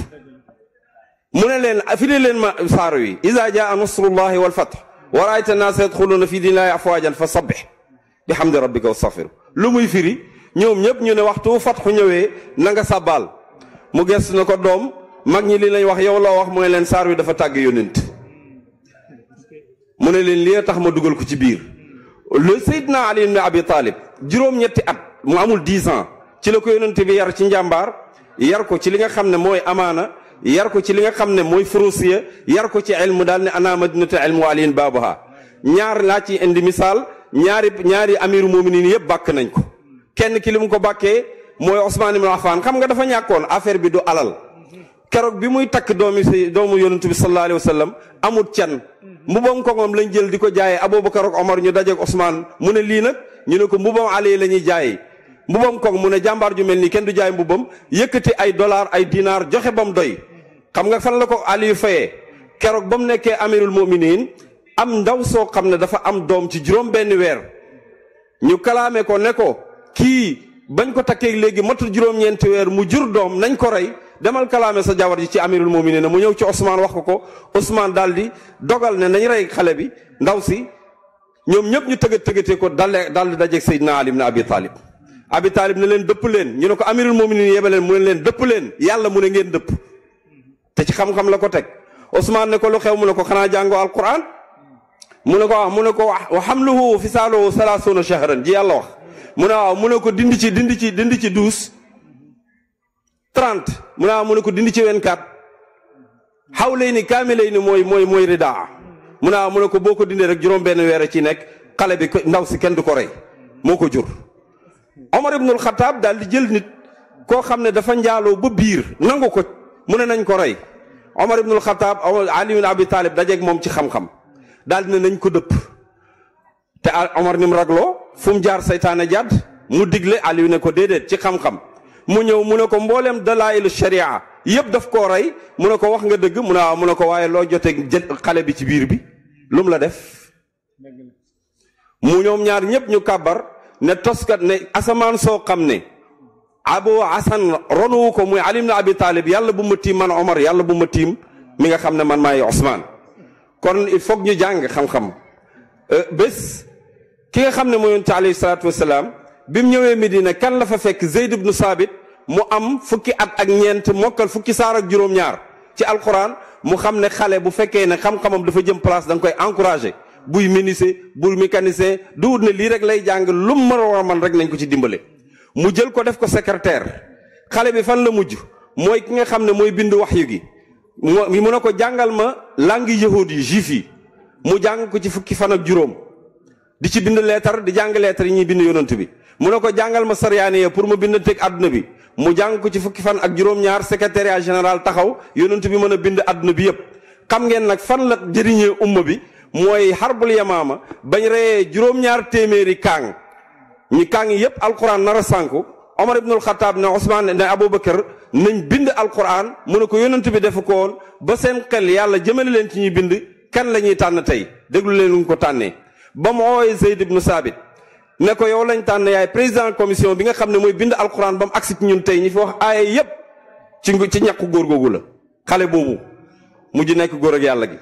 mu ne leen fi leen ma saaro yi iza jaa nasrullahi wal fath wa raayta naasa yadxuluuna fi diinillaahi afwaajan fa sabbih bihamdi rabbika wastaghfir lu muy firi ñoom ñëpp ñu ne waxtu fatxu ñëwee nanga nga mu gëstu na ko doom mag ñi li lañ wax yow loo wax mu ne leen saar wi dafa tàgg yónent mu ne leen lii tax ma dugal ko ci biir le Seydina Ali ibn Abi Talib juróom-ñetti at mu amul dix ci la ko yónent bi yar ci njàmbaar yar ko ci li nga xam ne mooy amaana yar ko ci li nga xam ne mooy furusiya yar ko ci ilmu daal ne ana madinatu ilmu aliin baabuha ñaar laa ci indi misaal ñaari ñaari amiru muminin yëpp bàkk nañ ko kenn ki li mu ko bàkkee mooy Ousmane ibn Affan xam nga dafa ñàkkoon affaire bi du alal keroog bi muy takk doomi si doomu yonent bi sallallahu alayhi wa sallam amut can mbubam koŋoom lañ jël di ko jaayee Aboubacar ak Omar ñu dajeeg Ousmane mu ne lii nag ñu ne ko mbubam Ali la ñuy jaayee mbubam koŋ mu ne jàmbaar ju mel nii kenn du jaay mbubam yëkkati ay dollar ay dinaar joxe ba mu doy. xam nga fan la ko Ali fayee keroog ba mu nekkee amirul muminin am ndaw soo xam ne dafa am doom ci juróom benn weer ñu kalaame ko ne ko kii bañ ko takkee léegi matul juróom-ñeenti weer mu jur doom nañ ko rey. demal kalaame sa jabar ji ci amirul muminin na mu ñëw ci Ousmane wax ko ko Ousmane daal di dogal ne nañ rey xale bi ndaw si ñoom ñëpp ñu tëggat tëggatee ko dalle daal di dajeeg Seydina Ali ibn Abi Talib Abi Talib ne leen dëpp leen ñu ne ko amirul muminin yebe leen mu ne leen dëpp leen yàlla mu ne ngeen dëpp te ci xam-xam la ko teg Ousmane ne ko lu xew mu ne ko xanaa jàngoo alquran mu ne ko wax ah, mu ne ko ah, wa hamluhu fisaaluhu salaasuuna shahran ji yàlla wax mu ne waaw ah, mu ne ci dindi 30 mu naa mu ne ko dindi ci 24 xaw lay ni kaame lay ni mooy mooy mooy ridaa mu naa mu ne ko boo ko dindee rek juróom-benn weer a ci nekk xale bi ndaw si kenn du ko rey moo ko jur. Omar ibnul Xataab daal di jël nit koo xam ne dafa njaaloo ba biir nangu ko mu ne nañ ko rey Omar ibnul Xataab Ali ibn Abi Taalib dajeeg moom ci xam-xam daal di ne nañ ko dëpp te Omar ni mu jaar saytaane jàdd mu digle Aliou ne ko déedéet ci xam-xam. mu ñëw mu ne ko mbollem dalail sharia yeb daf ko ray mu ne ko wax nga deug mu na mu ne ko waye lo jotee xale bi ci biir bi lum la def mu ñom ñaar ñep ñu kabar ne toskat ne asaman so xamne abu hasan ronu ko muy ali ibn abi talib yàlla bu mu tim man omar yàlla bu mu tim mi nga xamne man may usman kon il faut ñu jàng xam-xam bés ki nga xam ne mooyoon ci alayhi salaatu wasalaam bi mu ñëwee mi Medina kan la fa fekk Zeyd ibnu Saabit mu am fukki at ak ñeent mokkal fukki saar ak juróom-ñaar ci alxuraan mu xam ne xale bu fekkee ne xam-xamam dafa jëm place da nga koy encouragé buy menuisier buy mécanicien duwut ne lii rek lay jàng lu mu man rek nañ ko ci dimbale. mu jël ko def ko secrétaire xale bi fan la mujj mooy ki nga xam ne mooy bind wax yu gi mu mun a ko jàngal ma langue yahud yi juif yi mu jàng ko ci fukki fan ak juróom di ci bind leetar di jàng yi ñuy bind yonant bi. mu ne ko jàngal ma saryaane ya pour ma bind bindanteeg àdduna bi mu jàng ko ci fukki fan ak juróom-ñaar secrétariat général taxaw yonent bi mën a bind àdduna bi yépp xam ngeen nag fan la jëriñee umma bi mooy xarbul yamaama bañ reyee juróom-ñaar téeméeri kaang ñi kaang yépp alquran nar a sànku omar ibnul xataab ne osmaan ne aboubacar nañ bind alquran mu ne ko yonent bi defu ko woon ba seen xel yàlla jëmale leen ci ñuy bind kan la ñuy tànn tey déglu leen luñ ko tànnee ba mu ooyee zeyd ne ko yow lañ tànn yaay président commission bi nga xam ne mooy bind alxuraan ba mu agsi ci ñun tey ñi fi wax aaya yépp ci ci ñàkku góor googu la xale boobu mu ji nekk góor ak yàlla gi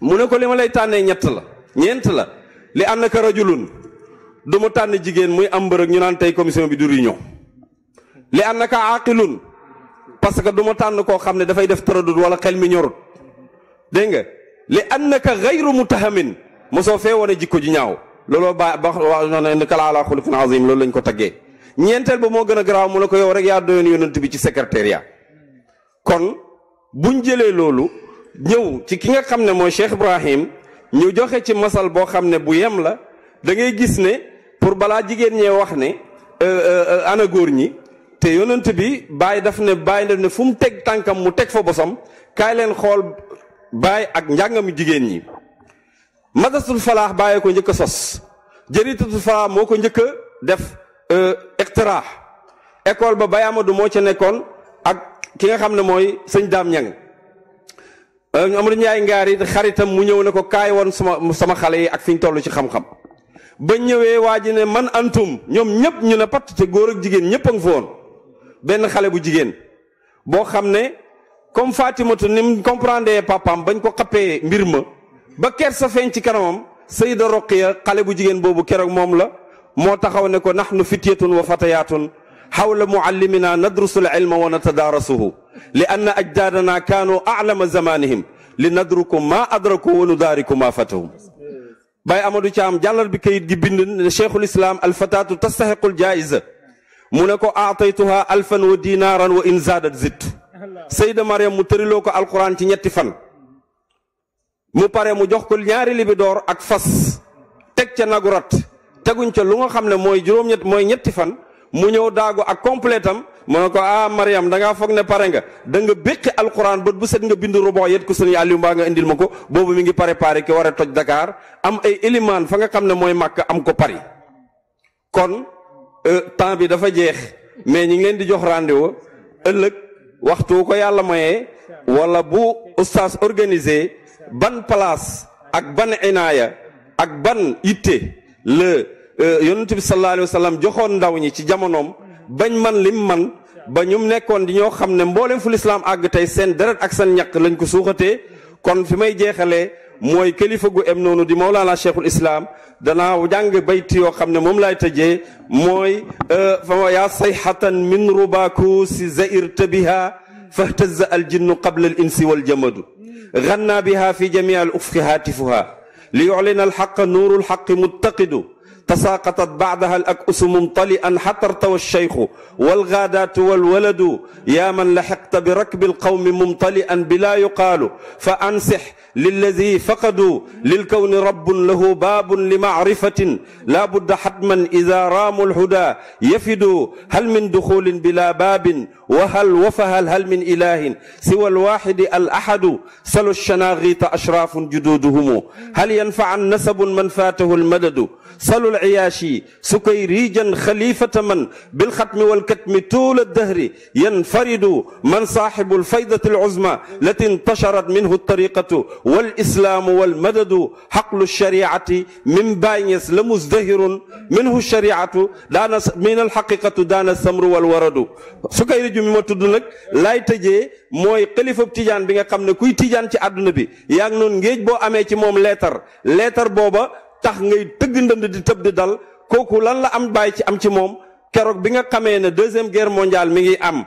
mu ne ko li ma lay tànnee ñett la ñeent la li annaka rajulun du mu tànn jigéen muy am mbërëg ñu naan tey commission bi du réunion li annaka aqilun parce que du tànn koo xam ne dafay def tëradut wala xel mi ñorut dégg nga li annaka gayru mutahamin mosoo fee wane jikko ji ñaaw looloo ba ba wax ne kalaa ala xuluqin azim loolu lañ ko taggee ñenteel ba moo gën a garaaw mu ne ko yow rek yaa doyoon yonent bi ci secrétariat kon buñ jëlee loolu ñëw ci ki nga xam ne mooy Cheikh Ibrahim ñu joxe ci masal boo xam ne bu yem la da ngay gis ne pour balaa jigéen ñee wax ne euh, euh, euh, ana góor ñi te yonent bi bàyyi daf ne bàyyi daf ne fu mu teg tànkam mu teg fa bosam kaay leen xool bàyyi ak njàngami jigéen ñi madrasatul falaax bàyyee ko njëkk a sos jaridatul falaax moo ko njëkk a def euh, ictiraax école ba Baye Amadou moo ca nekkoon ak ki nga xam ne mooy sëñ daam ñang euh, Amadou Ndiaye ngaar yi xaritam mu ñëw ne ko kaay woon sama sama xale yi ak fi ñu toll ci xam-xam ba ñëwee waa ji ne man antum ñoom ñëpp ñu ne patt te góor ak jigéen ñëpp a ngi fa benn xale bu jigéen boo xam ne comme Fatimatu ni mu comprender papaam bañ ko xappee mbir ma بكر سفين feeñ سيد الرقية قال roqiya xale bu jigéen boobu keroog moom la moo وفتيات حول معلمنا ندرس العلم ونتدارسه لأن أجدادنا كانوا أعلم زمانهم لندرك ما أدركوا وندارك ما فتهم باي أمدو تشام جلال بكيد جبن شيخ الإسلام الفتاة تستحق الجائزة منكو أعطيتها ألفا ودينارا وإن زادت زدت سيدة مريم مترلوك القرآن تنيتفن mu pare mu jox ko ñaari libidoor ak fas tek ci nagu rat teguñ ci lu nga xam moy juroom ñet moy ñetti fan mu ñew daagu ak complétam mo ne ko ah mariam da nga foog ne nga da nga bekk alquran bu bu set nga bindu robo yet ko nga indil mako bobu mi ngi pare pare ki wara toj Dakar am ay eliman fa nga xam moy am ko pari kon euh, temps bi dafa jeex mais ñi ngi leen di jox rendez-vous ëlëk waxtu ko yalla mayé wala bu oustaz organiser ban place ak ban inaya ak ban ité le yonnati bi sallallahu alayhi wasallam sallam joxoon ndaw ñi ci jamonom bañ man lim man ba ñum nekkon di ñoo xamne mbolem mboolem fu lislaam àgg tey seen deret ak sen ñak lañ ko suxate kon fi may jéxalé moy kilifa gu em nonu di Mawlana Cheikhul Islam danaa jàng bayti yo xamne mom lay tejé moy fa ya sayhatan min rubaku zairt biha fahtaza al jinn qabla al insi wal jamadu غنى بها في جميع الأفق هاتفها ليعلن الحق نور الحق متقد تساقطت بعدها الأكؤس ممطلئا حتى ارتوى الشيخ والغادات والولد يا من لحقت بركب القوم ممطلئا بلا يقال فأنسح للذي فقدوا للكون رب له باب لمعرفة لا بد حتما إذا راموا الهدى يفدوا هل من دخول بلا باب وهل وفهل هل من إله سوى الواحد الأحد سلوا الشناغيط أشراف جدودهم هل ينفع النسب من فاته المدد صلوا العياشي سكيريجا خليفة من بالختم والكتم طول الدهر ينفرد من صاحب الفيضة العظمى التي انتشرت منه الطريقة والإسلام والمدد حقل الشريعة من باينس لمزدهر منه الشريعة دانا من الحقيقة دانا السمر والورد سكيريجو مما تدنك لا يتجي موي xalifab tijaan bi قمنا كوي تجان تي tijaan ci يعني bi yaa ngi موم ngéej boo بوبا tax ngay tëgg ndënd di tëb di dal kooku lan la am bàyyi ci am ci moom keroog bi nga xamee ne deuxième guerre mondiale mi ngi am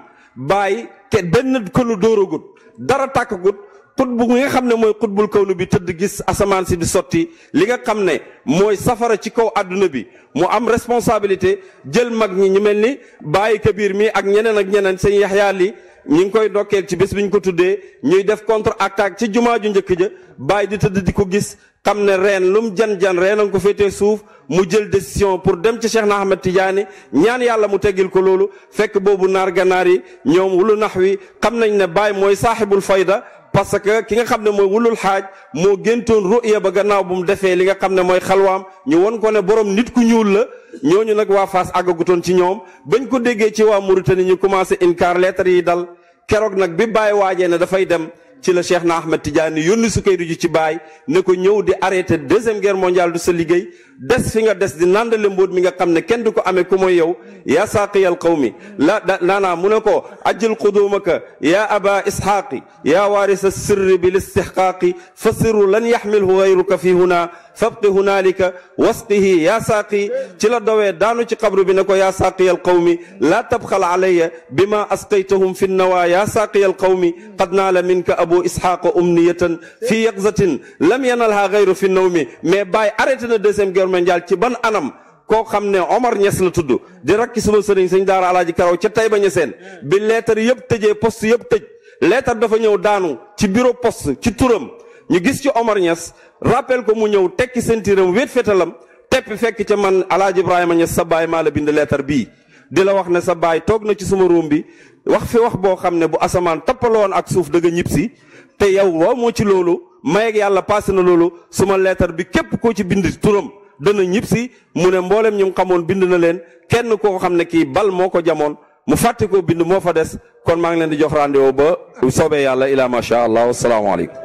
bàyyi te benn këlu dóoragut dara tàkkagut xutbu bi nga xam ne mooy xutbul kawnu bi tëdd gis asamaan si di sotti li nga xam ne mooy safara ci kaw àdduna bi mu am responsabilité jël mag ñi ñu mel ni bàyyi kabir mi ak ñeneen ak ñeneen seen yaxyaal li ñu ngi koy dokkeel ci bés bi ñu ko tuddee ñuy def contre attaque ci jumaa ju njëkk ja baay di tëdd di ko gis xam ne reen lum jan jan reen nga ko féete suuf mu jël décision pour dem ci Cheikh na Ahmed Tidiane ñaan yàlla mu teggil ko loolu fekk boobu naar ganaar yi ñoom wulu nax wi xam nañ ne baay mooy saaxibul fayda parce que ki nga xam ne mooy wulul xaaj moo géntoon ruya ba gannaaw bu mu defee li nga xam ne mooy xalwaam ñu won ko ne borom nit ku ñuul la ñooñu nag waa Fass àggagutoon ci ñoom bañ ko déggee ci waa Mauritanie ñu commencé incar lettre yi dal keroog nag bi Baye waajee ne dafay dem ci la Cheikh na Ahmed Tidiane yónni Sukayru ji ci Baye ne ko ñëw di arrêté deuxième guerre mondiale du sa liggéey des fi nga des di nandale mbóot mi nga xam ne kenn du ko amee ku mooy yow yaa saaqiyal qawmi la naanaa mu ne ko ajjil qudumaka yaa aba isxaaqi yaa waarisa sirri bil istixqaaqi fa sirru lan yaxmilhu gayruka fi huna fabqi hunaalika wasqihi yaa saaqi ci la dawee daanu ci xabru bi ne ko yaa saaqiyal qawmi laa tabxal alayya bima asqaytahum fi nnawa yaa saaqiyal qawmi qad naala minka abu isxaaqa umniyatan fi yaqzatin lam yanalha gayru fi nawmi mais Baye arrêté na deuxième guerre mondiale ci ban anam koo xam ne Omar Niass la tudd di rakki sunu sëriñ sëñ daara alaaji karaw ca Tayba Niassène bi lettre yëpp tëjee poste yëpp tëj lettre dafa ñëw daanu ci bureau poste ci turam ñu gis ci Omar Niass rappel ko mu ñëw tekki sentiram wéet fetalam teppi fekk ca man alaaji Ibrahima Niass sa baay maa la bind leetar bii di la wax ne sa baay toog na ci suma ruum bi wax fi wax boo xam ne bu asamaan tappaloon ak suuf dëgg ñib si te yow waaw moo ci loolu mayeeg yàlla passé na loolu suma leetar bi képp koo ci bind turam dana ñib si mu ne mboolem ñu xamoon bind na leen kenn koo xam ne kii bal moo ko jamoon mu fàtte ko bind moo fa des kon maa ngi leen di jox rendez ba soobee yàlla ilaa macha allah wasalaamaaleykum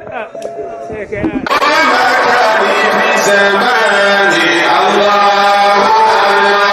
وما كان في زمان الله